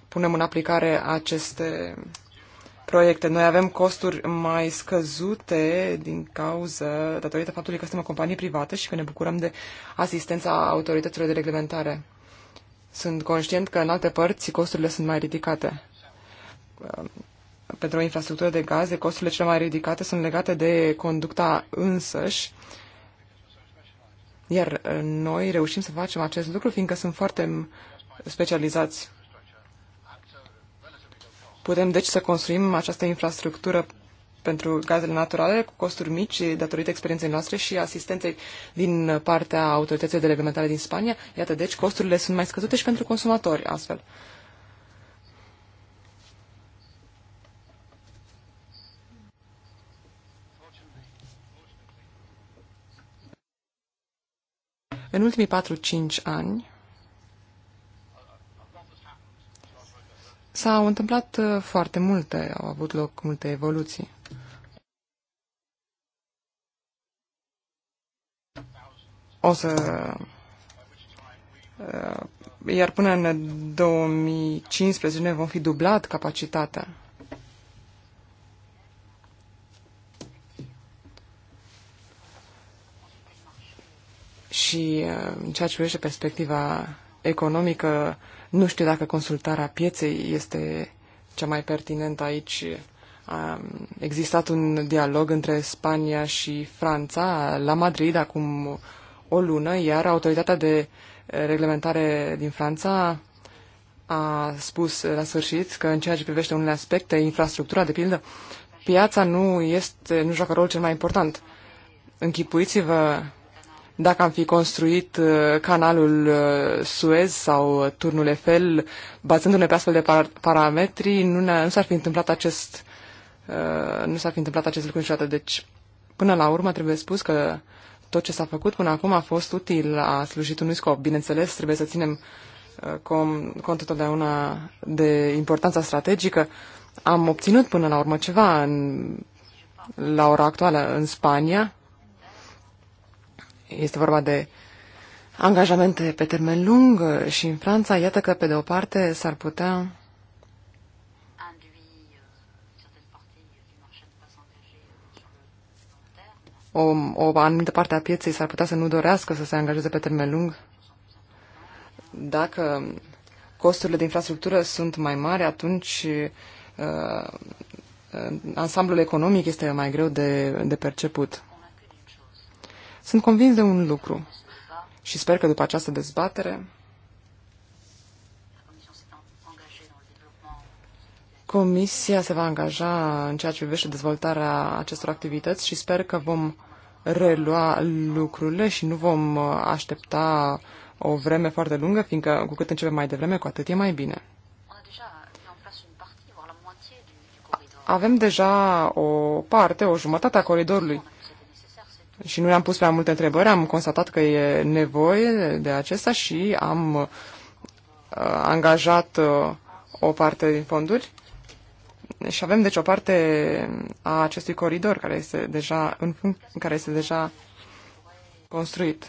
punem în aplicare aceste proiecte. Noi avem costuri mai scăzute din cauza, datorită faptului că suntem o companie privată și că ne bucurăm de asistența autorităților de reglementare. Sunt conștient că în alte părți costurile sunt mai ridicate. Uh, pentru o infrastructură de gaze, costurile cele mai ridicate sunt legate de conducta însăși iar uh, noi reușim să facem acest lucru, fiindcă sunt foarte specializați. Putem, deci, să construim această infrastructură pentru gazele naturale cu costuri mici datorită experienței noastre și asistenței din partea autorității de reglementare din Spania. Iată, deci, costurile sunt mai scăzute și pentru consumatori astfel. În ultimii 4-5 ani s-au întâmplat uh, foarte multe, au avut loc multe evoluții. O să uh, iar până în 2015 ne vom fi dublat capacitatea. în ceea ce privește perspectiva economică, nu știu dacă consultarea pieței este cea mai pertinentă aici. A existat un dialog între Spania și Franța la Madrid acum o lună, iar autoritatea de reglementare din Franța a spus la sfârșit că în ceea ce privește unele aspecte, infrastructura de pildă, piața nu, este, nu joacă rolul cel mai important. Închipuiți-vă dacă am fi construit uh, canalul uh, Suez sau uh, turnul Eiffel, bazându-ne pe astfel de par- parametri, nu, nu s-ar fi întâmplat acest nu s-ar fi întâmplat acest lucru niciodată. Deci, până la urmă, trebuie spus că tot ce s-a făcut până acum a fost util, a slujit unui scop. Bineînțeles, trebuie să ținem cont totdeauna de importanța strategică. Am obținut până la urmă ceva în, la ora actuală în Spania, este vorba de angajamente pe termen lung și în Franța, iată că, pe de o parte, s-ar putea o, o anumită parte a pieței s-ar putea să nu dorească să se angajeze pe termen lung. Dacă costurile de infrastructură sunt mai mari, atunci uh, uh ansamblul economic este mai greu de, de perceput. Sunt convins de un lucru și sper că după această dezbatere Comisia se va angaja în ceea ce privește dezvoltarea acestor activități și sper că vom relua lucrurile și nu vom uh, aștepta o vreme foarte lungă, fiindcă cu cât începem mai devreme, cu atât e mai bine. Avem deja o parte, o jumătate a coridorului și nu le-am pus prea multe întrebări, am constatat că e nevoie de acesta și am uh, angajat uh, o parte din fonduri și avem deci o parte a acestui coridor care este deja în, în care este deja construit.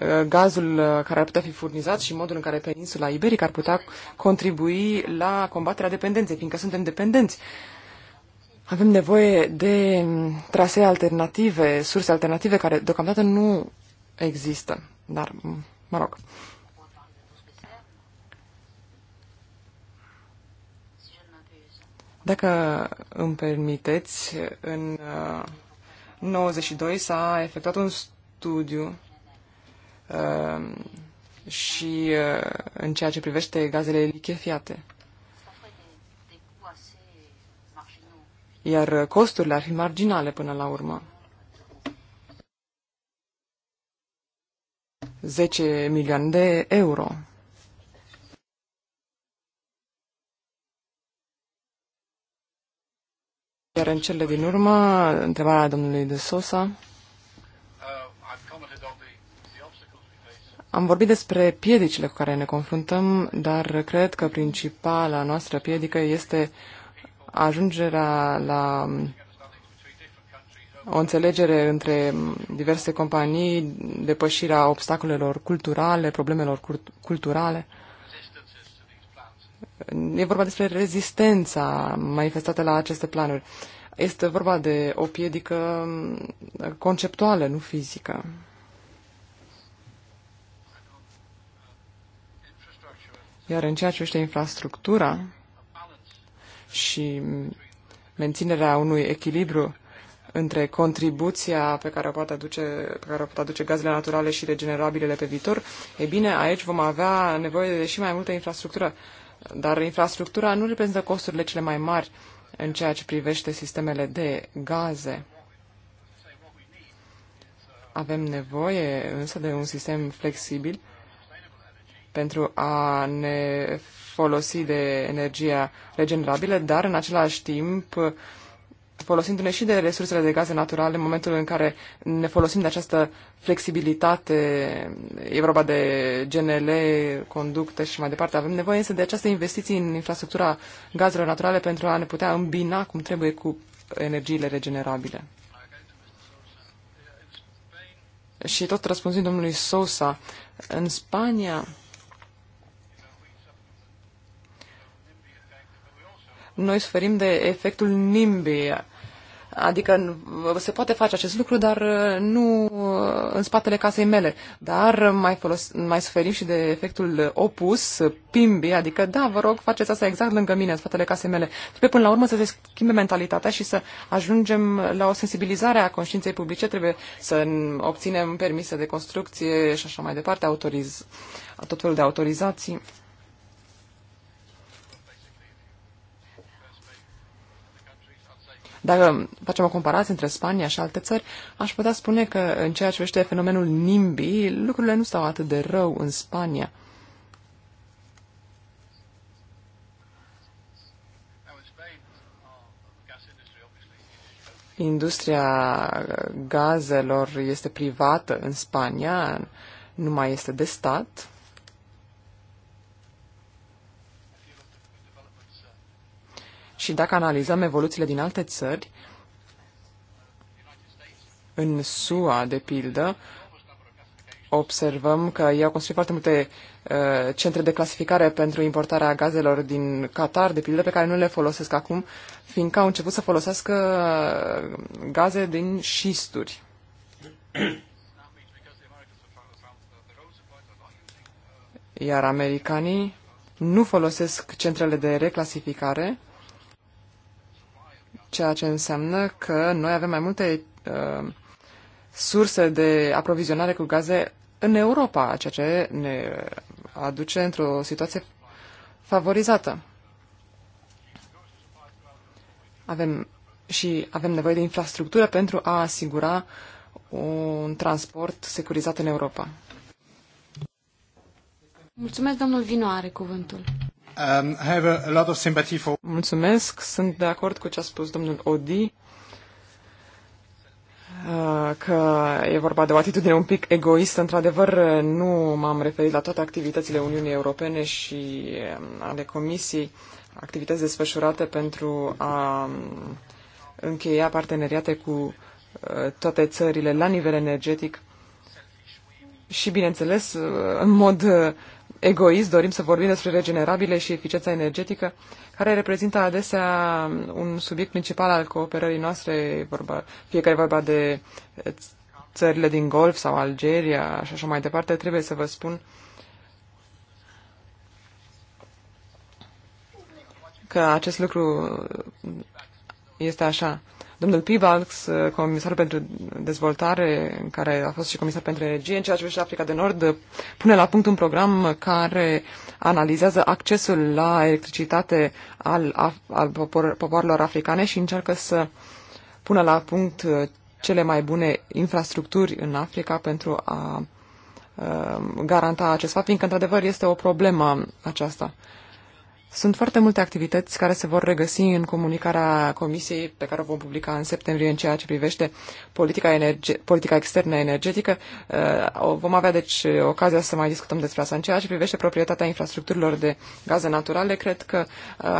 Uh, gazul uh, care ar putea fi furnizat și modul în care peninsula iberică ar putea contribui la combaterea dependenței, fiindcă suntem dependenți. Avem nevoie de um, trasee alternative, surse alternative care deocamdată nu există. Dar, mă rog. Dacă îmi permiteți, în 92 uh, s-a efectuat un studiu Ehm, și eh, în ceea ce privește gazele lichefiate. Iar costurile ar fi marginale până la urmă. 10 milioane de euro. Iar în cele din urmă, întrebarea domnului de Sosa. Am vorbit despre piedicile cu care ne confruntăm, dar cred că principala noastră piedică este ajungerea la um, o înțelegere între um, diverse companii, depășirea obstacolelor culturale, problemelor culturale. E vorba despre rezistența manifestată la aceste planuri. Este vorba de o piedică um, conceptuală, nu fizică. Iar în ceea ce este infrastructura și menținerea unui echilibru între contribuția pe care o pot aduce, pe care o pot aduce gazele naturale și regenerabilele pe viitor, e bine, aici vom avea nevoie de și mai multă infrastructură. Dar infrastructura nu reprezintă costurile cele mai mari în ceea ce privește sistemele de gaze. Avem nevoie însă de un sistem flexibil pentru a ne folosi de energia regenerabilă, dar în același timp folosindu-ne și de resursele de gaze naturale în momentul în care ne folosim de această flexibilitate, e vorba de GNL, conducte și mai departe, avem nevoie însă de aceste investiții în infrastructura gazelor naturale pentru a ne putea îmbina cum trebuie cu energiile regenerabile. Și tot răspunzând domnului Sousa, în Spania noi suferim de efectul nimbi, Adică se poate face acest lucru, dar uh, nu uh, în spatele casei mele. Dar mai, folos, mai suferim și de efectul opus, PIMBI, adică da, vă rog, faceți asta exact lângă mine, în spatele casei mele. Trebuie până la urmă să se schimbe mentalitatea și să ajungem la o sensibilizare a conștiinței publice. Trebuie să obținem permise de construcție și așa mai departe, autoriz, tot felul de autorizații. Dacă facem o comparație între Spania și alte țări, aș putea spune că în ceea ce vește fenomenul nimbii, lucrurile nu stau atât de rău în Spania. Industria gazelor este privată în Spania, nu mai este de stat. Și dacă analizăm evoluțiile din alte țări, în SUA, de pildă, observăm că ei au construit foarte multe uh, centre de clasificare pentru importarea gazelor din Qatar, de pildă, pe care nu le folosesc acum, fiindcă au început să folosească uh, gaze din șisturi. Iar americanii nu folosesc centrele de reclasificare ceea ce înseamnă că noi avem mai multe uh, surse de aprovizionare cu gaze în Europa, ceea ce ne aduce într-o situație favorizată. Avem și avem nevoie de infrastructură pentru a asigura un transport securizat în Europa. Mulțumesc, domnul Vino are cuvântul. Um, I have a, lot of sympathy for... Mulțumesc, sunt de acord cu ce a spus domnul Odi, uh, că e vorba de o atitudine un pic egoistă. Într-adevăr, nu m-am referit la toate activitățile Uniunii Europene și um, ale Comisiei, activități desfășurate pentru a um, încheia parteneriate cu uh, toate țările la nivel energetic și, bineînțeles, în mod uh, egoist dorim să vorbim despre regenerabile și eficiența energetică, care reprezintă adesea un subiect principal al cooperării noastre, vorba, fie că e vorba de uh, țările din Golf sau Algeria și așa mai departe, trebuie să vă spun că acest lucru este așa domnul Pivax, comisar pentru dezvoltare, care a fost și comisar pentru energie în ceea ce privește Africa de Nord, pune la punct un program care analizează accesul la electricitate al, al popoarelor africane și încearcă să pună la punct cele mai bune infrastructuri în Africa pentru a um, garanta acest fapt, fiindcă într-adevăr este o problemă aceasta. Sunt foarte multe activități care se vor regăsi în comunicarea Comisiei pe care o vom publica în septembrie în ceea ce privește politica, energe- politica externă energetică. Uh, vom avea deci ocazia să mai discutăm despre asta. În ceea ce privește proprietatea infrastructurilor de gaze naturale, cred că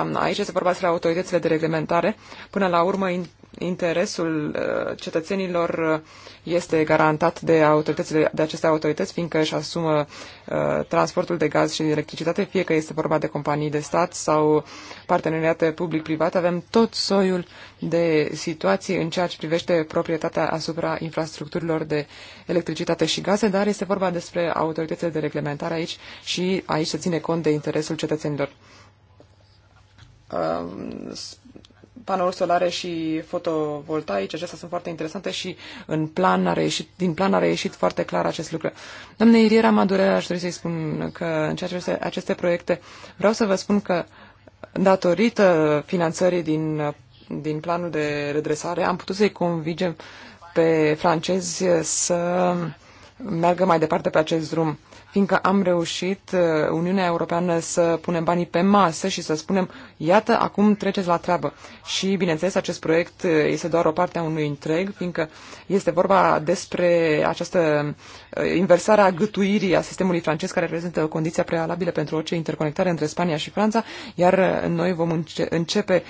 um, aici este vorba despre autoritățile de reglementare. Până la urmă, interesul uh, cetățenilor uh, este garantat de autoritățile, de aceste autorități, fiindcă își asumă uh, transportul de gaz și de electricitate, fie că este vorba de companii de stat sau parteneriate public-private. Avem tot soiul de situații în ceea ce privește proprietatea asupra infrastructurilor de electricitate și gaze, dar este vorba despre autoritățile de reglementare aici și aici se ține cont de interesul cetățenilor panouri solare și fotovoltaice, acestea sunt foarte interesante și în plan a reieșit, din plan a reieșit foarte clar acest lucru. Doamne Iriera Madurera, aș dori să-i spun că în ceea ce aceste, aceste proiecte, vreau să vă spun că datorită finanțării din, din planul de redresare am putut să-i convingem pe francezi să meargă mai departe pe acest drum fiindcă am reușit, uh, Uniunea Europeană, să punem banii pe masă și să spunem, iată, acum treceți la treabă. Și, bineînțeles, acest proiect uh, este doar o parte a unui întreg, fiindcă este vorba despre această uh, inversare a gătuirii a sistemului francez, care reprezintă o condiție prealabilă pentru orice interconectare între Spania și Franța, iar noi vom începe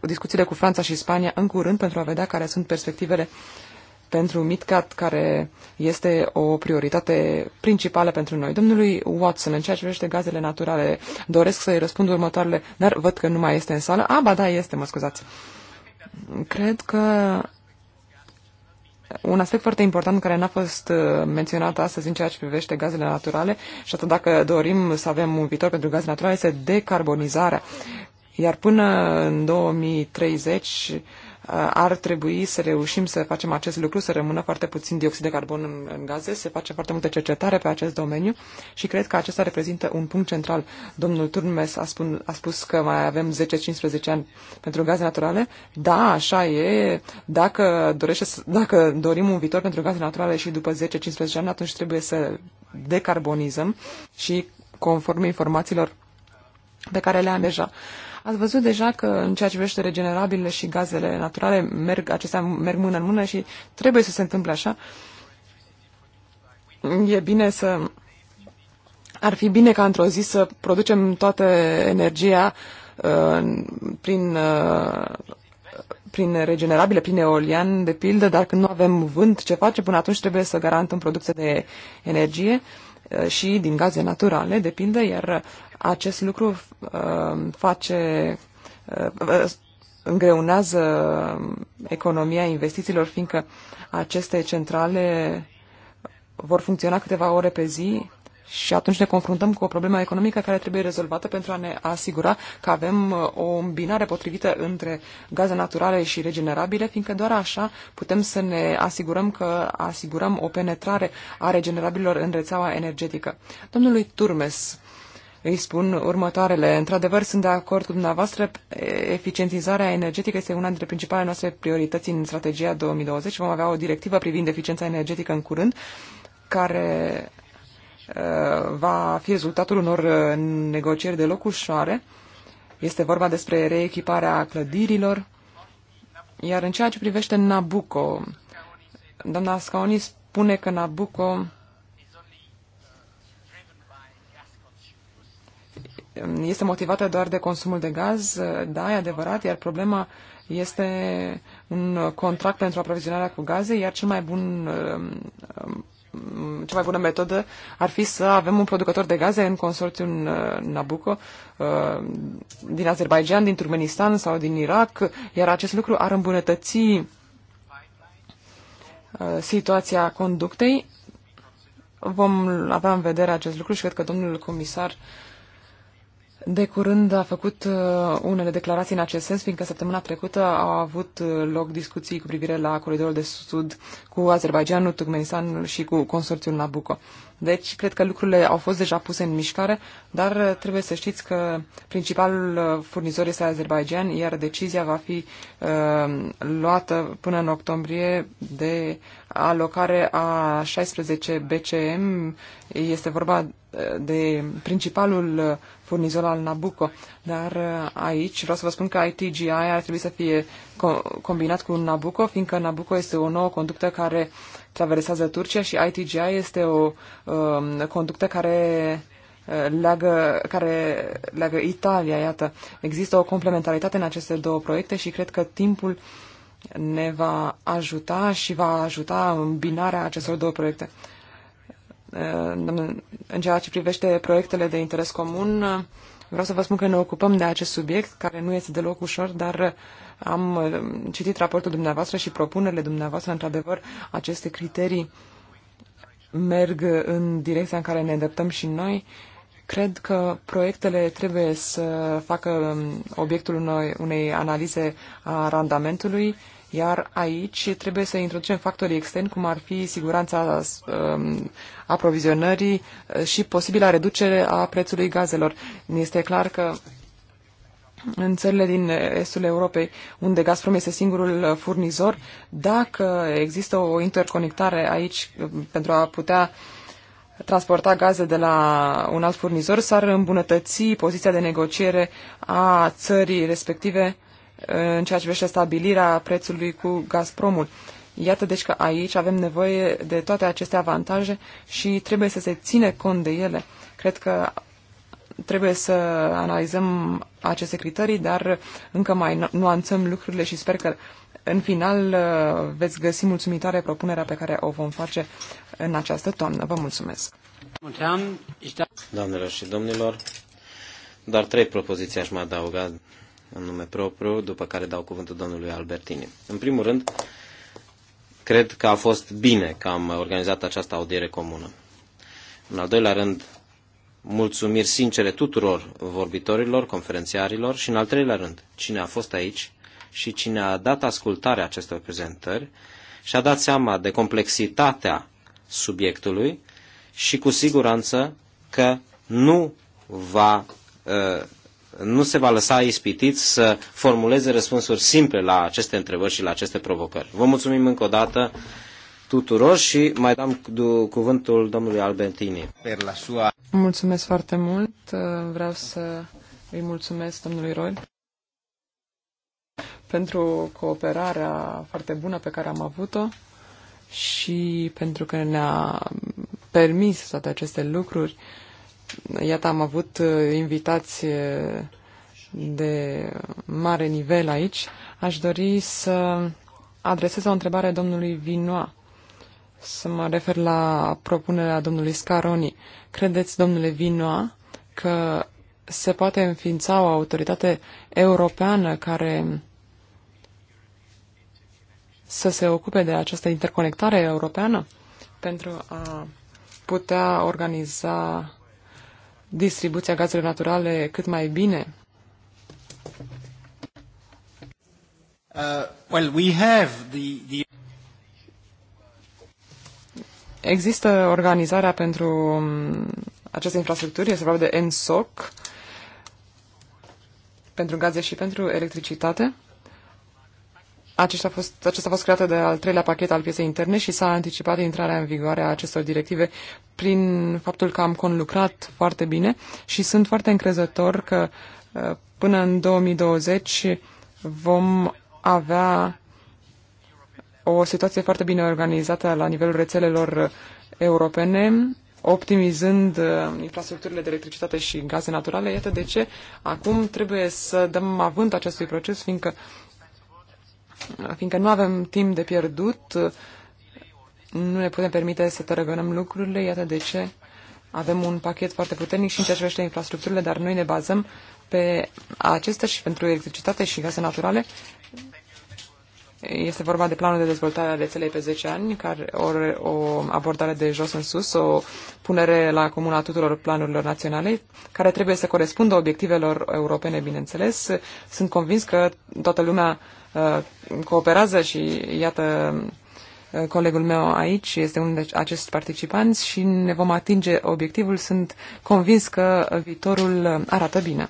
discuțiile cu Franța și Spania în curând pentru a vedea care sunt perspectivele uh, pentru MidCat, care este o prioritate principală pentru noi. Domnului Watson, în ceea ce privește gazele naturale, doresc să-i răspund următoarele, dar văd că nu mai este în sală. A, ba da, este, mă scuzați. Cred că un aspect foarte important care n-a fost uh, menționat astăzi în ceea ce privește gazele naturale și atât dacă dorim să avem un viitor pentru gaze naturale este decarbonizarea. Iar până în 2030 Uh, ar trebui să reușim să facem acest lucru, să rămână foarte puțin dioxid de carbon în, în gaze. Se face foarte multă cercetare pe acest domeniu și cred că acesta reprezintă un punct central. Domnul Turmes a, spun, a spus că mai avem 10-15 ani pentru gaze naturale. Da, așa e. Dacă, dorește, dacă dorim un viitor pentru gaze naturale și după 10-15 ani, atunci trebuie să decarbonizăm și conform informațiilor pe care le am deja. Uh, Ați văzut deja că în ceea ce privește regenerabile și gazele naturale, merg, acestea merg mână în mână și trebuie să se întâmple așa. E bine să... Ar fi bine ca într-o zi să producem toată energia uh, prin uh, prin regenerabile, prin eolian, de pildă, dar când nu avem vânt, ce face, Până atunci trebuie să garantăm producția de energie. Uh, Uh, și din gaze naturale, depinde, iar acest lucru uh, face uh, îngreunează economia investițiilor, fiindcă aceste centrale vor funcționa câteva ore pe zi, și atunci ne confruntăm cu o problemă economică care trebuie rezolvată pentru a ne asigura că avem uh, o îmbinare potrivită între gaze naturale și regenerabile, fiindcă doar așa putem să ne asigurăm că asigurăm o penetrare a regenerabilor în rețeaua energetică. Domnului Turmes, îi spun următoarele. Într-adevăr, sunt de acord cu dumneavoastră. Eficientizarea energetică este una dintre principalele noastre priorități în strategia 2020. Vom avea o directivă privind eficiența energetică în curând, care Uh, va fi rezultatul unor uh, negocieri deloc ușoare. Este vorba despre reechiparea clădirilor. Iar în ceea ce privește Nabucco, doamna Scaoni spune că Nabucco um, este motivată doar de consumul de gaz, uh, da, e adevărat, iar problema este un contract pentru aprovizionarea cu gaze, iar cel mai bun um, um, Mm, cea mai bună metodă ar fi să avem un producător de gaze în consorțiu în uh, Nabucco uh, din Azerbaijan, din Turkmenistan sau din Irak, iar acest lucru ar îmbunătăți uh, situația conductei. Vom avea în vedere acest lucru și cred că domnul comisar uh, de curând a făcut uh, unele declarații în acest sens, fiindcă săptămâna trecută au avut uh, loc discuții cu privire la coridorul de sud cu Azerbaijanul, Turkmenistanul și cu consorțiul Nabucco. Deci, cred că lucrurile au fost deja puse în mișcare, dar uh, trebuie să știți că principalul furnizor este Azerbaijan, iar decizia va fi uh, luată până în octombrie de alocare a 16 BCM. Este vorba de principalul furnizor al Nabucco. Dar uh, aici vreau să vă spun că ITGI ar trebui să fie combinat cu Nabucco, fiindcă Nabucco este o nouă conductă care traversează Turcia și ITGI este o um, conductă care uh, leagă, care leagă Italia, iată. Există o complementaritate în aceste două proiecte și cred că timpul ne va ajuta și va ajuta în binarea acestor două proiecte în ceea ce privește proiectele de interes comun, vreau să vă spun că ne ocupăm de acest subiect, care nu este deloc ușor, dar am citit raportul dumneavoastră și propunerile dumneavoastră. Într-adevăr, aceste criterii merg în direcția în care ne îndreptăm și noi. Cred că proiectele trebuie să facă obiectul unei, unei analize a randamentului iar aici trebuie să introducem factorii externi, cum ar fi siguranța um, aprovizionării uh, și posibila reducere a prețului gazelor. Este clar că în țările din estul Europei, unde Gazprom este singurul furnizor, dacă există o interconectare aici um, pentru a putea transporta gaze de la un alt furnizor, s-ar îmbunătăți poziția de negociere a țării respective în ceea ce privește stabilirea prețului cu Gazpromul. Iată deci că aici avem nevoie de toate aceste avantaje și trebuie să se ține cont de ele. Cred că trebuie să analizăm aceste criterii, dar încă mai nuanțăm lucrurile și sper că în final veți găsi mulțumitoare propunerea pe care o vom face în această toamnă. Vă mulțumesc! Doamnelor și domnilor, dar trei propoziții aș mai adauga în nume propriu, după care dau cuvântul domnului Albertini. În primul rând, cred că a fost bine că am organizat această audiere comună. În al doilea rând, mulțumiri sincere tuturor vorbitorilor, conferențiarilor și, în al treilea rând, cine a fost aici și cine a dat ascultare acestor prezentări și a dat seama de complexitatea subiectului și cu siguranță că nu va uh, nu se va lăsa ispitit să formuleze răspunsuri simple la aceste întrebări și la aceste provocări. Vă mulțumim încă o dată tuturor și mai dăm cuvântul domnului Albertini. Mulțumesc foarte mult. Vreau să îi mulțumesc domnului Roy pentru cooperarea foarte bună pe care am avut-o și pentru că ne-a permis toate aceste lucruri Iată, am avut uh, invitați uh, de mare nivel aici. Aș dori să adresez o întrebare domnului Vinoa. Să mă refer la propunerea domnului Scaroni. Credeți, domnule Vinoa, că se poate înființa o autoritate europeană care să se ocupe de această interconectare europeană pentru a putea organiza distribuția gazelor naturale cât mai bine? Uh, well, we have the, the... Există organizarea pentru um, această infrastructură, este vorba de ENSOC, pentru gaze și pentru electricitate. Acesta a, fost, acesta a fost creată de al treilea pachet al pieței interne și s-a anticipat intrarea în vigoare a acestor directive prin faptul că am conlucrat foarte bine și sunt foarte încrezător că uh, până în 2020 vom avea o situație foarte bine organizată la nivelul rețelelor europene, optimizând uh, infrastructurile de electricitate și gaze naturale. Iată de ce acum trebuie să dăm avânt acestui proces, fiindcă fiindcă nu avem timp de pierdut, nu ne putem permite să tărăgănăm lucrurile, iată de ce avem un pachet foarte puternic și în ceea ce privește infrastructurile, dar noi ne bazăm pe acestea și pentru electricitate și gaze naturale. Este vorba de planul de dezvoltare a rețelei pe 10 ani, care o, o abordare de jos în sus, o punere la comun a tuturor planurilor naționale, care trebuie să corespundă obiectivelor europene, bineînțeles. Sunt convins că toată lumea uh, Uh, cooperează și iată uh, colegul meu aici este unul dintre acești participanți și ne vom atinge obiectivul. Sunt convins că viitorul arată bine.